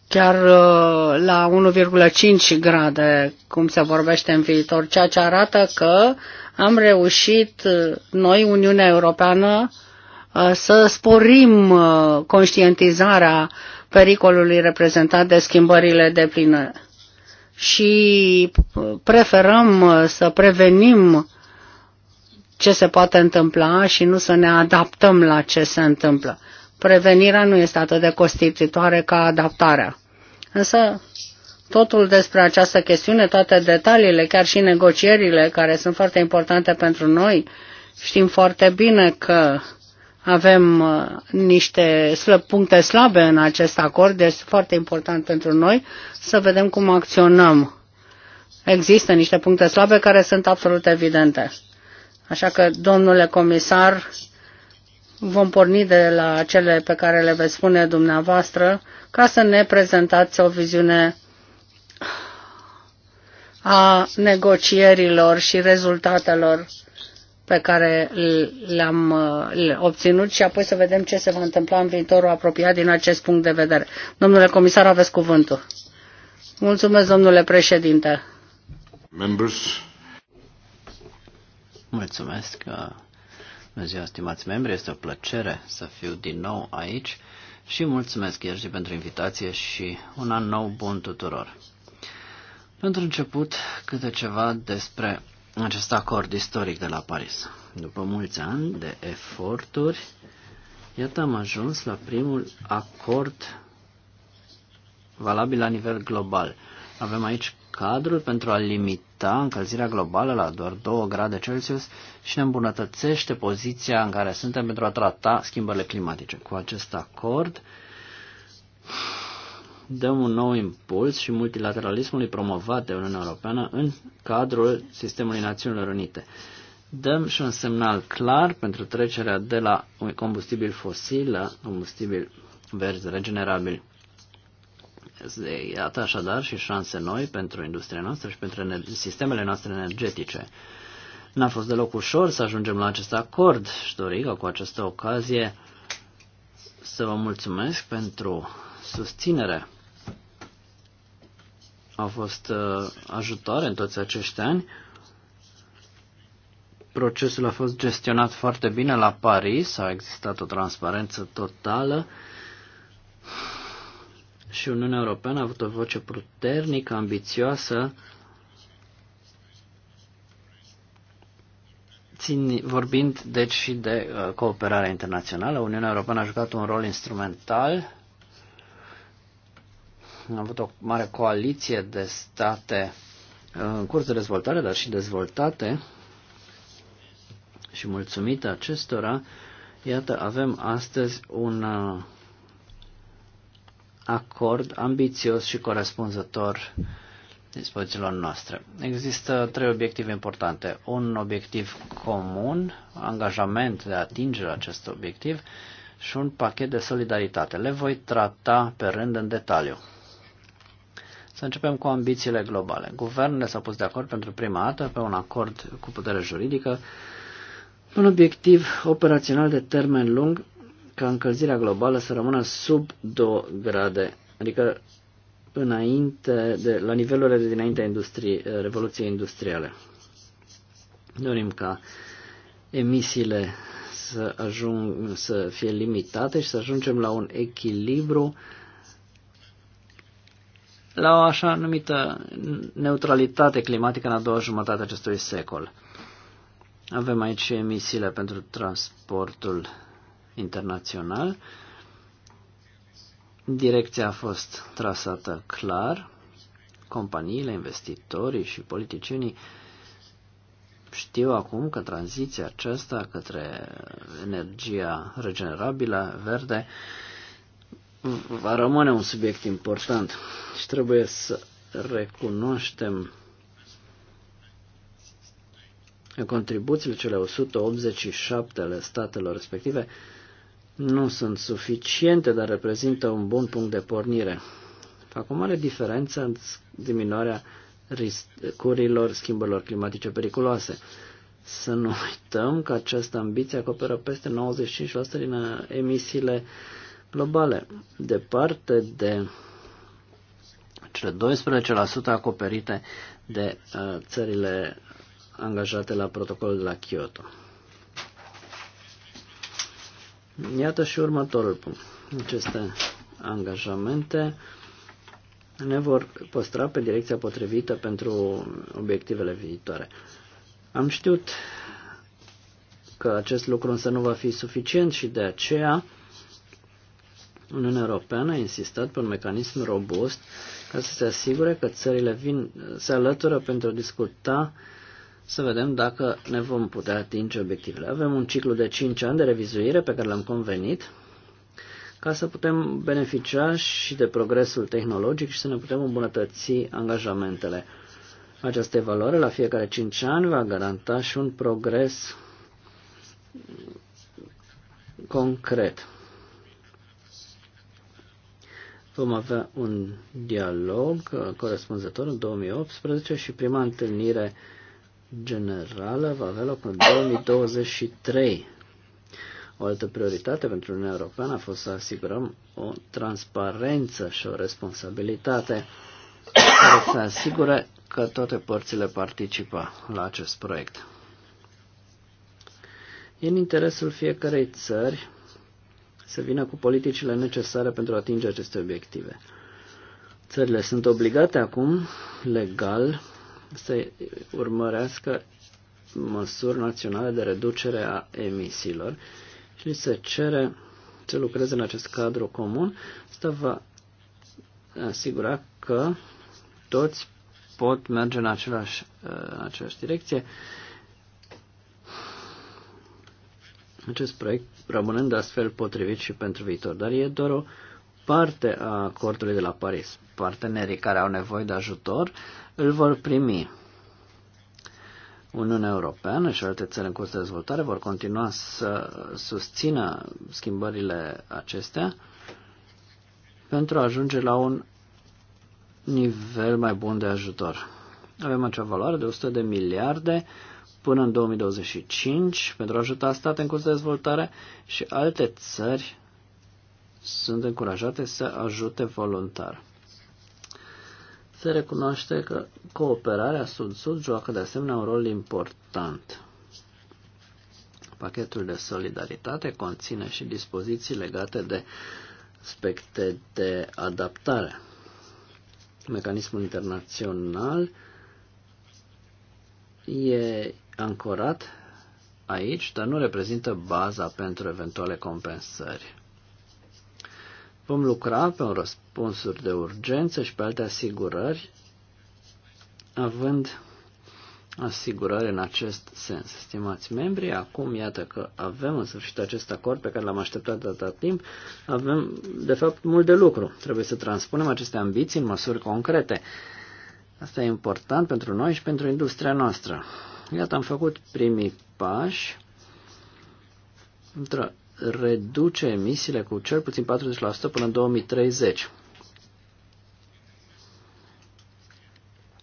chiar uh, la 1,5 grade, cum se vorbește în viitor, ceea ce arată că am reușit uh, noi, Uniunea Europeană, să sporim conștientizarea pericolului reprezentat de schimbările de plină și preferăm să prevenim ce se poate întâmpla și nu să ne adaptăm la ce se întâmplă. Prevenirea nu este atât de costititoare ca adaptarea. Însă totul despre această chestiune, toate detaliile, chiar și negocierile care sunt foarte importante pentru noi, știm foarte bine că avem uh, niște puncte slabe în acest acord, deci este foarte important pentru noi să vedem cum acționăm. Există niște puncte slabe care sunt absolut evidente. Așa că, domnule comisar, vom porni de la cele pe care le veți spune dumneavoastră ca să ne prezentați o viziune a negocierilor și rezultatelor pe care uh, le-am obținut și apoi să vedem ce se va întâmpla în viitorul apropiat din acest punct de vedere. Domnule comisar, aveți cuvântul. Mulțumesc, domnule președinte. Members. Mulțumesc. Uh, bună ziua, stimați membri. Este o plăcere să fiu din nou aici și mulțumesc, Iergi, pentru invitație și un an nou bun tuturor. Pentru început, câte ceva despre acest acord istoric de la Paris. După mulți ani de eforturi, iată am ajuns la primul acord valabil la nivel global. Avem aici cadrul pentru a limita încălzirea globală la doar 2 grade Celsius și ne îmbunătățește poziția în care suntem pentru a trata schimbările climatice. Cu acest acord dăm un nou impuls și multilateralismului promovat de Uniunea Europeană în cadrul sistemului Națiunilor Unite. Dăm și un semnal clar pentru trecerea de la un combustibil fosil la combustibil verzi regenerabil. Iată așadar și șanse noi pentru industria noastră și pentru sistemele noastre energetice. N-a fost deloc ușor să ajungem la acest acord și dori ca cu această ocazie să vă mulțumesc pentru susținere au fost uh, ajutoare în toți acești ani. Procesul a fost gestionat foarte bine la Paris, a existat o transparență totală și Uniunea Europeană a avut o voce puternică, ambițioasă, țin, vorbind deci și de uh, cooperarea internațională, Uniunea Europeană a jucat un rol instrumental am avut o mare coaliție de state uh, în curs de dezvoltare, dar și dezvoltate. Și mulțumită acestora, iată, avem astăzi un uh, acord ambițios și corespunzător dispozițiilor noastre. Există trei obiective importante. Un obiectiv comun, angajament de a acest obiectiv și un pachet de solidaritate. Le voi trata pe rând în detaliu. Să începem cu ambițiile globale. Guvernele s-au pus de acord pentru prima dată pe un acord cu putere juridică, un obiectiv operațional de termen lung ca încălzirea globală să rămână sub 2 grade, adică înainte de, la nivelurile de dinaintea industrie, Revoluției Industriale. Dorim ca emisiile să, ajung, să fie limitate și să ajungem la un echilibru uh, la o așa numită neutralitate climatică în a doua jumătate acestui secol. Avem aici și emisiile pentru transportul internațional. Direcția a fost trasată clar. Companiile, investitorii și politicienii știu acum că tranziția aceasta către energia regenerabilă, verde, uh, va rămâne un subiect important și trebuie să recunoaștem că contribuțiile cele 187 ale statelor respective nu sunt suficiente, dar reprezintă un bun punct de pornire. Fac o mare diferență în diminuarea riscurilor schimbărilor climatice periculoase. Să nu uităm că această ambiție acoperă peste 95% din uh, emisiile uh, globale, departe de cele 12% acoperite de uh, țările angajate la protocolul de la Kyoto. Iată și următorul punct. Aceste angajamente ne vor păstra pe direcția potrivită pentru obiectivele viitoare. Am știut că acest lucru însă nu va fi suficient și de aceea Uniunea Europeană a insistat pe un mecanism robust ca să se asigure că țările vin, se alătură pentru a discuta să vedem dacă ne vom putea atinge obiectivele. Avem un ciclu de 5 ani de revizuire pe care l-am convenit ca să putem beneficia și de progresul tehnologic și să ne putem îmbunătăți angajamentele. Această evaluare la fiecare 5 ani va garanta și un progres concret. Vom avea un dialog corespunzător în 2018 și prima întâlnire generală va avea loc în 2023. O altă prioritate pentru Uniunea Europeană a fost să asigurăm o transparență și o responsabilitate care să asigure că toate părțile participă la acest proiect. E în interesul fiecarei țări să vină cu politicile necesare pentru a atinge aceste obiective. Țările sunt obligate acum, legal, să urmărească măsuri naționale de reducere a emisiilor și se cere să lucreze în acest cadru comun. Asta va asigura că toți pot merge în același, în aceeași direcție acest proiect rămânând astfel potrivit și pentru viitor. Dar e doar o parte a cortului de la Paris. Partenerii care au nevoie de ajutor îl vor primi. Uniunea Europeană și alte țări în curs de dezvoltare vor continua să susțină schimbările acestea pentru a ajunge la un nivel mai bun de ajutor. Avem acea valoare de 100 de miliarde până în 2025 pentru a ajuta state în curs de dezvoltare și alte țări sunt încurajate să ajute voluntar. Se recunoaște că cooperarea sud-sud joacă de asemenea un rol important. Pachetul de solidaritate conține și dispoziții legate de aspecte de adaptare. Mecanismul internațional e ancorat aici, dar nu reprezintă baza pentru eventuale compensări. Vom lucra pe un răspunsuri de urgență și pe alte asigurări, având asigurări în acest sens. Stimați membri, acum iată că avem în sfârșit acest acord pe care l-am așteptat de atât timp, avem de fapt mult de lucru. Trebuie să transpunem aceste ambiții în măsuri concrete. Asta e important pentru noi și pentru industria noastră. Iată, am făcut primii pași într reduce emisiile cu cel puțin 40% până în 2030.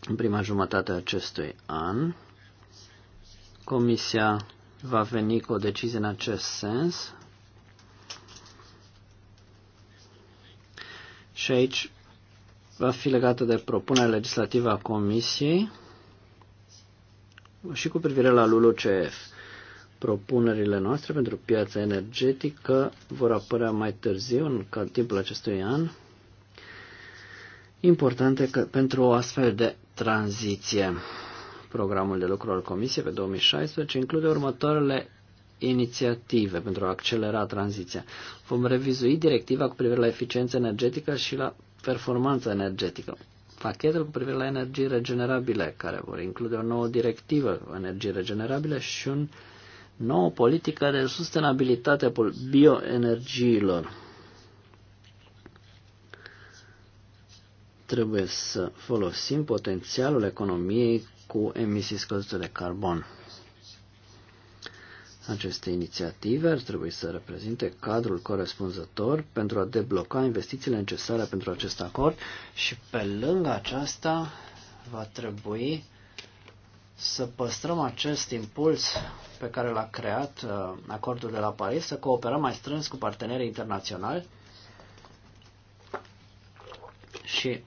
În prima jumătate a acestui an, Comisia va veni cu o decizie în acest sens. Și aici va fi legată de propunerea legislativă a Comisiei și cu privire la LULUCF. Propunerile noastre pentru piața energetică vor apărea mai târziu, în timpul acestui an, importante că, pentru o astfel de tranziție. Programul de lucru al Comisiei pe 2016 include următoarele inițiative pentru a accelera tranziția. Vom revizui directiva cu privire la eficiență energetică și la performanța energetică pachetul cu privire la energii regenerabile, care vor include o nouă directivă energii regenerabile și un nouă politică de sustenabilitate a bioenergiilor. Trebuie să folosim potențialul economiei cu emisii scăzute de carbon. Aceste inițiative ar trebui să reprezinte cadrul corespunzător pentru a debloca investițiile necesare pentru acest acord și pe lângă aceasta va trebui să păstrăm acest impuls pe care l-a creat uh, acordul de la Paris, să cooperăm mai strâns cu partenerii internaționali și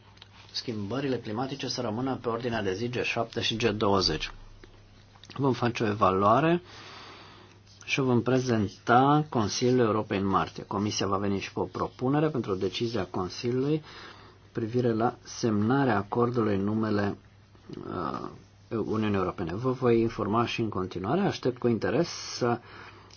schimbările climatice să rămână pe ordinea de zi G7 și G20. Vom face o evaluare și o vom prezenta Consiliul Europei în martie. Comisia va veni și cu o propunere pentru decizia Consiliului privire la semnarea acordului în numele uh, Uniunii Europene. Vă voi informa și în continuare. Aștept cu interes să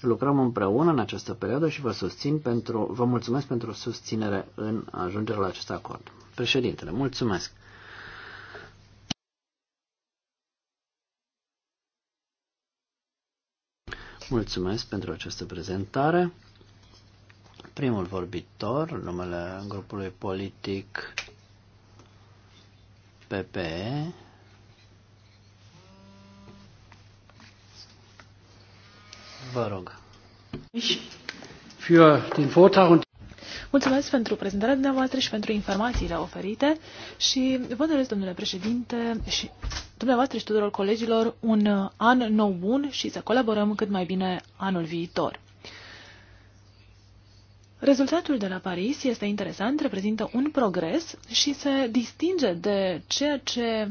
lucrăm împreună în această perioadă și vă susțin pentru, vă mulțumesc pentru susținere în ajungerea la acest acord. Președintele, mulțumesc! Mulțumesc pentru această prezentare. Primul vorbitor, numele grupului politic PPE, Vă rog. Mulțumesc pentru prezentarea dumneavoastră și pentru informațiile oferite și vă doresc, domnule președinte, și dumneavoastră și tuturor colegilor un uh, an nou bun și să colaborăm cât mai bine anul viitor. Rezultatul de la Paris este interesant, reprezintă un progres și se distinge de ceea ce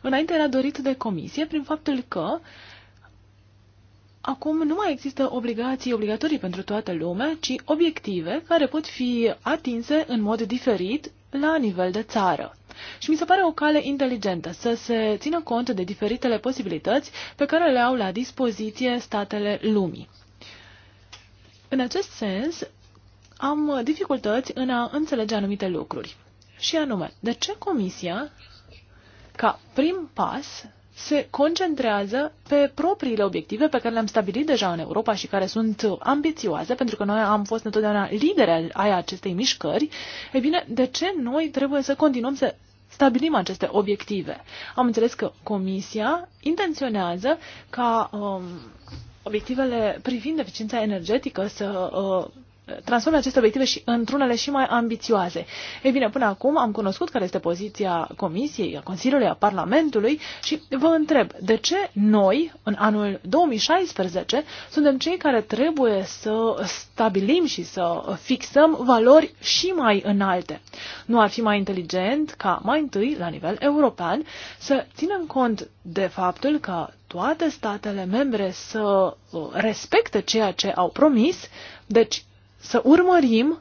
înainte era dorit de comisie prin faptul că acum nu mai există obligații obligatorii pentru toată lumea, ci obiective care pot fi atinse în mod diferit la nivel de țară. Și mi se pare o cale inteligentă să se țină cont de diferitele posibilități pe care le au la dispoziție statele lumii. În acest sens, am dificultăți în a înțelege anumite lucruri. Și anume, de ce Comisia, ca prim pas, se concentrează pe propriile obiective pe care le-am stabilit deja în Europa și care sunt ambițioase, pentru că noi am fost întotdeauna lideri ai acestei mișcări, e bine, de ce noi trebuie să continuăm să stabilim aceste obiective? Am înțeles că Comisia intenționează ca um, obiectivele privind eficiența energetică să uh, transforme aceste obiective și într-unele și mai ambițioase. Ei bine, până acum am cunoscut care este poziția Comisiei, a Consiliului, a Parlamentului și vă întreb, de ce noi, în anul 2016, suntem cei care trebuie să stabilim și să fixăm valori și mai înalte? Nu ar fi mai inteligent ca mai întâi, la nivel european, să ținem cont de faptul că toate statele membre să uh, respecte ceea ce au promis, deci să urmărim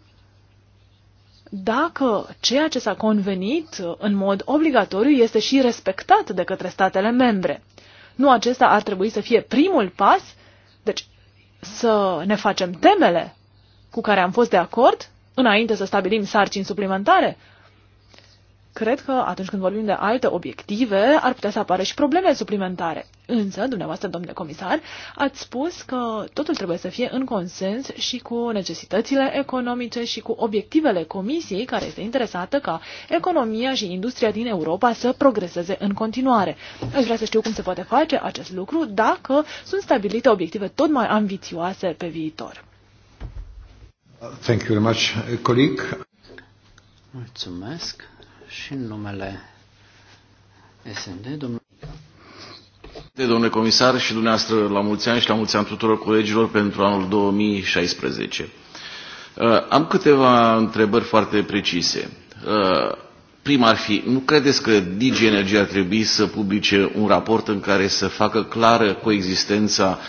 dacă ceea ce s-a convenit în mod obligatoriu este și respectat de către statele membre. Nu acesta ar trebui să fie primul pas, deci să ne facem temele cu care am fost de acord înainte să stabilim sarcini suplimentare. Cred că atunci când vorbim de alte obiective, ar putea să apară și probleme suplimentare. Însă, dumneavoastră, domnule comisar, ați spus că totul trebuie să fie în consens și cu necesitățile economice și cu obiectivele comisiei care este interesată ca economia și industria din Europa să progreseze în continuare. Aș vrea să știu cum se poate face acest lucru dacă sunt stabilite obiective tot mai ambițioase pe viitor. Thank you very much, colleague. Mulțumesc și în numele SND, domnule. Domnule comisar și dumneavoastră la mulți ani și la mulți ani tuturor colegilor pentru anul 2016. Uh, am câteva întrebări foarte precise. Uh, prima ar fi, nu credeți că Digi Energie ar trebui să publice un raport în care să facă clară coexistența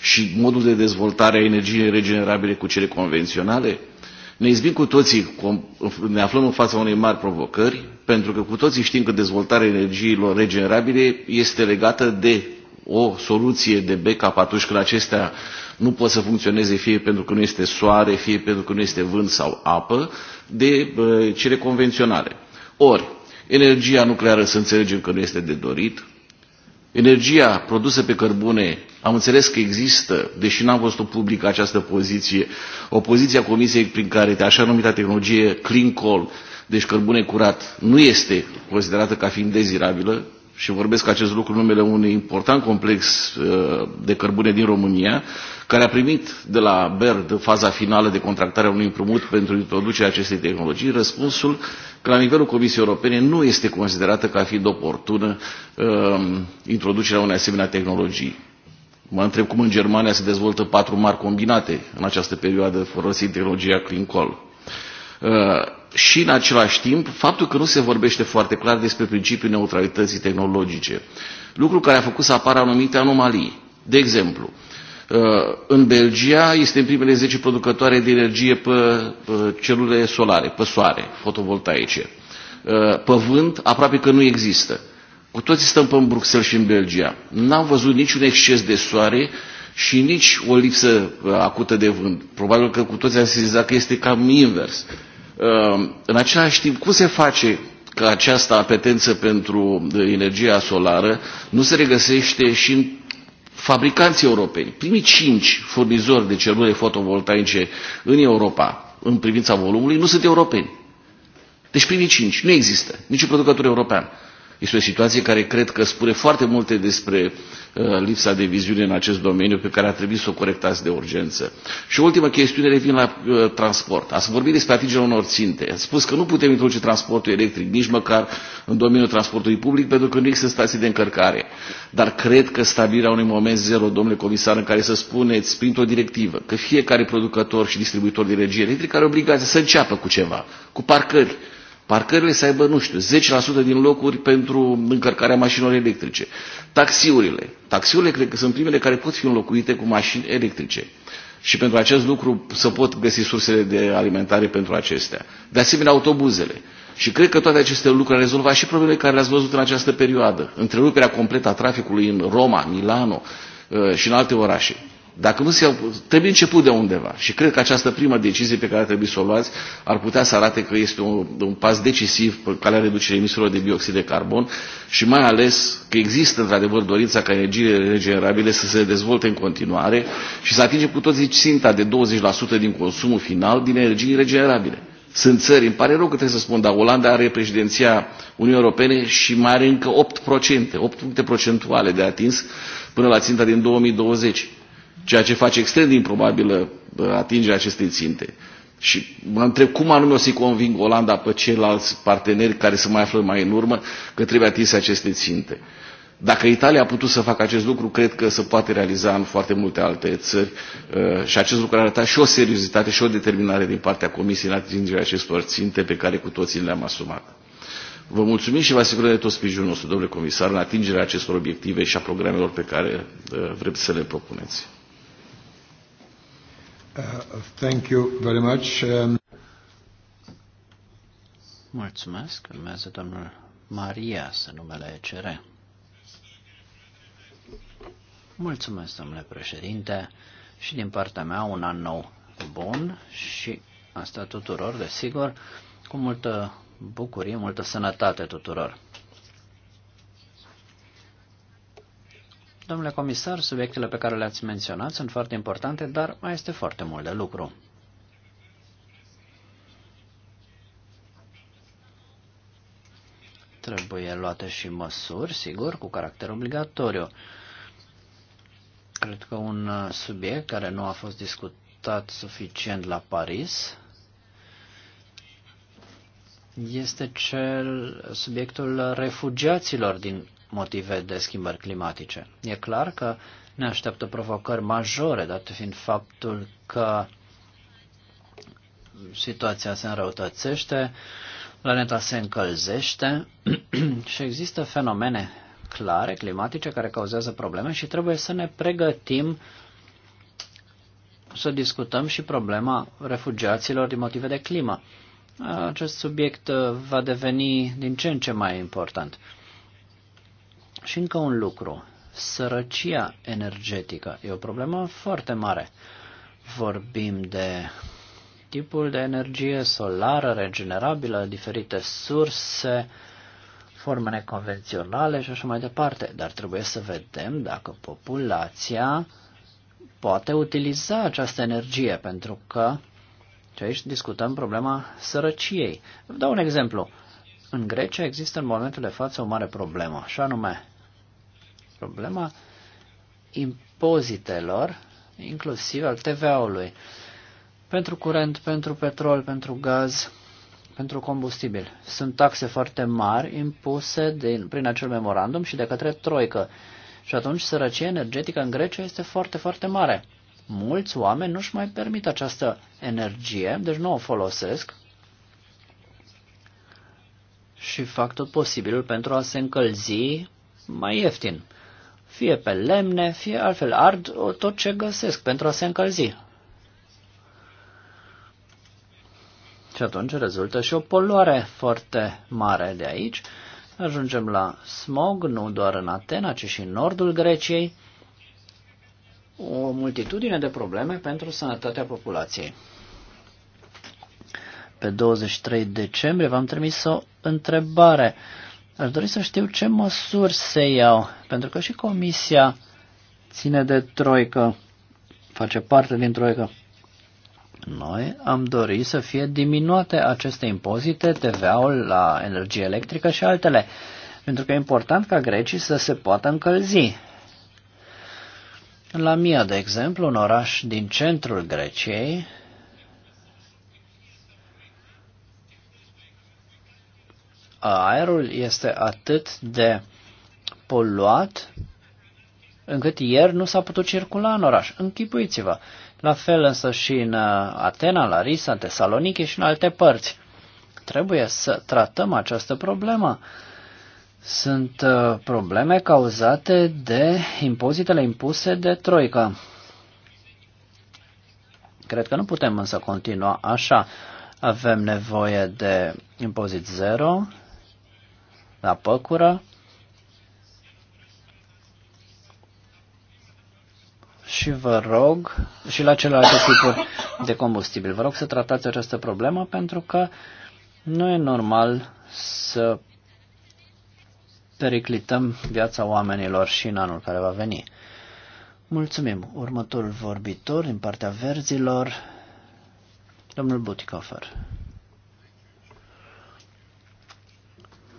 și modul de dezvoltare a energiei regenerabile cu cele convenționale? Ne izbim cu toții, ne aflăm în fața unei mari provocări, pentru că cu toții știm că dezvoltarea energiilor regenerabile este legată de o soluție de backup atunci când acestea nu pot să funcționeze fie pentru că nu este soare, fie pentru că nu este vânt sau apă, de cele convenționale. Ori, energia nucleară să înțelegem că nu este de dorit, Energia produsă pe cărbune, am înțeles că există, deși n-am văzut-o publică această poziție, o poziție a Comisiei prin care de așa numită tehnologie clean coal, deci cărbune curat, nu este considerată ca fiind dezirabilă, și vorbesc acest lucru în numele unui important complex uh, de cărbune din România, care a primit de la BERD faza finală de contractare a unui împrumut pentru introducerea acestei tehnologii, răspunsul că la nivelul Comisiei Europene nu este considerată ca fiind oportună uh, introducerea unei asemenea tehnologii. Mă întreb cum în Germania se dezvoltă patru mari combinate în această perioadă folosind tehnologia Clean Call. Uh, și în același timp faptul că nu se vorbește foarte clar despre principiul neutralității tehnologice, lucru care a făcut să apară anumite anomalii. De exemplu, uh, în Belgia este în primele 10 producătoare de energie pe celule solare, pe soare, fotovoltaice. Uh, pe vânt aproape că nu există. Cu toții stăm pe în Bruxelles și în Belgia. N-am văzut niciun exces de soare și nici o lipsă uh, acută de vânt. Probabil că cu toți am sezizat că este cam invers. Ehm, în același timp, cum se face că această apetență pentru energia solară nu se regăsește și în fabricanții europeni, primii cinci furnizori de celule fotovoltaice în Europa, în privința volumului, nu sunt europeni. Deci primii cinci. Nu există niciun producător european. Este o situație care cred că spune foarte multe despre Uh, lipsa de viziune în acest domeniu pe care ar trebui să o corectați de urgență. Și o ultimă chestiune revin la uh, transport. Ați vorbit despre atingerea unor ținte. Ați spus că nu putem introduce transportul electric nici măcar în domeniul transportului public pentru că nu există stații de încărcare. Dar cred că stabilirea unui moment zero, domnule comisar, în care să spuneți printr-o directivă că fiecare producător și distribuitor de energie electrică are obligația să înceapă cu ceva, cu parcări, parcările să aibă, nu știu, 10% din locuri pentru încărcarea mașinilor electrice. Taxiurile. Taxiurile cred că sunt primele care pot fi înlocuite cu mașini electrice. Și pentru acest lucru să pot găsi sursele de alimentare pentru acestea. De asemenea, autobuzele. Și cred că toate aceste lucruri au rezolvat și problemele care le-ați văzut în această perioadă. Întreruperea completă a traficului în Roma, Milano uh, și în alte orașe. Dacă nu se iau, trebuie început de undeva. Și cred că această primă decizie pe care trebuie să o luați ar putea să arate că este un, un pas decisiv pe calea reducerii emisiilor de dioxid de carbon și mai ales că există într-adevăr dorința ca energiile regenerabile să se dezvolte în continuare și să atingem cu toții ținta de 20% din consumul final din energii regenerabile. Sunt țări, îmi pare rău că trebuie să spun, dar Olanda are președinția Uniunii Europene și mai are încă 8%, 8 puncte procentuale de atins până la ținta din 2020 ceea ce face extrem de improbabilă uh, uh, atingerea acestei ținte. Și mă întreb cum anume o să-i conving Olanda pe ceilalți parteneri care se mai află mai în urmă că trebuie atinse aceste ținte. Dacă Italia a putut să facă acest lucru, cred că se poate realiza în foarte multe alte țări uh, și acest lucru ar arăta și o seriozitate și o determinare din partea Comisiei în atingerea acestor ținte pe care cu toții le-am asumat. Vă mulțumim și vă asigurăm de tot sprijinul nostru, domnule comisar, în atingerea acestor obiective și a programelor pe care vrem să le propuneți. Uh, thank you very much. Um... Mulțumesc. Urmează domnul Maria, să numele ECR. Mulțumesc, domnule președinte, și din partea mea un an nou bun și asta tuturor, desigur, cu multă bucurie, multă sănătate tuturor. Domnule comisar, subiectele pe care le-ați menționat sunt foarte importante, dar mai este foarte mult de lucru. Trebuie luate și măsuri, sigur, cu caracter obligatoriu. Cred că un uh, subiect care nu a fost discutat suficient la Paris este cel subiectul refugiaților din motive de schimbări climatice. E clar că ne așteaptă provocări majore, dat fiind faptul că situația se înrăutățește, planeta se încălzește și există fenomene clare, climatice, care cauzează probleme și trebuie să ne pregătim să discutăm și problema refugiaților din motive de climă. Acest subiect uh, va deveni din ce în ce mai important. Și încă un lucru. Sărăcia energetică e o problemă foarte mare. Vorbim de tipul de energie solară, regenerabilă, diferite surse, forme neconvenționale și așa mai departe. Dar trebuie să vedem dacă populația poate utiliza această energie, pentru că și aici discutăm problema sărăciei. Vă dau un exemplu. În Grecia există în momentul de față o mare problemă, și anume problema impozitelor, inclusiv al TVA-ului, pentru curent, pentru petrol, pentru gaz, pentru combustibil. Sunt taxe foarte mari impuse din, prin acel memorandum și de către Troică. Și atunci sărăcia energetică în Grecia este foarte, foarte mare. Mulți oameni nu-și mai permit această energie, deci nu o folosesc și fac tot posibilul pentru a se încălzi mai ieftin fie pe lemne, fie altfel ard tot ce găsesc pentru a se încălzi. Și atunci rezultă și o poluare foarte mare de aici. Ajungem la smog, nu doar în Atena, ci și în nordul Greciei. O multitudine de probleme pentru sănătatea populației. Pe 23 decembrie v-am trimis o întrebare Aș dori să știu ce măsuri se iau, pentru că și Comisia ține de troică, face parte din troică. Noi am dorit să fie diminuate aceste impozite, TVA-ul la energie electrică și altele, pentru că e important ca grecii să se poată încălzi. La Mia, de exemplu, un oraș din centrul Greciei, aerul este atât de poluat încât ieri nu s-a putut circula în oraș. Închipuiți-vă! La fel însă și în uh, Atena, la Risa, Tesalonice și în alte părți. Trebuie să tratăm această problemă. Sunt uh, probleme cauzate de impozitele impuse de Troica. Cred că nu putem însă continua așa. Avem nevoie de impozit zero la păcură și vă rog, și la celelalte tipuri de combustibil, vă rog să tratați această problemă pentru că nu e normal să periclităm viața oamenilor și în anul care va veni. Mulțumim. Următorul vorbitor din partea verzilor, domnul Butikofer.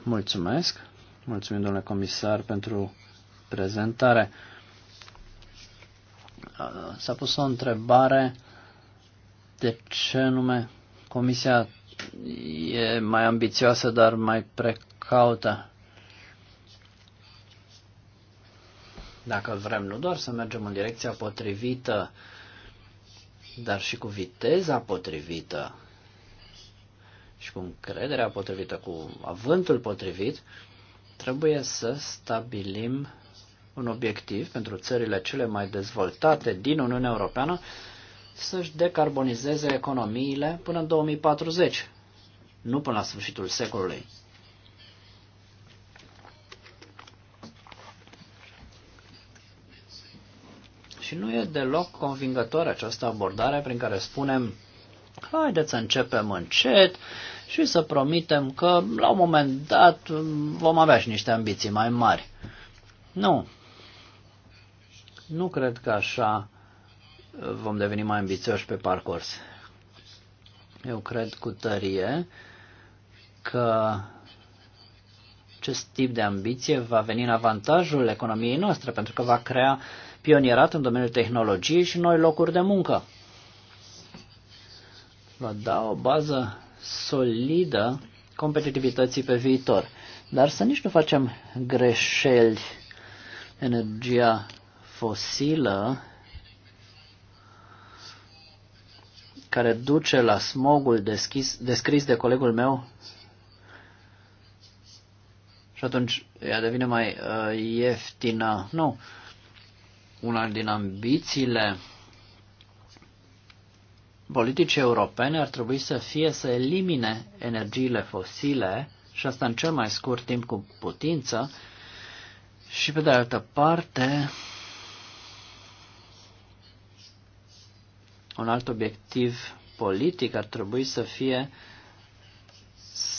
Mulțumesc. Mulțumim, domnule comisar, pentru prezentare. S-a pus o întrebare de ce nume Comisia e mai ambițioasă, dar mai precaută. Dacă vrem nu doar să mergem în direcția potrivită, dar și cu viteza potrivită, și cu încrederea potrivită, cu avântul potrivit, trebuie să stabilim un obiectiv pentru țările cele mai dezvoltate din Uniunea Europeană să-și decarbonizeze economiile până în 2040, nu până la sfârșitul secolului. Și nu e deloc convingătoare această abordare prin care spunem Haideți să începem încet și să promitem că la un moment dat vom avea și niște ambiții mai mari. Nu. Nu cred că așa vom deveni mai ambițioși pe parcurs. Eu cred cu tărie că acest tip de ambiție va veni în avantajul economiei noastre, pentru că va crea pionierat în domeniul tehnologiei și noi locuri de muncă va da o bază solidă competitivității pe viitor. Dar să nici nu facem greșeli. Energia fosilă care duce la smogul deschis, descris de colegul meu și atunci ea devine mai uh, ieftină. Nu. Una din ambițiile Politici europene ar trebui să fie să elimine energiile fosile și asta în cel mai scurt timp cu putință și pe de altă parte un alt obiectiv politic ar trebui să fie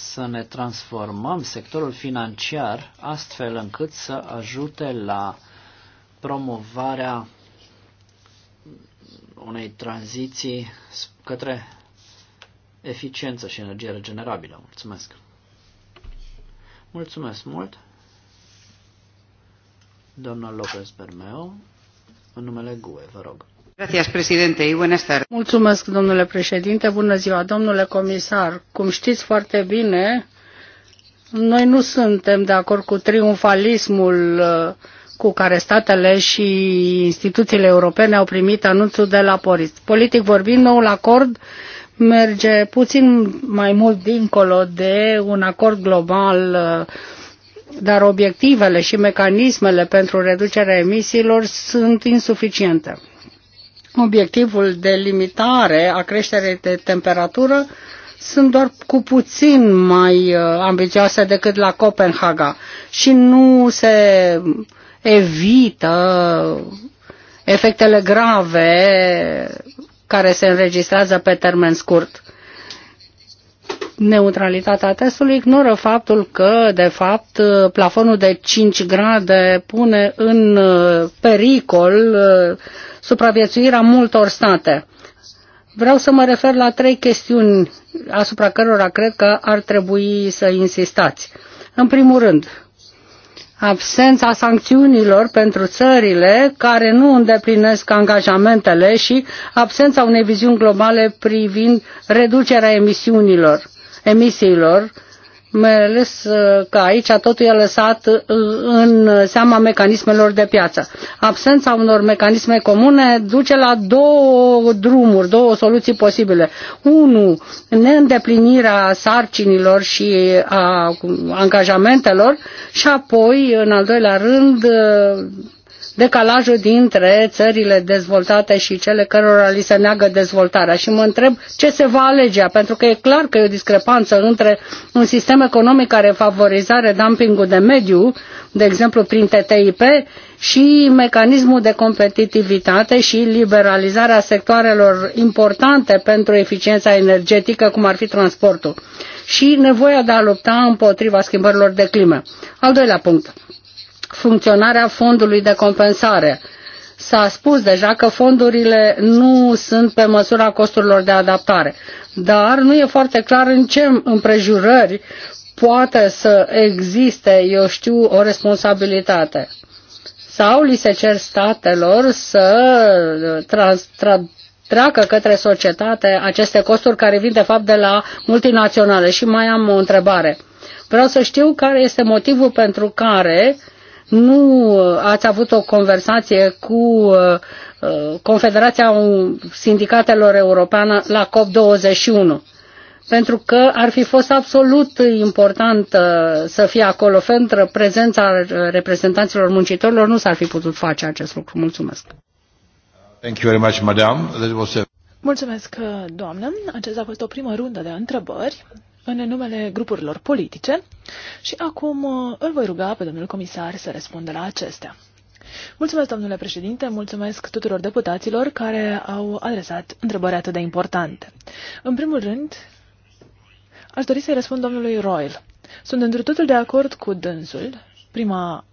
să ne transformăm sectorul financiar astfel încât să ajute la promovarea unei tranziții către eficiență și energie regenerabilă. Mulțumesc! Mulțumesc mult! Doamna López Bermeo, în numele GUE, vă rog. Mulțumesc, domnule președinte, bună ziua, domnule comisar. Cum știți foarte bine, noi nu suntem de acord cu triumfalismul uh, cu care statele și instituțiile europene au primit anunțul de la Paris. Politic vorbind, noul acord merge puțin mai mult dincolo de un acord global, dar obiectivele și mecanismele pentru reducerea emisiilor sunt insuficiente. Obiectivul de limitare a creșterii de temperatură sunt doar cu puțin mai uh, ambițioase decât la Copenhaga și nu se uh, evită efectele grave care se înregistrează pe termen scurt. Neutralitatea testului ignoră faptul că, de fapt, plafonul de 5 grade pune în pericol supraviețuirea multor state. Vreau să mă refer la trei chestiuni asupra cărora cred că ar trebui să insistați. În primul rând, absența sancțiunilor pentru țările care nu îndeplinesc angajamentele și absența unei viziuni globale privind reducerea emisiunilor, emisiilor mai ales uh, că aici totul e lăsat uh, în seama mecanismelor de piață. Absența unor mecanisme comune duce la două drumuri, două soluții posibile. Unu, neîndeplinirea sarcinilor și a angajamentelor și apoi, în al doilea rând, uh, decalajul dintre țările dezvoltate și cele cărora li se neagă dezvoltarea. Și mă întreb ce se va alege, pentru că e clar că e o discrepanță între un sistem economic care favorizează dumpingul de mediu, de exemplu prin TTIP, și mecanismul de competitivitate și liberalizarea sectoarelor importante pentru eficiența energetică, cum ar fi transportul, și nevoia de a lupta împotriva schimbărilor de climă. Al doilea punct funcționarea fondului de compensare. S-a spus deja că fondurile nu sunt pe măsura costurilor de adaptare, dar nu e foarte clar în ce împrejurări poate să existe, eu știu, o responsabilitate. Sau li se cer statelor să trans, tra, treacă către societate aceste costuri care vin de fapt de la multinaționale. Și mai am o întrebare. Vreau să știu care este motivul pentru care uh, nu uh, ați avut o conversație cu uh, uh, Confederația Sindicatelor Europeană la COP21, pentru că ar fi fost absolut important să fie acolo, pentru prezența reprezentanților muncitorilor nu s-ar fi putut face acest lucru. Mulțumesc. Thank you very much, madam. Mulțumesc, doamnă. Aceasta a fost o primă rundă de întrebări în numele grupurilor politice și acum uh, îl voi ruga pe domnul comisar să răspundă la acestea. Mulțumesc, domnule președinte, mulțumesc tuturor deputaților care au adresat întrebări atât de importante. În primul rând, aș dori să-i răspund domnului Royal. Sunt într totul de acord cu dânsul. Prima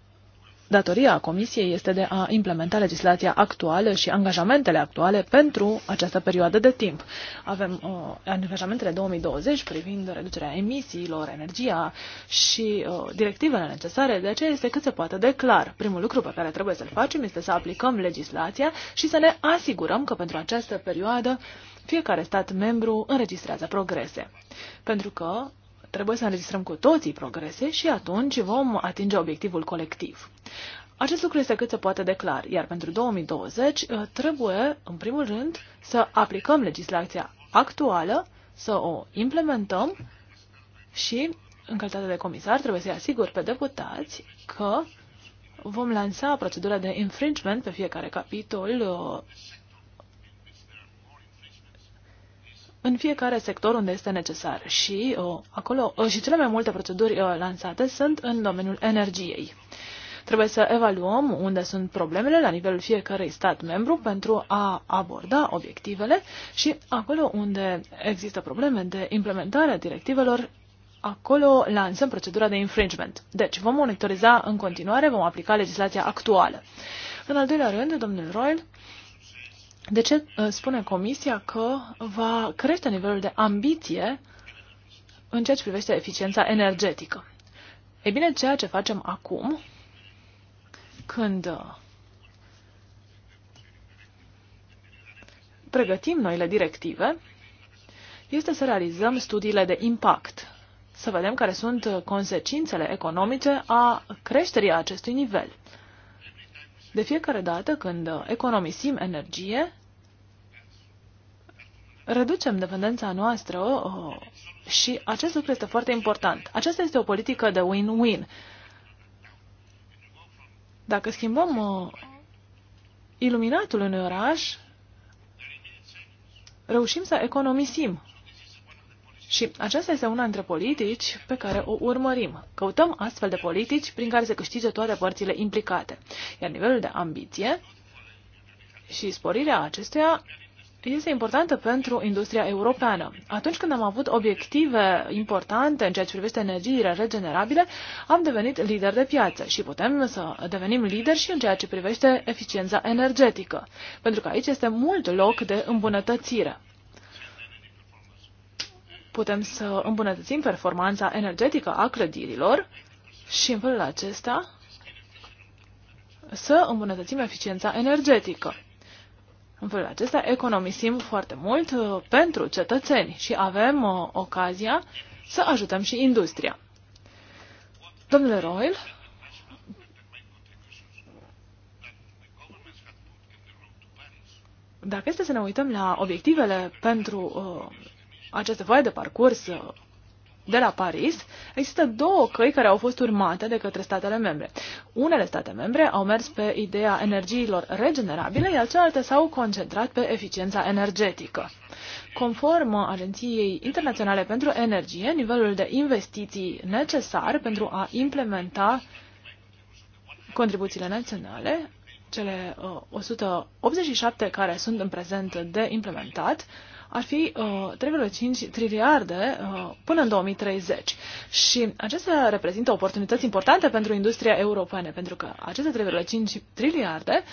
datoria Comisiei este de a implementa legislația actuală și angajamentele actuale pentru această perioadă de timp. Avem uh, angajamentele 2020 privind reducerea emisiilor, energia și uh, directivele necesare, de aceea este cât se poate de clar. Primul lucru pe care trebuie să-l facem este să aplicăm legislația și să ne asigurăm că pentru această perioadă fiecare stat membru înregistrează progrese. Pentru că trebuie să înregistrăm cu toții progrese și atunci vom atinge obiectivul colectiv. Acest lucru este cât se poate de clar, iar pentru 2020 uh, trebuie, în primul rând, să aplicăm legislația actuală, să o implementăm și, în calitate de comisar, trebuie să-i asigur pe deputați că vom lansa procedura de infringement pe fiecare capitol uh, în fiecare sector unde este necesar și uh, acolo uh, și cele mai multe proceduri uh, lansate sunt în domeniul energiei. Trebuie să evaluăm unde sunt problemele la nivelul fiecărui stat membru pentru a aborda obiectivele și acolo unde există probleme de implementare a directivelor, acolo lansăm procedura de infringement. Deci vom monitoriza în continuare, vom aplica legislația actuală. În al doilea rând, domnul Royal de ce uh, spune Comisia că va crește nivelul de ambiție în ceea ce privește eficiența energetică? Ei bine, ceea ce facem acum, când uh, pregătim noile directive, este să realizăm studiile de impact, să vedem care sunt uh, consecințele economice a creșterii acestui nivel. De fiecare dată când economisim energie, reducem dependența noastră uh, și acest lucru este foarte important. Aceasta este o politică de win-win. Dacă schimbăm uh, iluminatul unui oraș, reușim să economisim. Și aceasta este una dintre politici pe care o urmărim. Căutăm astfel de politici prin care se câștige toate părțile implicate. Iar nivelul de ambiție și sporirea acestuia este importantă pentru industria europeană. Atunci când am avut obiective importante în ceea ce privește energiile regenerabile, am devenit lider de piață și putem să devenim lider și în ceea ce privește eficiența energetică, pentru că aici este mult loc de îmbunătățire. Putem să îmbunătățim performanța energetică a clădirilor și în felul acesta să îmbunătățim eficiența energetică. În felul acesta economisim foarte mult uh, pentru cetățeni și avem uh, ocazia să ajutăm și industria. Domnule Royal, dacă este să ne uităm la obiectivele pentru uh, aceste voie de parcurs uh, de la Paris, există două căi care au fost urmate de către statele membre. Unele state membre au mers pe ideea energiilor regenerabile, iar celelalte s-au concentrat pe eficiența energetică. Conform Agenției Internaționale pentru Energie, nivelul de investiții necesar pentru a implementa contribuțiile naționale, cele 187 uh, care sunt în prezent de implementat, ar fi uh, 3,5 triliarde uh, până în 2030. Și acestea reprezintă oportunități importante pentru industria europeană, pentru că aceste 3,5 triliarde,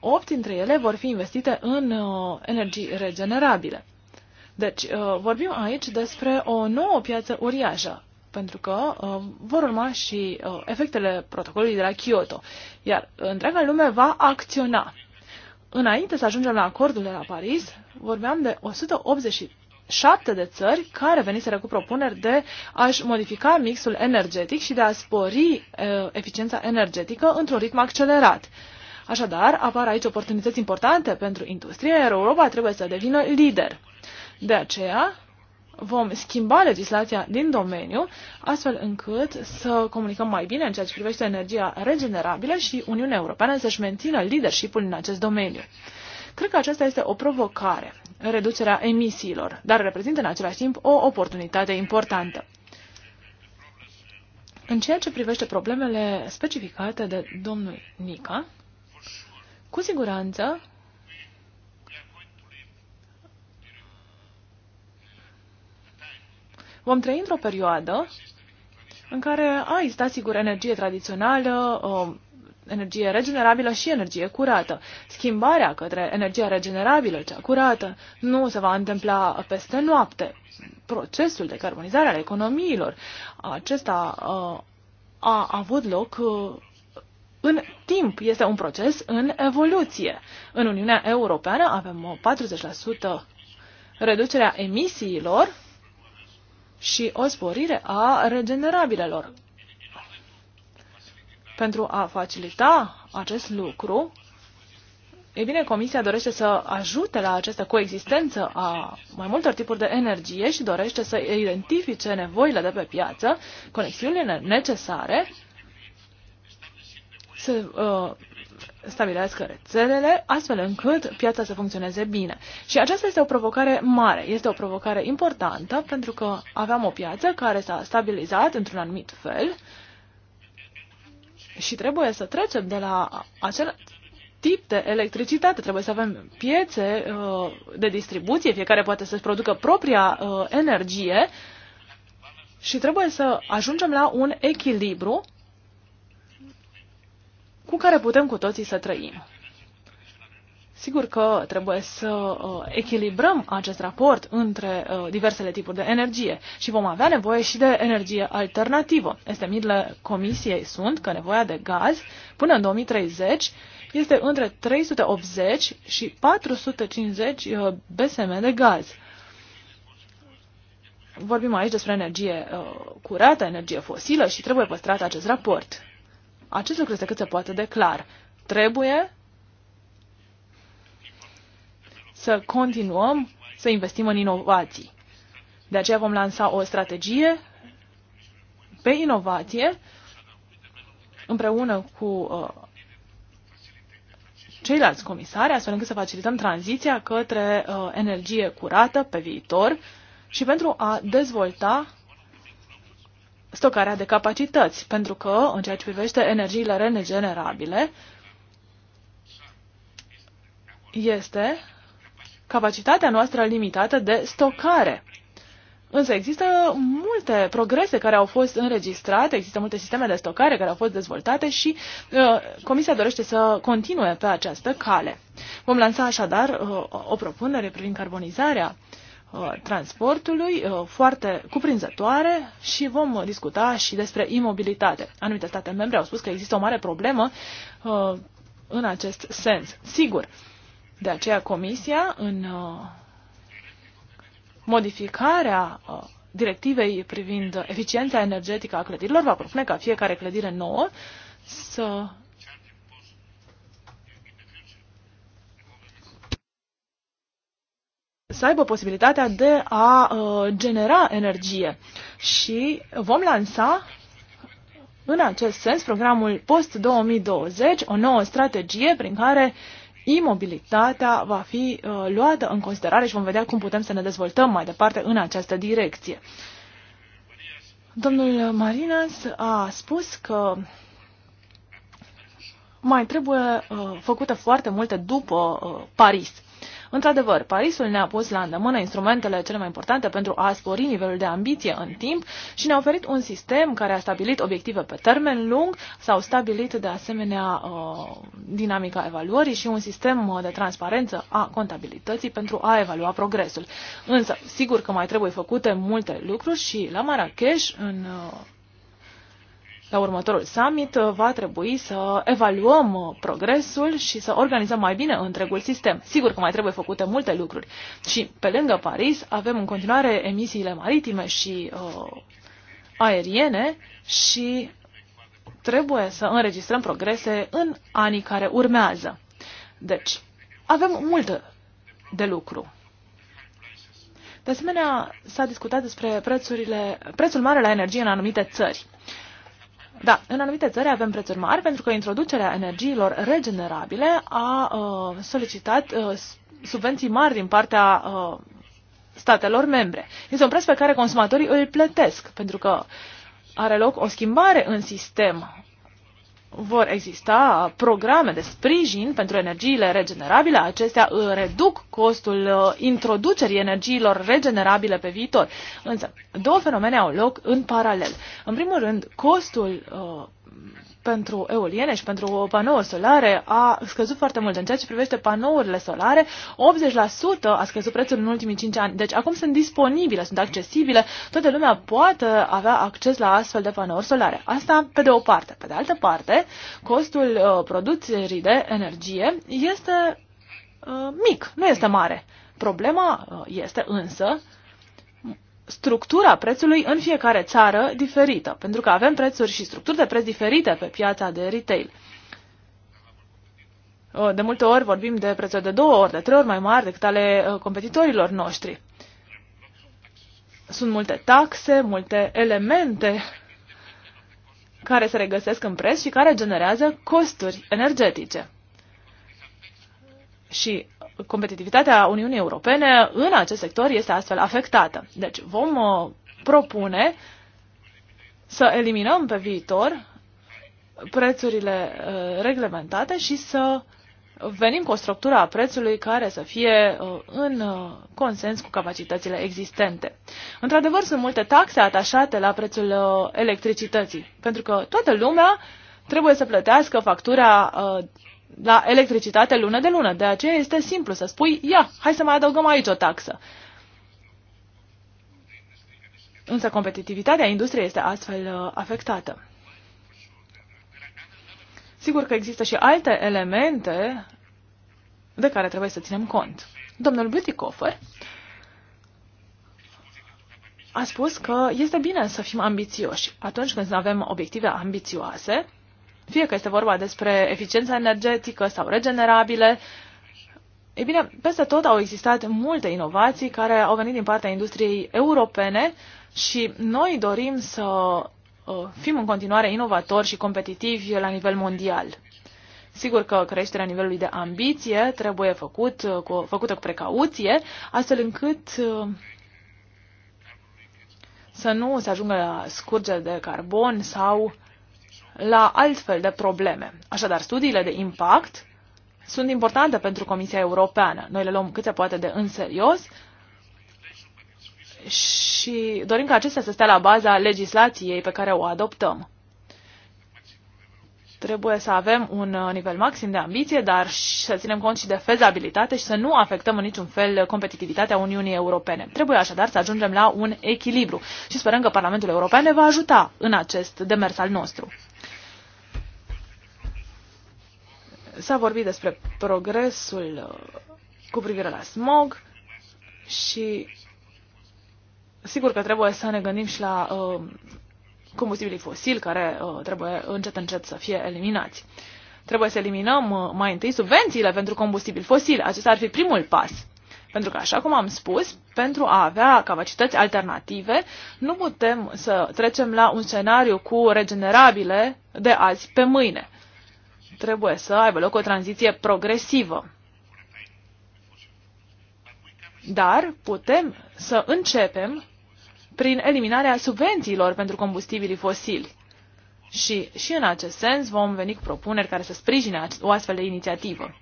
8 dintre ele vor fi investite în uh, energii regenerabile. Deci, uh, vorbim aici despre o nouă piață uriașă, pentru că uh, vor urma și uh, efectele protocolului de la Kyoto, iar întreaga lume va acționa înainte să ajungem la acordul de la Paris, vorbeam de 187 de țări care veniseră cu propuneri de a-și modifica mixul energetic și de a spori uh, eficiența energetică într-un ritm accelerat. Așadar, apar aici oportunități importante pentru industrie, iar Europa trebuie să devină lider. De aceea, vom schimba legislația din domeniu, astfel încât să comunicăm mai bine în ceea ce privește energia regenerabilă și Uniunea Europeană să-și mențină leadership-ul în acest domeniu. Cred că aceasta este o provocare, reducerea emisiilor, dar reprezintă în același timp o oportunitate importantă. În ceea ce privește problemele specificate de domnul Nica, cu siguranță Vom trăi într-o perioadă în care a existat, sigur, energie tradițională, energie regenerabilă și energie curată. Schimbarea către energia regenerabilă, cea curată, nu se va întâmpla peste noapte. Procesul de carbonizare al economiilor, acesta a avut loc în timp, este un proces în evoluție. În Uniunea Europeană avem 40% reducerea emisiilor și o sporire a regenerabilelor. Pentru a facilita acest lucru, e bine, Comisia dorește să ajute la această coexistență a mai multor tipuri de energie și dorește să identifice nevoile de pe piață, conexiunile necesare, să uh, stabilească rețelele, astfel încât piața să funcționeze bine. Și aceasta este o provocare mare, este o provocare importantă, pentru că aveam o piață care s-a stabilizat într-un anumit fel și trebuie să trecem de la acel tip de electricitate. Trebuie să avem piețe uh, de distribuție, fiecare poate să-și producă propria uh, energie și trebuie să ajungem la un echilibru cu care putem cu toții să trăim. Sigur că trebuie să uh, echilibrăm acest raport între uh, diversele tipuri de energie și vom avea nevoie și de energie alternativă. Estimările comisiei sunt că nevoia de gaz până în 2030 este între 380 și 450 uh, BSM de gaz. Vorbim aici despre energie curată, energie fosilă și trebuie păstrat acest raport. Acest lucru este cât se poate de clar. Trebuie să continuăm să investim în inovații. De aceea vom lansa o strategie pe inovație împreună cu uh, ceilalți comisari, astfel încât să facilităm tranziția către uh, energie curată pe viitor și pentru a dezvolta stocarea de capacități, pentru că, în ceea ce privește energiile regenerabile, este capacitatea noastră limitată de stocare. Însă există multe progrese care au fost înregistrate, există multe sisteme de stocare care au fost dezvoltate și uh, Comisia dorește să continue pe această cale. Vom lansa așadar uh, o propunere privind carbonizarea uh, Uh, transportului uh, foarte cuprinzătoare și vom discuta și despre imobilitate. Anumite state membre au spus că există o mare problemă uh, în acest sens. Sigur, de aceea Comisia, în modificarea directivei privind eficiența energetică a clădirilor, va propune ca fiecare clădire nouă să să aibă posibilitatea de a uh, genera energie și vom lansa în acest sens programul Post-2020, o nouă strategie prin care imobilitatea va fi uh, luată în considerare și vom vedea cum putem să ne dezvoltăm mai departe în această direcție. Domnul Marinas a spus că mai trebuie uh, foarte multe după uh, Paris. Într-adevăr, Parisul ne-a pus la îndemână instrumentele cele mai importante pentru a spori nivelul de ambiție în timp și ne-a oferit un sistem care a stabilit obiective pe termen lung, s-au stabilit de asemenea uh, dinamica evaluării și un sistem uh, de transparență a contabilității pentru a evalua progresul. Însă, sigur că mai trebuie făcute multe lucruri și la Marrakesh, în uh, la următorul summit uh, va trebui să evaluăm uh, progresul și să organizăm mai bine întregul sistem. Sigur că mai trebuie făcute multe lucruri. Și pe lângă Paris avem în continuare emisiile maritime și uh, aeriene și trebuie să înregistrăm progrese în anii care urmează. Deci, avem multe de lucru. De asemenea, s-a discutat despre prețurile, prețul mare la energie în anumite țări. Da, în anumite țări avem prețuri mari pentru că introducerea energiilor regenerabile a uh, solicitat uh, subvenții mari din partea uh, statelor membre. Este un preț pe care consumatorii îl plătesc pentru că are loc o schimbare în sistem vor exista programe de sprijin pentru energiile regenerabile. Acestea uh, reduc costul uh, introducerii energiilor regenerabile pe viitor. Însă, două fenomene au loc în paralel. În primul rând, costul uh, pentru eoliene și pentru panouri solare a scăzut foarte mult. În ceea ce privește panourile solare, 80% a scăzut prețul în ultimii 5 ani. Deci acum sunt disponibile, sunt accesibile, toată lumea poate avea acces la astfel de panouri solare. Asta pe de o parte. Pe de altă parte, costul uh, producerii de energie este uh, mic, nu este mare. Problema uh, este însă uh, structura prețului în fiecare țară diferită, pentru că avem prețuri și structuri de preț diferite pe piața de retail. Uh, de multe ori vorbim de prețuri de două ori, de trei ori mai mari decât ale uh, competitorilor noștri. Sunt multe taxe, multe elemente care se regăsesc în preț și care generează costuri energetice. Și competitivitatea Uniunii Europene în acest sector este astfel afectată. Deci vom uh, propune să eliminăm pe viitor prețurile uh, reglementate și să venim cu o structură a prețului care să fie uh, în consens cu capacitățile existente. Într-adevăr, sunt multe taxe atașate la prețul electricității, pentru că toată lumea trebuie să plătească factura la electricitate lună de lună. De aceea este simplu să spui, ia, hai să mai adăugăm aici o taxă. Însă competitivitatea industriei este astfel uh, afectată. Sigur că există și alte elemente de care trebuie să ținem cont. Domnul Butikofer a spus că este bine să fim ambițioși. Atunci când avem obiective ambițioase, fie că este vorba despre eficiența energetică sau regenerabile, ei bine, peste tot au existat multe inovații care au venit din partea industriei europene și noi dorim să uh, fim în continuare inovatori și competitivi la nivel mondial. Sigur că creșterea nivelului de ambiție trebuie făcut uh, cu, făcută cu precauție, astfel încât uh, să nu se ajungă la scurgeri de carbon sau la altfel de probleme. Așadar, studiile de impact sunt importante pentru Comisia Europeană. Noi le luăm cât se poate de în serios și dorim ca acestea să stea la baza legislației pe care o adoptăm. Trebuie să avem un uh, nivel maxim de ambiție, dar și să ținem cont și de fezabilitate și să nu afectăm în niciun fel competitivitatea Uniunii Europene. Trebuie așadar să ajungem la un echilibru și sperăm că Parlamentul European ne va ajuta în acest demers al nostru. S-a vorbit despre progresul uh, cu privire la smog și sigur că trebuie să ne gândim și la uh, combustibilii fosili care uh, trebuie încet încet să fie eliminați. Trebuie să eliminăm uh, mai întâi subvențiile pentru combustibil fosil. Acesta ar fi primul pas. Pentru că, așa cum am spus, pentru a avea capacități alternative, nu putem să trecem la un scenariu cu regenerabile de azi pe mâine trebuie să aibă loc o tranziție progresivă. Dar putem să începem prin eliminarea subvențiilor pentru combustibilii fosili. Și, și în acest sens vom veni cu propuneri care să sprijine o astfel de inițiativă.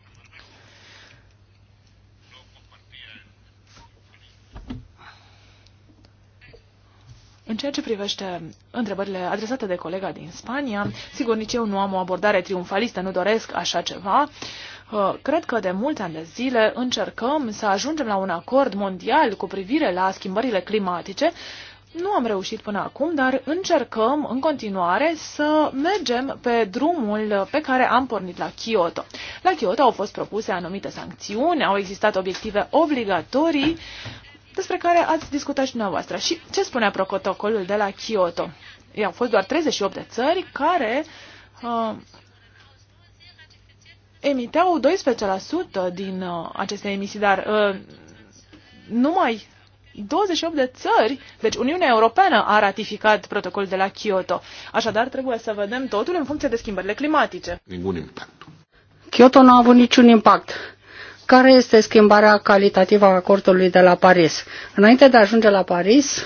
În ceea ce privește întrebările adresate de colega din Spania, sigur, nici eu nu am o abordare triumfalistă, nu doresc așa ceva. Uh, cred că de multe ani de zile încercăm să ajungem la un acord mondial cu privire la schimbările climatice. Nu am reușit până acum, dar încercăm în continuare să mergem pe drumul pe care am pornit la Kyoto. La Kyoto au fost propuse anumite sancțiuni, au existat obiective obligatorii despre care ați discutat și dumneavoastră. Și ce spunea protocolul de la Kyoto? Ei, au fost doar 38 de țări care uh, emiteau 12% din uh, aceste emisii, dar uh, numai 28 de țări, deci Uniunea Europeană a ratificat protocolul de la Kyoto. Așadar, trebuie să vedem totul în funcție de schimbările climatice. Niciun impact. Kyoto nu a avut niciun impact care este schimbarea calitativă a acordului de la Paris. Înainte de a ajunge la Paris,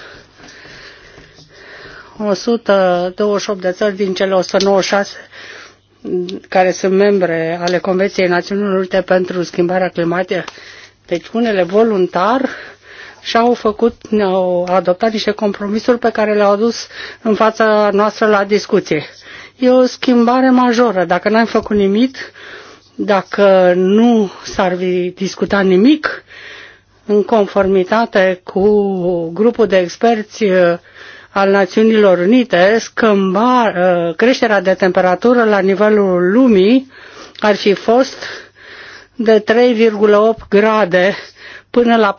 128 de țări din cele 196 care sunt membre ale Convenției Națiunilor Unite pentru schimbarea climatică, deci unele voluntar, și-au făcut, au adoptat niște compromisuri pe care le-au adus în fața noastră la discuție. E o schimbare majoră. Dacă n-am făcut nimic, dacă nu s-ar fi discutat nimic, în conformitate cu grupul de experți uh, al Națiunilor Unite, scâmba, uh, creșterea de temperatură la nivelul lumii ar fi fost de 3,8 grade până la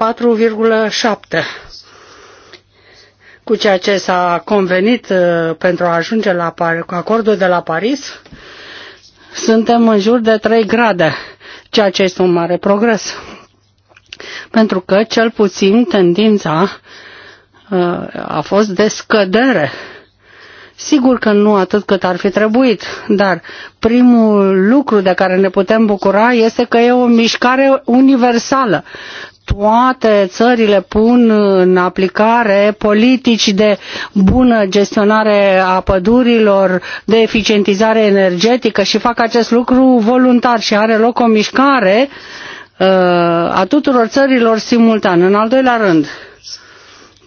4,7 cu ceea ce s-a convenit uh, pentru a ajunge la acordul de la Paris suntem în jur de 3 grade, ceea ce este un mare progres. Pentru că, cel puțin, tendința uh, a fost de scădere. Sigur că nu atât cât ar fi trebuit, dar primul lucru de care ne putem bucura este că e o mișcare universală toate țările pun în aplicare politici de bună gestionare a pădurilor, de eficientizare energetică și fac acest lucru voluntar și are loc o mișcare uh, a tuturor țărilor simultan. În al doilea rând,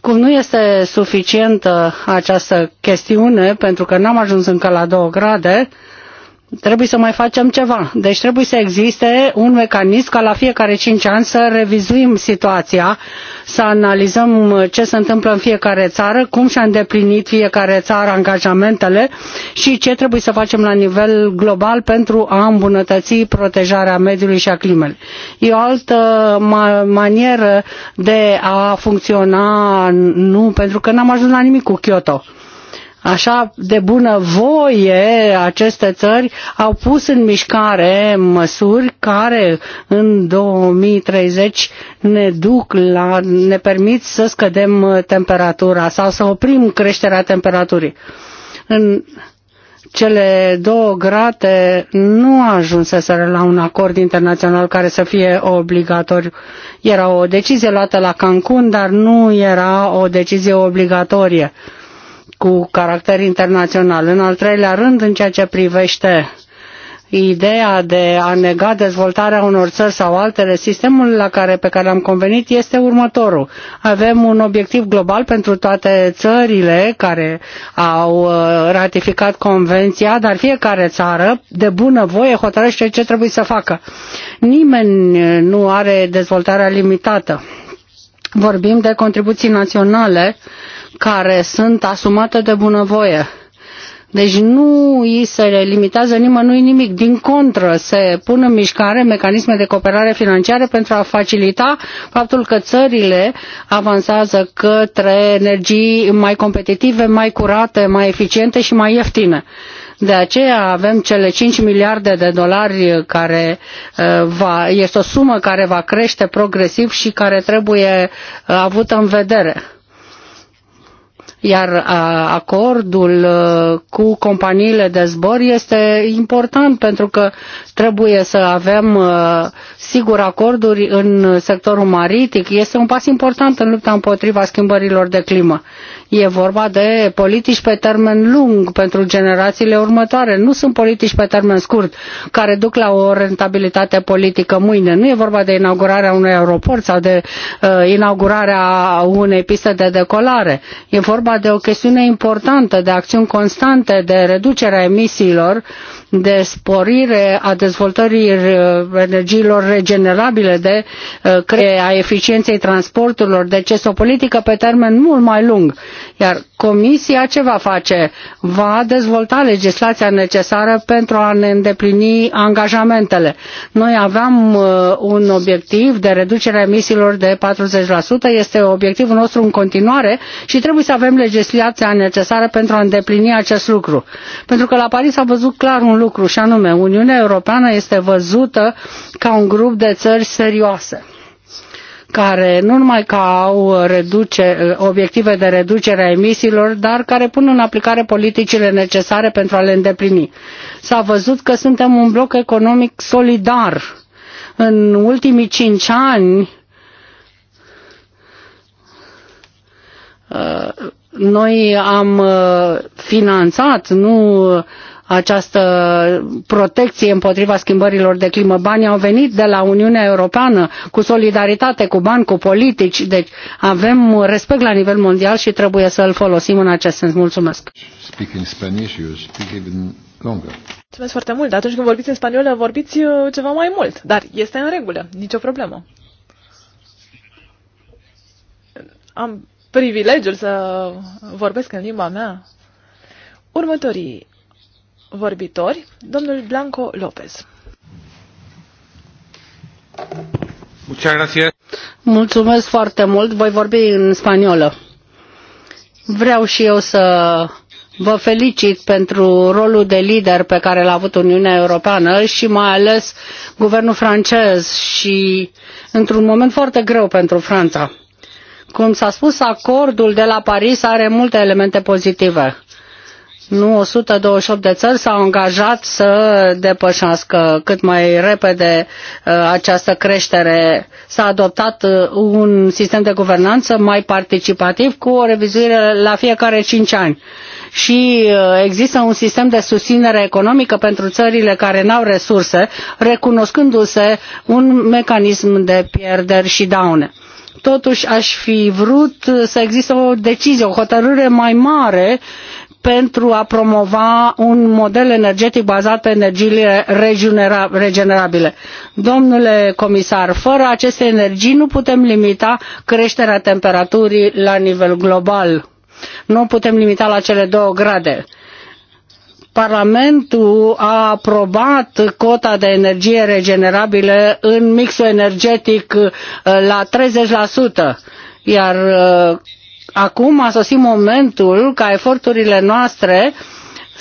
cum nu este suficientă această chestiune, pentru că n-am ajuns încă la două grade, uh, trebuie să mai facem ceva. Deci trebuie să existe un mecanism ca la fiecare cinci ani să revizuim situația, să analizăm ce se întâmplă în fiecare țară, cum și-a îndeplinit fiecare țară angajamentele și ce trebuie să facem la nivel global pentru a îmbunătăți protejarea mediului și a climei. E o altă ma- manieră de a funcționa, nu, pentru că n-am ajuns la nimic cu Kyoto așa de bună voie aceste țări au pus în mișcare măsuri care în 2030 ne duc la, ne permit să scădem temperatura sau să oprim creșterea temperaturii. În cele două grade nu ajunseseră la un acord internațional care să fie obligatoriu. Era o decizie luată la Cancun, dar nu era o decizie obligatorie cu caracter internațional. În al treilea rând, în ceea ce privește ideea de a nega dezvoltarea unor țări sau altele, sistemul la care, pe care am convenit este următorul. Avem un obiectiv global pentru toate țările care au uh, ratificat convenția, dar fiecare țară de bună voie hotărăște ce trebuie să facă. Nimeni uh, nu are dezvoltarea limitată vorbim de contribuții naționale care sunt asumate de bunăvoie. Deci nu îi se limitează nimănui nimic. Din contră, se pun în mișcare mecanisme de cooperare financiară pentru a facilita faptul că țările avansează către energii mai competitive, mai curate, mai eficiente și mai ieftine. De aceea avem cele 5 miliarde de dolari care uh, va, este o sumă care va crește progresiv și care trebuie uh, avută în vedere. Iar acordul cu companiile de zbor este important pentru că trebuie să avem sigur acorduri în sectorul maritic. Este un pas important în lupta împotriva schimbărilor de climă. E vorba de politici pe termen lung pentru generațiile următoare. Nu sunt politici pe termen scurt care duc la o rentabilitate politică mâine. Nu e vorba de inaugurarea unui aeroport sau de uh, inaugurarea unei piste de decolare. E vorba vorba de o chestiune importantă, de acțiuni constante de reducere a emisiilor de sporire a dezvoltării energiilor regenerabile, de uh, creare a eficienței transporturilor, de deci este o politică pe termen mult mai lung. Iar Comisia ce va face? Va dezvolta legislația necesară pentru a ne îndeplini angajamentele. Noi aveam uh, un obiectiv de reducere a emisiilor de 40%, este obiectivul nostru în continuare și trebuie să avem legislația necesară pentru a îndeplini acest lucru. Pentru că la Paris a văzut clar un lucru și anume Uniunea Europeană este văzută ca un grup de țări serioase care nu numai că au reduce, obiective de reducere a emisiilor, dar care pun în aplicare politicile necesare pentru a le îndeplini. S-a văzut că suntem un bloc economic solidar. În ultimii cinci ani, uh, noi am uh, finanțat, nu această protecție împotriva schimbărilor de climă. Banii au venit de la Uniunea Europeană cu solidaritate, cu bani, cu politici. Deci avem respect la nivel mondial și trebuie să îl folosim în acest sens. Mulțumesc! Mulțumesc foarte mult. Atunci când vorbiți în spaniolă, vorbiți uh, ceva mai mult. Dar este în regulă. Nicio problemă. Am privilegiul să vorbesc în limba mea. Următorii vorbitori, domnul Blanco Lopez. Mulțumesc foarte mult. Voi vorbi în spaniolă. Vreau și eu să vă felicit pentru rolul de lider pe care l-a avut Uniunea Europeană și mai ales guvernul francez și într-un moment foarte greu pentru Franța. Cum s-a spus, acordul de la Paris are multe elemente pozitive nu 128 de țări s-au angajat să depășească cât mai repede uh, această creștere. S-a adoptat uh, un sistem de guvernanță mai participativ cu o revizuire la fiecare 5 ani. Și uh, există un sistem de susținere economică pentru țările care n-au resurse, recunoscându-se un mecanism de pierderi și daune totuși aș fi vrut să existe o decizie, o hotărâre mai mare pentru a promova un model energetic bazat pe energiile regenerabile. Domnule comisar, fără aceste energii nu putem limita creșterea temperaturii la nivel global. Nu putem limita la cele două grade. Parlamentul a aprobat cota de energie regenerabile în mixul energetic uh, la 30%, iar uh, acum a sosit momentul ca eforturile noastre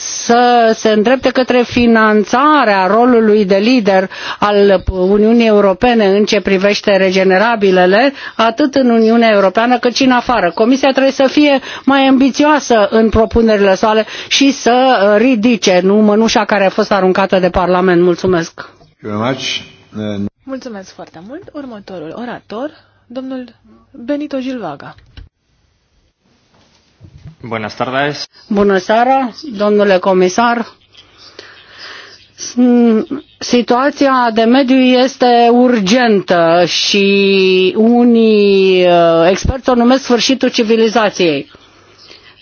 să se îndrepte către finanțarea rolului de lider al Uniunii Europene în ce privește regenerabilele, atât în Uniunea Europeană cât și în afară. Comisia trebuie să fie mai ambițioasă în propunerile sale și să ridice nu mănușa care a fost aruncată de Parlament. Mulțumesc! Mulțumesc foarte mult! Următorul orator, domnul Benito Gilvaga. Buenas Bună seara, domnule comisar. Situația de mediu este urgentă și unii eh, experți o numesc sfârșitul civilizației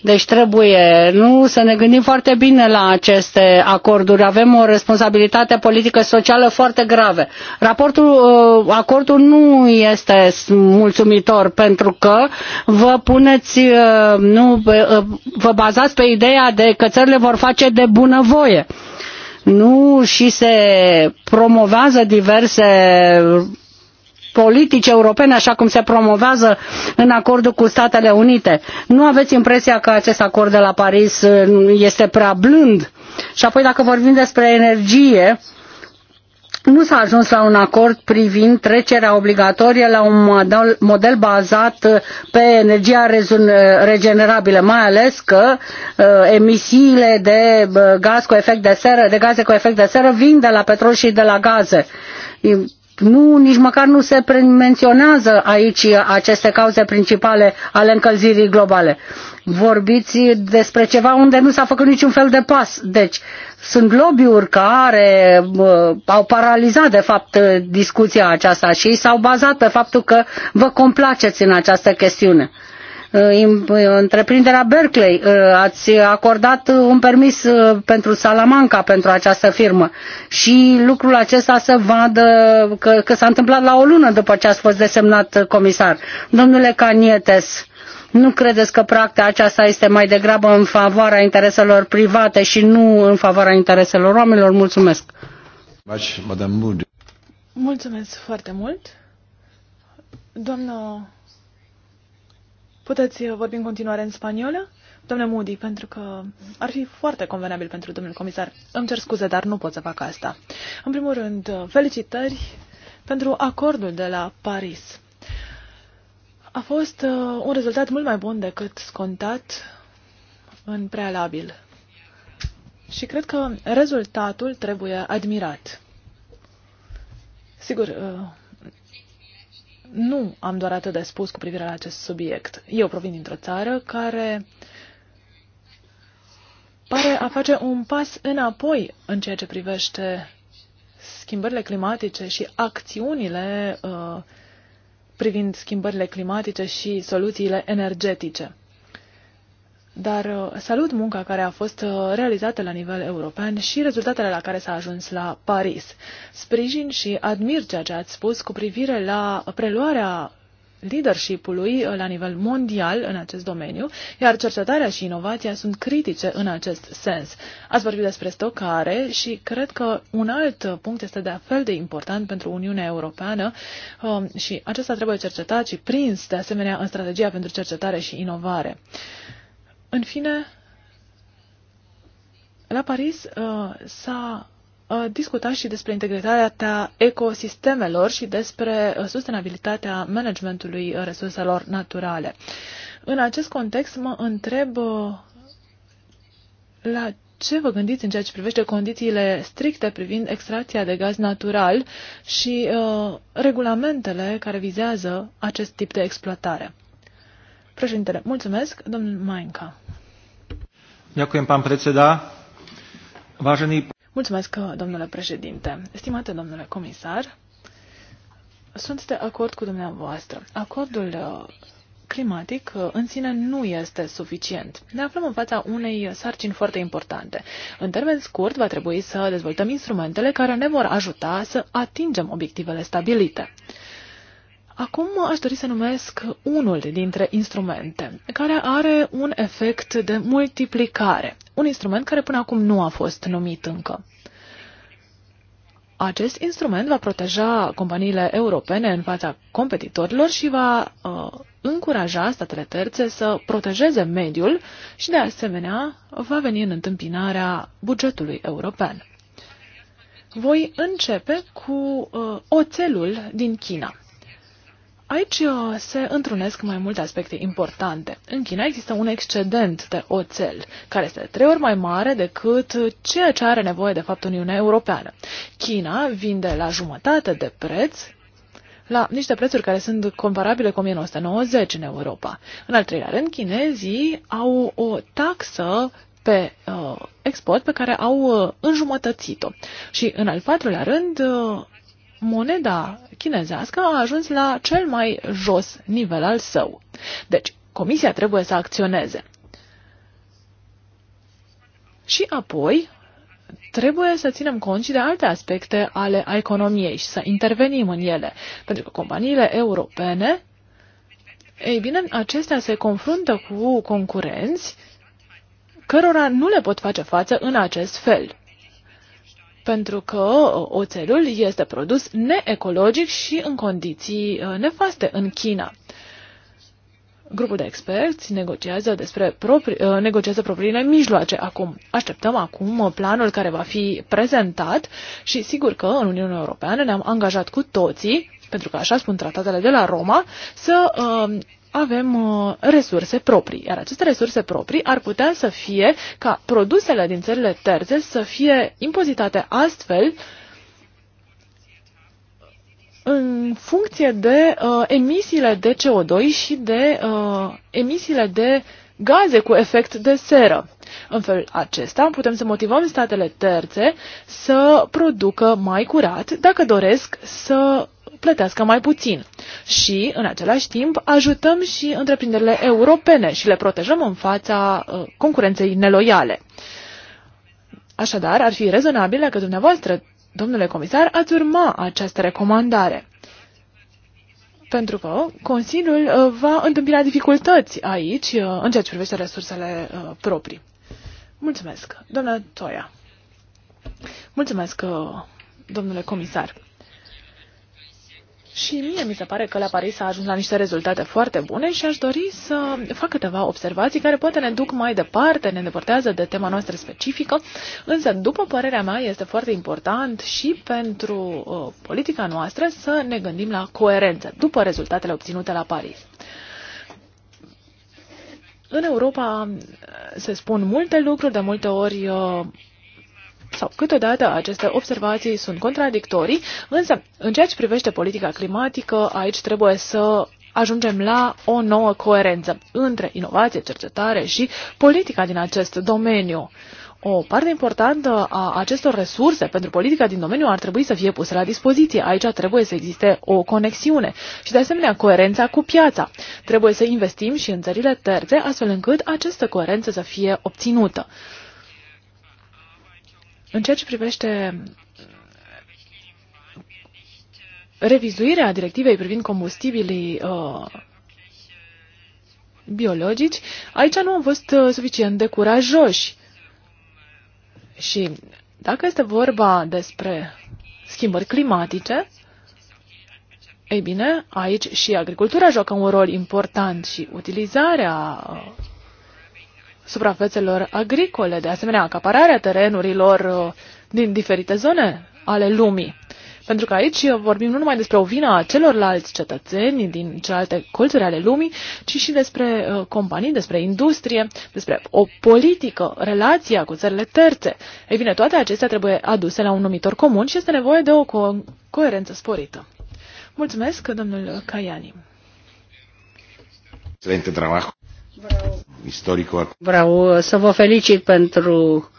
deci trebuie nu să ne gândim foarte bine la aceste acorduri. Avem o responsabilitate politică socială foarte grave. Raportul, uh, acordul nu este mulțumitor pentru că vă puneți, uh, nu, uh, vă bazați pe ideea de că țările vor face de bunăvoie. Nu și se promovează diverse politici europene, așa cum se promovează în acordul cu Statele Unite. Nu aveți impresia că acest acord de la Paris uh, este prea blând? Și apoi dacă vorbim despre energie, nu s-a ajuns la un acord privind trecerea obligatorie la un model, model bazat uh, pe energia uh, regenerabilă, mai ales că uh, emisiile de gaz cu efect de seră, de gaze cu efect de seră vin de la petrol și de la gaze nu, nici măcar nu se menționează aici aceste cauze principale ale încălzirii globale. Vorbiți despre ceva unde nu s-a făcut niciun fel de pas. Deci, sunt lobby-uri care uh, au paralizat, de fapt, discuția aceasta și s-au bazat pe faptul că vă complaceți în această chestiune. Uh, Uh, uh, întreprinderea Berkeley. Uh, ați acordat un permis pentru Salamanca, pentru această firmă. Și lucrul acesta să vadă că, că s-a întâmplat la o lună după ce ați fost desemnat comisar. Domnule Canietes, nu credeți că practica aceasta este mai degrabă în favoarea intereselor private și nu în favoarea intereselor oamenilor? Mulțumesc! Mulțumesc foarte mult! Doamna Puteți uh, vorbi în continuare în spaniolă? Domnule Moody, pentru că ar fi foarte convenabil pentru domnul comisar. Îmi cer scuze, dar nu pot să fac asta. În primul rând, uh, felicitări pentru acordul de la Paris. A fost uh, un rezultat mult mai bun decât scontat în prealabil. Și cred că rezultatul trebuie admirat. Sigur, uh, nu am doar atât de spus cu privire la acest subiect. Eu provin dintr-o țară care pare a face un pas înapoi în ceea ce privește schimbările climatice și acțiunile uh, privind schimbările climatice și soluțiile energetice dar uh, salut munca care a fost uh, realizată la nivel european și rezultatele la care s-a ajuns la Paris. Sprijin și admir ceea ce ați spus cu privire la preluarea leadership-ului uh, la nivel mondial în acest domeniu, iar cercetarea și inovația sunt critice în acest sens. Ați vorbit despre stocare și cred că un alt punct este de fel de important pentru Uniunea Europeană um, și acesta trebuie cercetat și prins de asemenea în strategia pentru cercetare și inovare. În fine, la Paris uh, s-a uh, discutat și despre integritatea ecosistemelor și despre uh, sustenabilitatea managementului uh, resurselor naturale. În acest context mă întreb uh, la ce vă gândiți în ceea ce privește condițiile stricte privind extracția de gaz natural și uh, regulamentele care vizează acest tip de exploatare. Președintele, mulțumesc, domnul Mainca. pan Vajeni... Mulțumesc, domnule președinte. Stimate domnule comisar, sunt de acord cu dumneavoastră. Acordul uh, climatic uh, în sine nu este suficient. Ne aflăm în fața unei sarcini foarte importante. În termen scurt, va trebui să dezvoltăm instrumentele care ne vor ajuta să atingem obiectivele stabilite. Acum aș dori să numesc unul dintre instrumente care are un efect de multiplicare, un instrument care până acum nu a fost numit încă. Acest instrument va proteja companiile europene în fața competitorilor și va uh, încuraja statele terțe să protejeze mediul și, de asemenea, va veni în întâmpinarea bugetului european. Voi începe cu uh, oțelul din China. Aici uh, se întrunesc mai multe aspecte importante. În China există un excedent de oțel, care este trei ori mai mare decât ceea ce are nevoie de fapt Uniunea Europeană. China vinde la jumătate de preț la niște prețuri care sunt comparabile cu 1990 în Europa. În al treilea rând, chinezii au o taxă pe uh, export pe care au uh, înjumătățit-o. Și în al patrulea rând, uh, moneda chinezească a ajuns la cel mai jos nivel al său. Deci, Comisia trebuie să acționeze. Și apoi, trebuie să ținem cont și de alte aspecte ale economiei și să intervenim în ele, pentru că companiile europene, ei bine, acestea se confruntă cu concurenți cărora nu le pot face față în acest fel pentru că uh, oțelul este produs neecologic și în condiții uh, nefaste în China. Grupul de experți negociază, despre propri, uh, negociază propriile mijloace acum. Așteptăm acum planul care va fi prezentat și sigur că în Uniunea Europeană ne-am angajat cu toții, pentru că așa spun tratatele de la Roma, să uh, avem uh, resurse proprii, iar aceste resurse proprii ar putea să fie ca produsele din țările terțe să fie impozitate astfel în funcție de uh, emisiile de CO2 și de uh, emisiile de gaze cu efect de seră. În felul acesta putem să motivăm statele terțe să producă mai curat dacă doresc să plătească mai puțin. Și, în același timp, ajutăm și întreprinderile europene și le protejăm în fața uh, concurenței neloiale. Așadar, ar fi rezonabil că dumneavoastră, domnule comisar, ați urma această recomandare. Pentru că Consiliul uh, va întâmpina dificultăți aici uh, în ceea ce privește resursele proprii. Mulțumesc, doamna Toia. Mulțumesc, domnule comisar. Și mie mi se pare că la Paris a ajuns la niște rezultate foarte bune și aș dori să fac câteva observații care poate ne duc mai departe, ne îndepărtează de tema noastră specifică, însă, după părerea mea, este foarte important și pentru uh, politica noastră să ne gândim la coerență după rezultatele obținute la Paris. În Europa uh, se spun multe lucruri, de multe ori uh, sau câteodată aceste observații sunt contradictorii, însă în ceea ce privește politica climatică, aici trebuie să ajungem la o nouă coerență între inovație, cercetare și politica din acest domeniu. O parte importantă a acestor resurse pentru politica din domeniu ar trebui să fie pusă la dispoziție. Aici trebuie să existe o conexiune și, de asemenea, coerența cu piața. Trebuie să investim și în țările terțe, astfel încât această coerență să fie obținută. În ceea ce privește revizuirea directivei privind combustibilii uh, biologici, aici nu am fost uh, suficient de curajoși. Și dacă este vorba despre schimbări climatice, ei bine, aici și agricultura joacă un rol important și utilizarea uh, suprafețelor agricole, de asemenea acapararea terenurilor uh, din diferite zone ale lumii. Pentru că aici vorbim nu numai despre o vină a celorlalți cetățeni din celelalte colțuri ale lumii, ci și despre uh, companii, despre industrie, despre o politică, relația cu țările terțe. Ei bine, toate acestea trebuie aduse la un numitor comun și este nevoie de o co- coerență sporită. Mulțumesc, domnul Caiani. Excelente trabajo. Vreau, istoricul. vreau să vă felicit pentru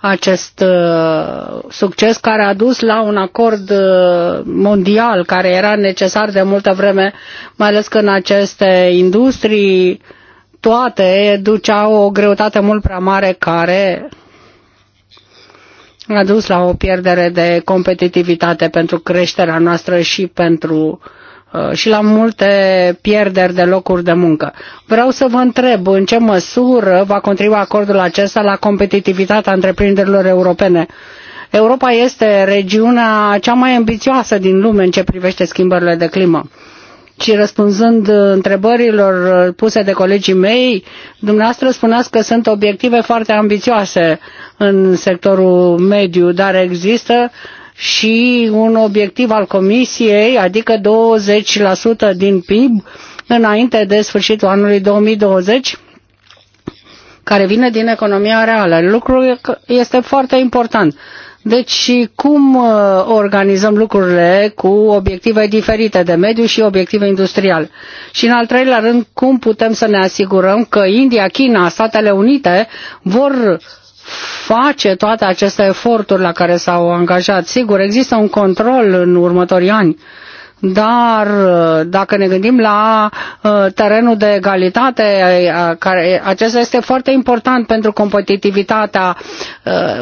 acest uh, succes care a dus la un acord uh, mondial care era necesar de multă vreme, mai ales că în aceste industrii toate duceau o greutate mult prea mare care a dus la o pierdere de competitivitate pentru creșterea noastră și pentru uh, Uh, și la multe pierderi de locuri de muncă. Vreau să vă întreb în ce măsură va contribui acordul acesta la competitivitatea întreprinderilor europene. Europa este regiunea cea mai ambițioasă din lume în ce privește schimbările de climă. Și răspunzând întrebărilor puse de colegii mei, dumneavoastră spuneați că sunt obiective foarte ambițioase în sectorul mediu, dar există și un obiectiv al Comisiei, adică 20% din PIB înainte de sfârșitul anului 2020 care vine din economia reală. Lucrul este foarte important. Deci cum uh, organizăm lucrurile cu obiective diferite de mediu și obiective industriale? Și în al treilea rând, cum putem să ne asigurăm că India, China, Statele Unite vor face toate aceste eforturi la care s-au angajat. Sigur, există un control în următorii ani dar uh, dacă ne gândim la uh, terenul de egalitate, uh, care, acesta este foarte important pentru competitivitatea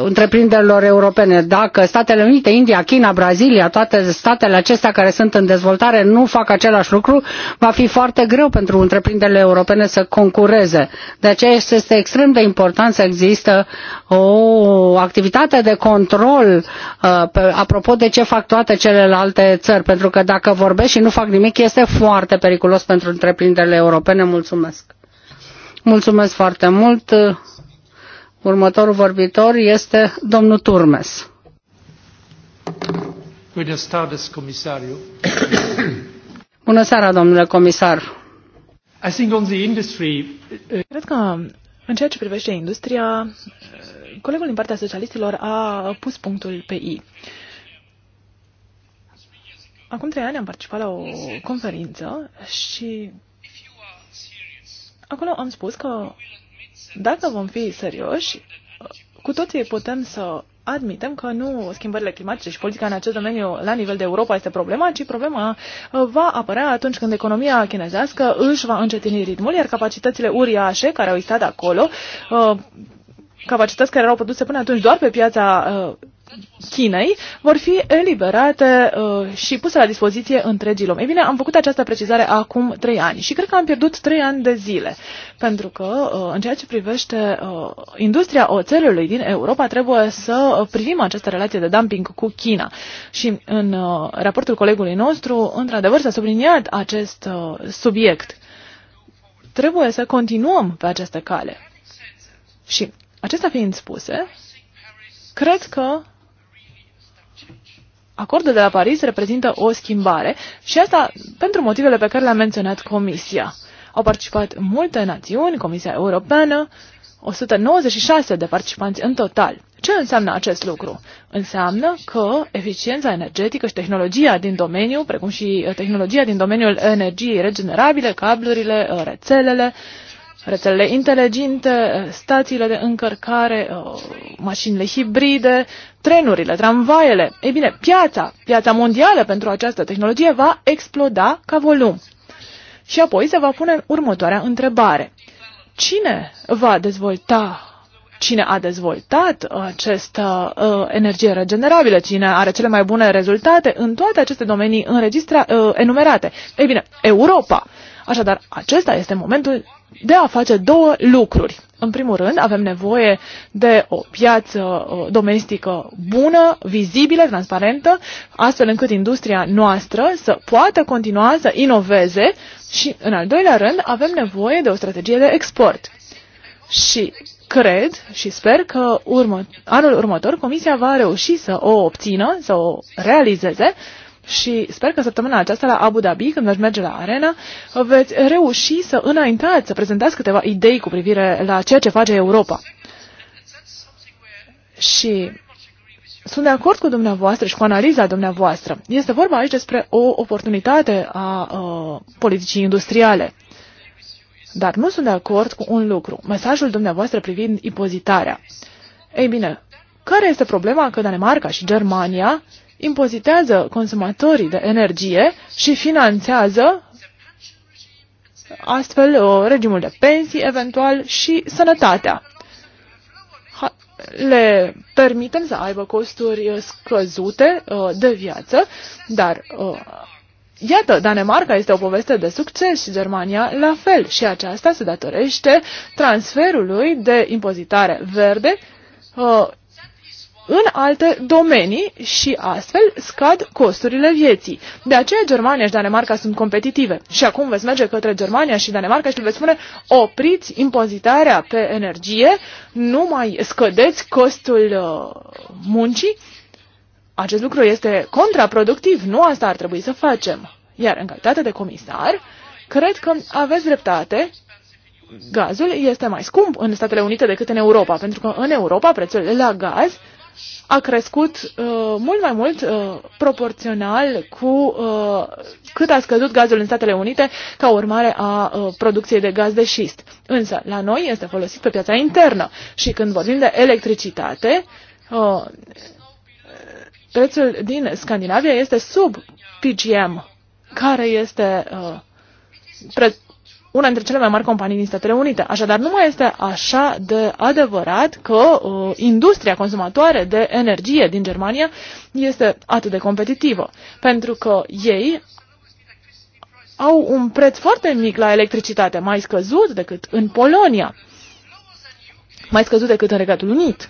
întreprinderilor europene. Dacă Statele Unite, India, China, Brazilia, toate statele acestea care sunt în dezvoltare nu fac același lucru, va fi foarte greu pentru întreprinderile europene să concureze. De aceea este extrem de important să există o activitate de control apropo de ce fac toate celelalte țări, pentru că dacă că vorbesc și nu fac nimic este foarte periculos pentru întreprinderile europene. Mulțumesc! Mulțumesc foarte mult! Următorul vorbitor este domnul Turmes. Bună seara, domnule comisar! Uh, Cred că în ceea ce privește industria, uh, colegul din partea socialistilor a pus punctul pe I. Acum trei ani am participat la o conferință și acolo am spus că dacă vom fi serioși, cu toții putem să admitem că nu schimbările climatice și politica în acest domeniu la nivel de Europa este problema, ci problema uh, va apărea atunci când economia chinezească își va încetini ritmul, iar capacitățile uriașe care au existat acolo, uh, capacități care erau produse până atunci doar pe piața uh, Chinei vor fi eliberate uh, și puse la dispoziție întregii lume. Ei bine, am făcut această precizare acum trei ani și cred că am pierdut trei ani de zile, pentru că uh, în ceea ce privește uh, industria oțelului din Europa, trebuie să privim această relație de dumping cu China. Și în uh, raportul colegului nostru, într-adevăr, s-a subliniat acest uh, subiect. Trebuie să continuăm pe această cale. Și acestea fiind spuse, cred că acordul de la Paris reprezintă o schimbare și asta pentru motivele pe care le-a menționat Comisia. Au participat multe națiuni, Comisia Europeană, 196 de participanți în total. Ce înseamnă acest lucru? Înseamnă că eficiența energetică și tehnologia din domeniu, precum și uh, tehnologia din domeniul energiei regenerabile, cablurile, uh, rețelele, rețelele inteligente, uh, stațiile de încărcare, mașinile hibride, trenurile, tramvaiele. Ei bine, piața, piața mondială pentru această tehnologie va exploda ca volum. Și apoi se va pune în următoarea întrebare. Cine va dezvolta cine a dezvoltat această uh, energie regenerabilă, cine are cele mai bune rezultate în toate aceste domenii înregistra, uh, enumerate. Ei bine, Europa. Așadar, acesta este momentul de a face două lucruri. În primul rând, avem nevoie de o piață domestică bună, vizibilă, transparentă, astfel încât industria noastră să poată continua să inoveze și, în al doilea rând, avem nevoie de o strategie de export. Și cred și sper că urmă, anul următor Comisia va reuși să o obțină, să o realizeze, și sper că săptămâna aceasta la Abu Dhabi, când veți merge la arena, veți reuși să înaintați, să prezentați câteva idei cu privire la ceea ce face Europa. Și sunt de acord cu dumneavoastră și cu analiza dumneavoastră. Este vorba aici despre o oportunitate a a politicii industriale. Dar nu sunt de acord cu un lucru, mesajul dumneavoastră privind impozitarea. Ei bine, care este problema că Danemarca și Germania impozitează consumatorii de energie și finanțează astfel uh, regimul de pensii, eventual și sănătatea. Le permitem să aibă costuri uh, scăzute uh, de viață, dar Iată, Danemarca este o poveste de succes și Germania la fel și aceasta se datorește transferului de impozitare verde în alte domenii și astfel scad costurile vieții. De aceea Germania și Danemarca sunt competitive. Și acum veți merge către Germania și Danemarca și veți spune opriți impozitarea pe energie, nu mai scădeți costul uh, muncii. Acest lucru este contraproductiv, nu asta ar trebui să facem. Iar în calitate de comisar, cred că aveți dreptate gazul este mai scump în Statele Unite decât în Europa, pentru că în Europa prețurile la gaz a crescut uh, mult mai mult uh, proporțional cu uh, cât a scăzut gazul în Statele Unite ca urmare a uh, producției de gaz de șist. Însă, la noi este folosit pe piața internă și când vorbim de electricitate, uh, prețul din Scandinavia este sub PGM, care este uh, pre- una dintre cele mai mari companii din Statele Unite. Așadar, nu mai este așa de adevărat că uh, industria consumatoare de energie din Germania este atât de competitivă, pentru că ei au un preț foarte mic la electricitate, mai scăzut decât în Polonia, mai scăzut decât în Regatul Unit.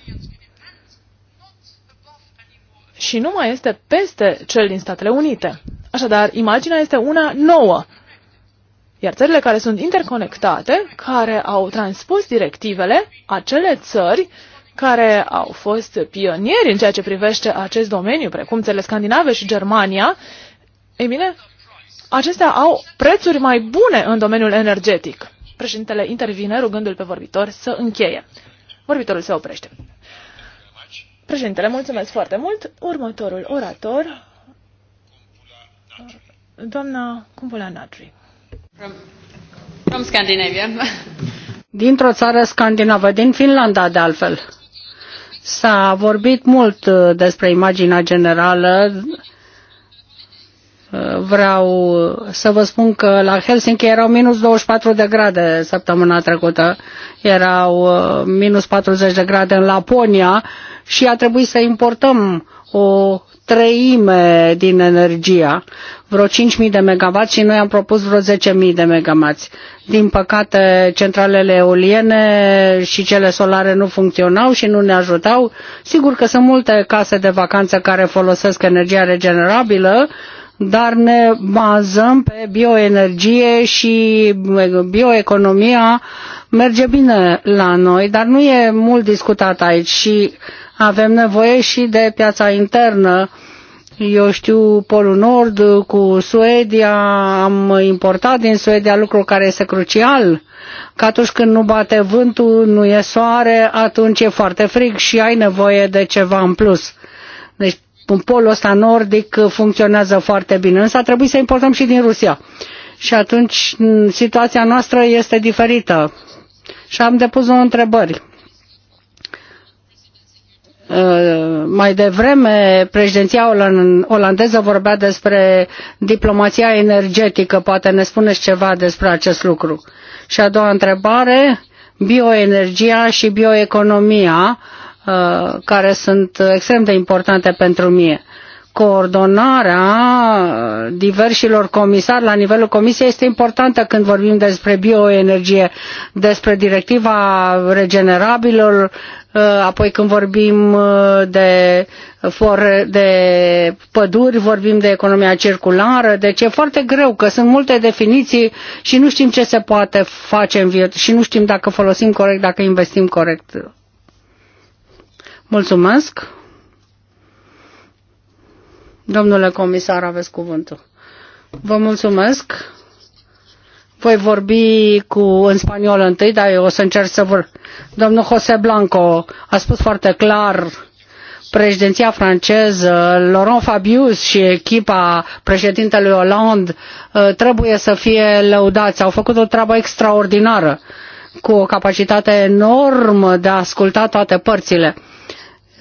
Și nu mai este peste cel din Statele Unite. Așadar, imaginea este una nouă. Iar țările care sunt interconectate, care au transpus directivele, acele țări care au fost pionieri în ceea ce privește acest domeniu, precum țările scandinave și Germania, ei bine, acestea au prețuri mai bune în domeniul energetic. Președintele intervine rugându-l pe vorbitor să încheie. Vorbitorul se oprește. Președintele, mulțumesc foarte mult. Următorul orator, doamna Cumpula Nadri. From, Scandinavia. Dintr-o țară scandinavă, din Finlanda de altfel. S-a vorbit mult uh, despre imaginea generală. Uh, vreau uh, să vă spun că la Helsinki erau minus 24 de grade săptămâna trecută, erau minus 40 de grade în Laponia și a trebuit să importăm o treime din energia, vreo 5.000 de megawatt și noi am propus vreo 10.000 de megawatt. Din păcate, centralele eoliene și cele solare nu funcționau și nu ne ajutau. Sigur că sunt multe case de vacanță care folosesc energia regenerabilă, dar ne bazăm pe bioenergie și bioeconomia merge bine la noi, dar nu e mult discutat aici și avem nevoie și de piața internă. Eu știu Polul Nord cu Suedia, am importat din Suedia lucru care este crucial, că atunci când nu bate vântul, nu e soare, atunci e foarte frig și ai nevoie de ceva în plus. Deci polul ăsta nordic funcționează foarte bine, însă a trebuit să importăm și din Rusia. Și atunci situația noastră este diferită. Și am depus o întrebări Uh, mai devreme președinția olandeză vorbea despre diplomația energetică. Poate ne spuneți ceva despre acest lucru. Și a doua întrebare, bioenergia și bioeconomia, uh, care sunt extrem de importante pentru mine. Coordonarea uh, diversilor comisari la nivelul comisiei este importantă când vorbim despre bioenergie, despre directiva regenerabilor, Uh, apoi când vorbim uh, de, for, de păduri, vorbim de economia circulară, deci e foarte greu că sunt multe definiții și nu știm ce se poate face în viață și nu știm dacă folosim corect, dacă investim corect. Mulțumesc. Domnule comisar, aveți cuvântul. Vă mulțumesc. Voi vorbi cu, în spaniolă întâi, dar eu o să încerc să vor. Domnul José Blanco a spus foarte clar președinția franceză, Laurent Fabius și echipa președintelui Hollande uh, trebuie să fie lăudați. Au făcut o treabă extraordinară cu o capacitate enormă de a asculta toate părțile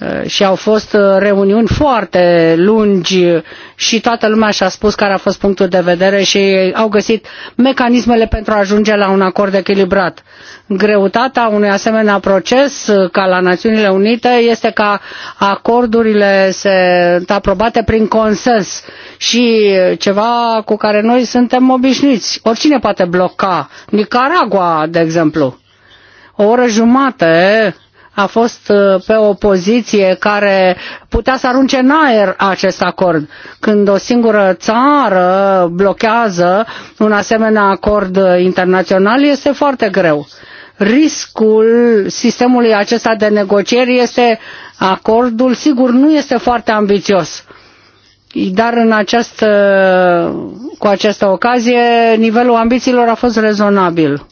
Uh, și au fost uh, reuniuni foarte lungi și toată lumea și-a spus care a fost punctul de vedere și au găsit mecanismele pentru a ajunge la un acord echilibrat. Greutatea unui asemenea proces uh, ca la Națiunile Unite este ca acordurile sunt aprobate prin consens și ceva cu care noi suntem obișnuiți. Oricine poate bloca. Nicaragua, de exemplu. O oră jumate a fost uh, pe o poziție care putea să arunce în aer acest acord. Când o singură țară blochează un asemenea acord internațional, este foarte greu. Riscul sistemului acesta de negocieri este acordul, sigur, nu este foarte ambițios. Dar în acest, cu această ocazie, nivelul ambițiilor a fost rezonabil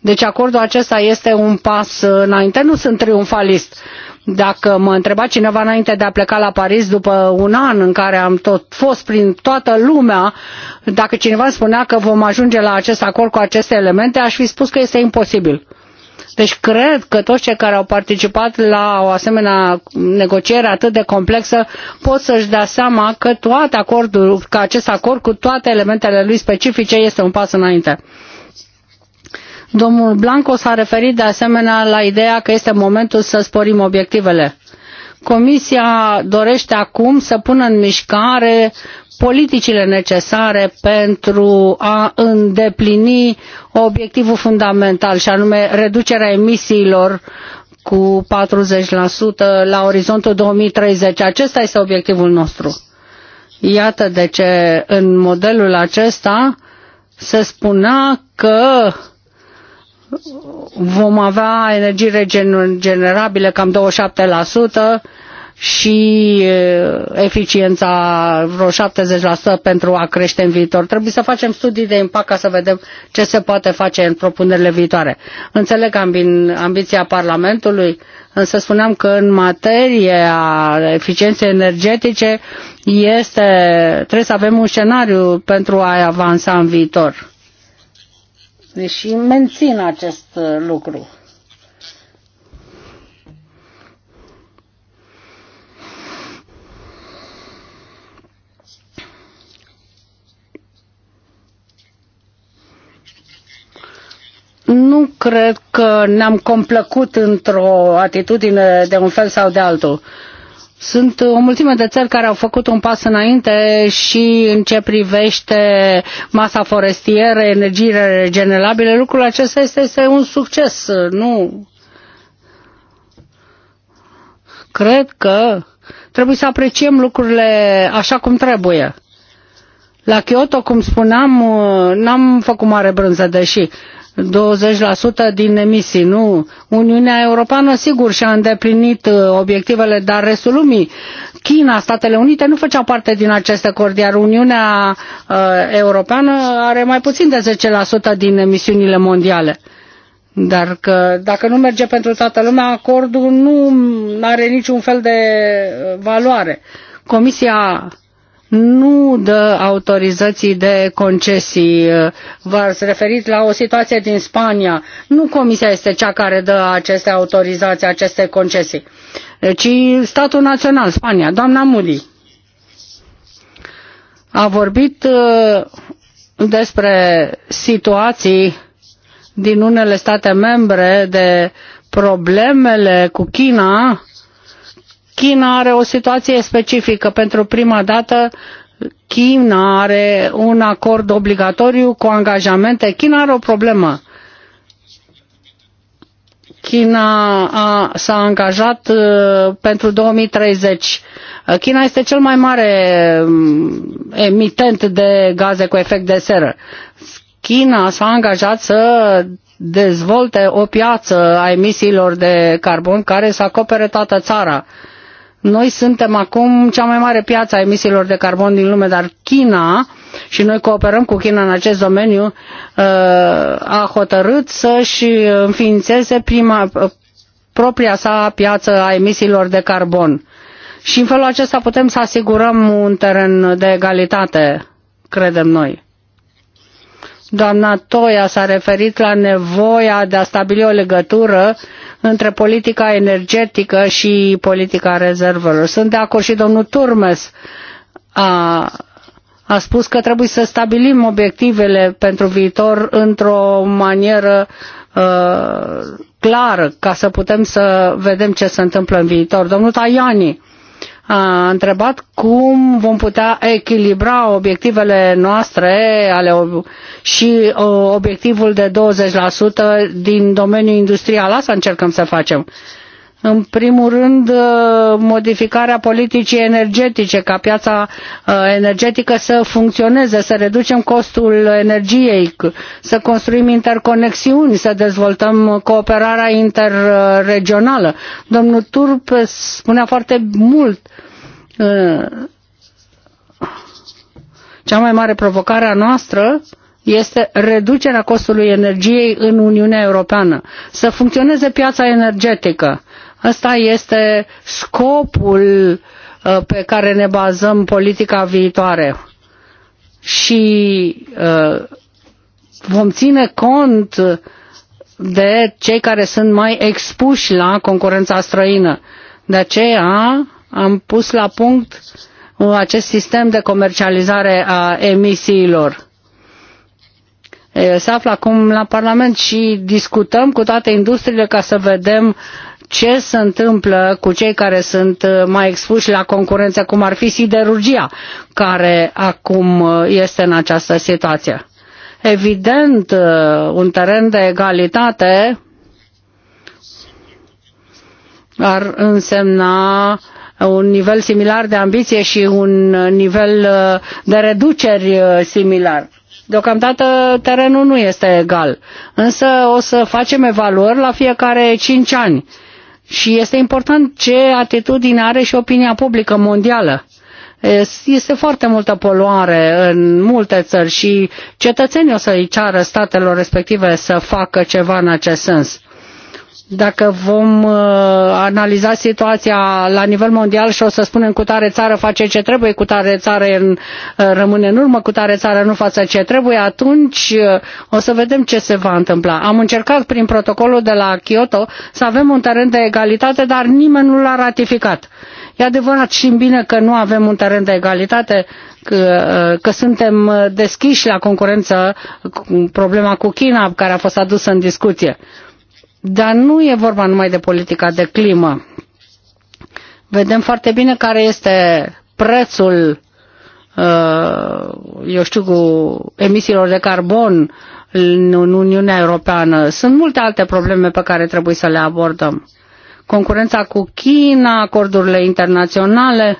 deci acordul acesta este un pas înainte, nu sunt triumfalist. Dacă mă întreba cineva înainte de a pleca la Paris după un an în care am tot fost prin toată lumea, dacă cineva spunea că vom ajunge la acest acord cu aceste elemente, aș fi spus că este imposibil. Deci cred că toți cei care au participat la o asemenea negociere atât de complexă pot să-și dea seama că toate acordul, că acest acord cu toate elementele lui specifice este un pas înainte. Domnul Blanco s-a referit de asemenea la ideea că este momentul să sporim obiectivele. Comisia dorește acum să pună în mișcare politicile necesare pentru a îndeplini obiectivul fundamental și anume reducerea emisiilor cu 40% la orizontul 2030. Acesta este obiectivul nostru. Iată de ce în modelul acesta se spunea că vom avea energii regenerabile cam 27% și eficiența vreo 70% pentru a crește în viitor. Trebuie să facem studii de impact ca să vedem ce se poate face în propunerile viitoare. Înțeleg ambi- ambiția Parlamentului, însă spuneam că în a eficienței energetice este, trebuie să avem un scenariu pentru a avansa în viitor și mențin acest uh, lucru. Nu cred că ne-am complăcut într-o atitudine de un fel sau de altul. Sunt o mulțime de țări care au făcut un pas înainte și în ce privește masa forestieră, energiile regenerabile, lucrul acesta este, este un succes. Nu. Cred că trebuie să apreciem lucrurile așa cum trebuie. La Kyoto, cum spuneam, n-am făcut mare brânză, deși 20% din emisii, nu? Uniunea Europeană, sigur, și-a îndeplinit uh, obiectivele, dar restul lumii, China, Statele Unite, nu făceau parte din acest acord, iar Uniunea uh, Europeană are mai puțin de 10% din emisiunile mondiale. Dar că dacă nu merge pentru toată lumea, acordul nu are niciun fel de uh, valoare. Comisia nu dă autorizații de concesii. V-ați referit la o situație din Spania. Nu comisia este cea care dă aceste autorizații, aceste concesii, ci statul național, Spania. Doamna Muli. a vorbit uh, despre situații din unele state membre de problemele cu China China are o situație specifică. Pentru prima dată China are un acord obligatoriu cu angajamente. China are o problemă. China a, s-a angajat uh, pentru 2030. China este cel mai mare um, emitent de gaze cu efect de seră. China s-a angajat să dezvolte o piață a emisiilor de carbon care să acopere toată țara. Uh, noi suntem acum cea mai mare piață a emisiilor de carbon din lume, dar China, și noi cooperăm cu China în acest domeniu, uh, a hotărât să-și înființeze prima, propria sa piață a emisiilor de carbon. Și în felul acesta putem să asigurăm un teren de egalitate, credem noi. Doamna Toia s-a referit la nevoia de a stabili o legătură între politica energetică și politica rezervelor. Sunt de acord și domnul Turmes a, a spus că trebuie să stabilim obiectivele pentru viitor într-o manieră uh, clară ca să putem să vedem ce se întâmplă în viitor. Domnul Tajani a întrebat cum vom putea echilibra obiectivele noastre ale, și uh, obiectivul de 20% din domeniul industrial. Asta încercăm să facem. În primul rând, uh, modificarea politicii energetice, ca piața uh, energetică să funcționeze, să reducem costul energiei, să construim interconexiuni, să dezvoltăm cooperarea interregională. Domnul Turp spunea foarte mult uh, cea mai mare provocare a noastră este reducerea costului energiei în Uniunea Europeană. Să funcționeze piața energetică. Ăsta este scopul uh, pe care ne bazăm politica viitoare. Și uh, vom ține cont de cei care sunt mai expuși la concurența străină. De aceea am pus la punct uh, acest sistem de comercializare a emisiilor. Se află acum la Parlament și discutăm cu toate industriile ca să vedem ce se întâmplă cu cei care sunt uh, mai expuși la concurență, cum ar fi siderurgia, care acum uh, este în această situație. Evident, uh, un teren de egalitate ar însemna un nivel similar de ambiție și un nivel de reduceri similar. Deocamdată terenul nu este egal, însă o să facem evaluări la fiecare 5 ani și este important ce atitudine are și opinia publică mondială. Este foarte multă poluare în multe țări și cetățenii o să-i ceară statelor respective să facă ceva în acest sens dacă vom uh, analiza situația la nivel mondial și o să spunem cu tare țară face ce trebuie, cu tare țară în, uh, rămâne în urmă, cu tare țară nu face ce trebuie, atunci uh, o să vedem ce se va întâmpla. Am încercat prin protocolul de la Kyoto să avem un teren de egalitate, dar nimeni nu l-a ratificat. E adevărat și bine că nu avem un teren de egalitate, că, uh, că suntem uh, deschiși la concurență, problema cu China care a fost adusă în discuție. Dar nu e vorba numai de politica de climă. Vedem foarte bine care este prețul, uh, eu știu, cu emisiilor de carbon în Uniunea Europeană. Sunt multe alte probleme pe care trebuie să le abordăm. Concurența cu China, acordurile internaționale.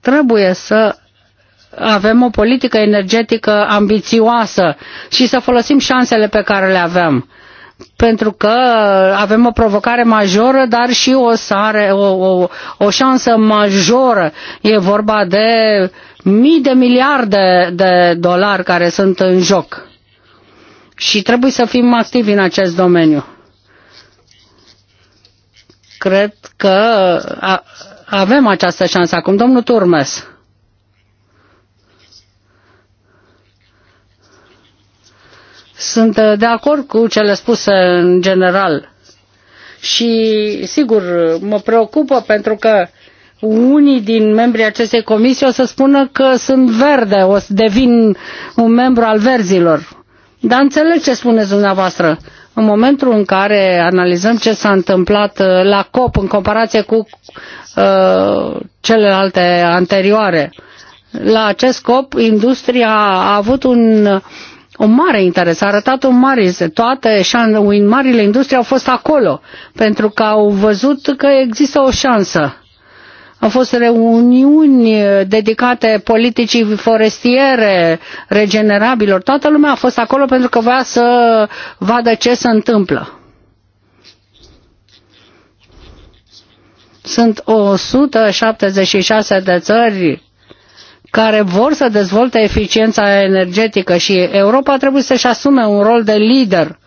Trebuie să avem o politică energetică ambițioasă și să folosim șansele pe care le avem pentru că avem o provocare majoră, dar și o, sare, o, o, o șansă majoră. E vorba de mii de miliarde de dolari care sunt în joc. Și trebuie să fim activi în acest domeniu. Cred că avem această șansă acum. Domnul Turmes. Sunt uh, de acord cu cele spuse în general și, sigur, mă preocupă pentru că unii din membrii acestei comisii o să spună că sunt verde, o să devin un membru al verzilor. Dar înțeleg ce spuneți dumneavoastră. În momentul în care analizăm ce s-a întâmplat uh, la COP în comparație cu uh, celelalte anterioare, la acest cop, industria a avut un o mare interes, a arătat un mare, toate marile industrie au fost acolo, pentru că au văzut că există o șansă. Au fost reuniuni dedicate politicii forestiere, regenerabilor, toată lumea a fost acolo pentru că voia să vadă ce se întâmplă. Sunt 176 de țări care vor să dezvolte eficiența energetică și Europa trebuie să-și asume un rol de lider.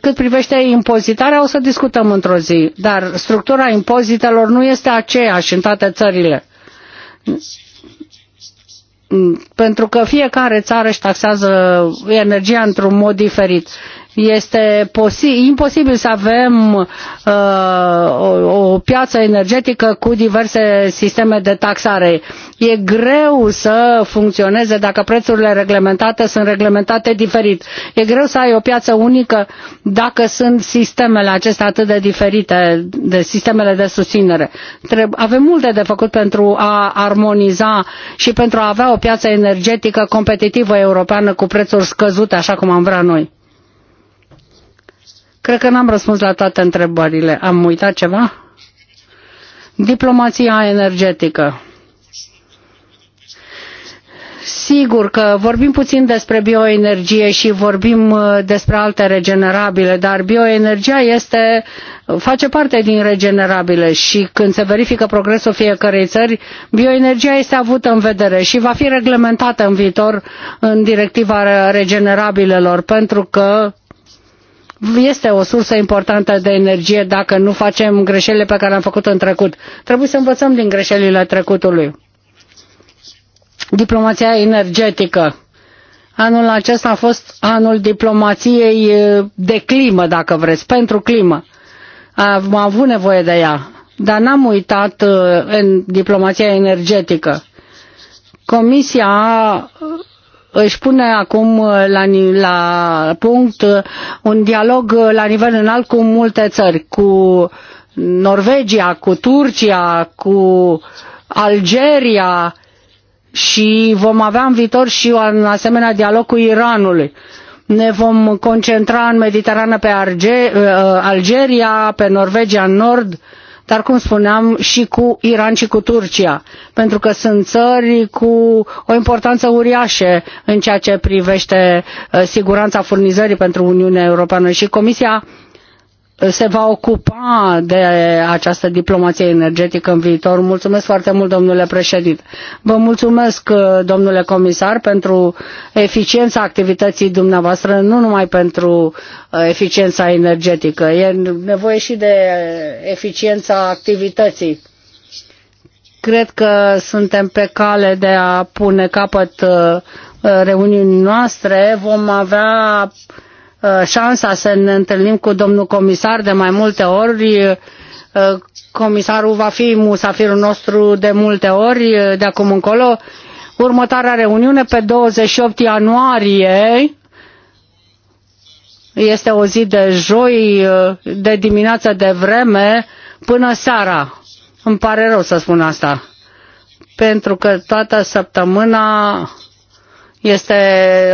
Cât privește impozitarea, o să discutăm într-o zi, dar structura impozitelor nu este aceeași în toate țările. Pentru că fiecare țară își taxează energia într-un mod diferit. Este imposibil să avem uh, o, o piață energetică cu diverse sisteme de taxare. E greu să funcționeze dacă prețurile reglementate sunt reglementate diferit. E greu să ai o piață unică dacă sunt sistemele acestea atât de diferite, de sistemele de susținere. Avem multe de făcut pentru a armoniza și pentru a avea o piață energetică competitivă europeană cu prețuri scăzute, așa cum am vrea noi. Cred că n-am răspuns la toate întrebările. Am uitat ceva? Diplomația energetică. Sigur că vorbim puțin despre bioenergie și vorbim uh, despre alte regenerabile, dar bioenergia este, face parte din regenerabile și când se verifică progresul fiecărei țări, bioenergia este avută în vedere și va fi reglementată în viitor în directiva regenerabilelor, pentru că este o sursă importantă de energie dacă nu facem greșelile pe care le-am făcut în trecut. Trebuie să învățăm din greșelile trecutului. Diplomația energetică. Anul acesta a fost anul diplomației de climă, dacă vreți, pentru climă. Am avut nevoie de ea, dar n-am uitat în diplomația energetică. Comisia își pune acum uh, la, la punct uh, un dialog uh, la nivel înalt cu multe țări, cu Norvegia, cu Turcia, cu Algeria și vom avea în viitor și un asemenea dialog cu Iranul ne vom concentra în Mediterană pe Arge, Algeria, pe Norvegia în Nord dar cum spuneam și cu Iran și cu Turcia, pentru că sunt țări cu o importanță uriașă în ceea ce privește uh, siguranța furnizării pentru Uniunea Europeană și Comisia se va ocupa de această diplomație energetică în viitor. Mulțumesc foarte mult, domnule președinte. Vă mulțumesc, uh, domnule comisar, pentru eficiența activității dumneavoastră, nu numai pentru uh, eficiența energetică. E nevoie și de eficiența activității. Cred că suntem pe cale de a pune capăt uh, reuniunii noastre. Vom avea Uh, șansa să ne întâlnim cu domnul comisar de mai multe ori. Uh, comisarul va fi musafirul nostru de multe ori uh, de acum încolo. Următoarea reuniune pe 28 ianuarie este o zi de joi, de dimineață de vreme până seara. Îmi pare rău să spun asta, pentru că toată săptămâna este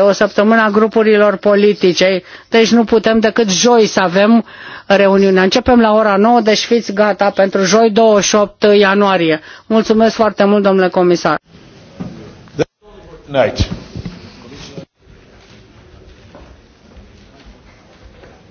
o săptămână a grupurilor politice, deci nu putem decât joi să avem reuniunea. Începem la ora 9, deci fiți gata pentru joi 28 ianuarie. Mulțumesc foarte mult, domnule comisar. Night.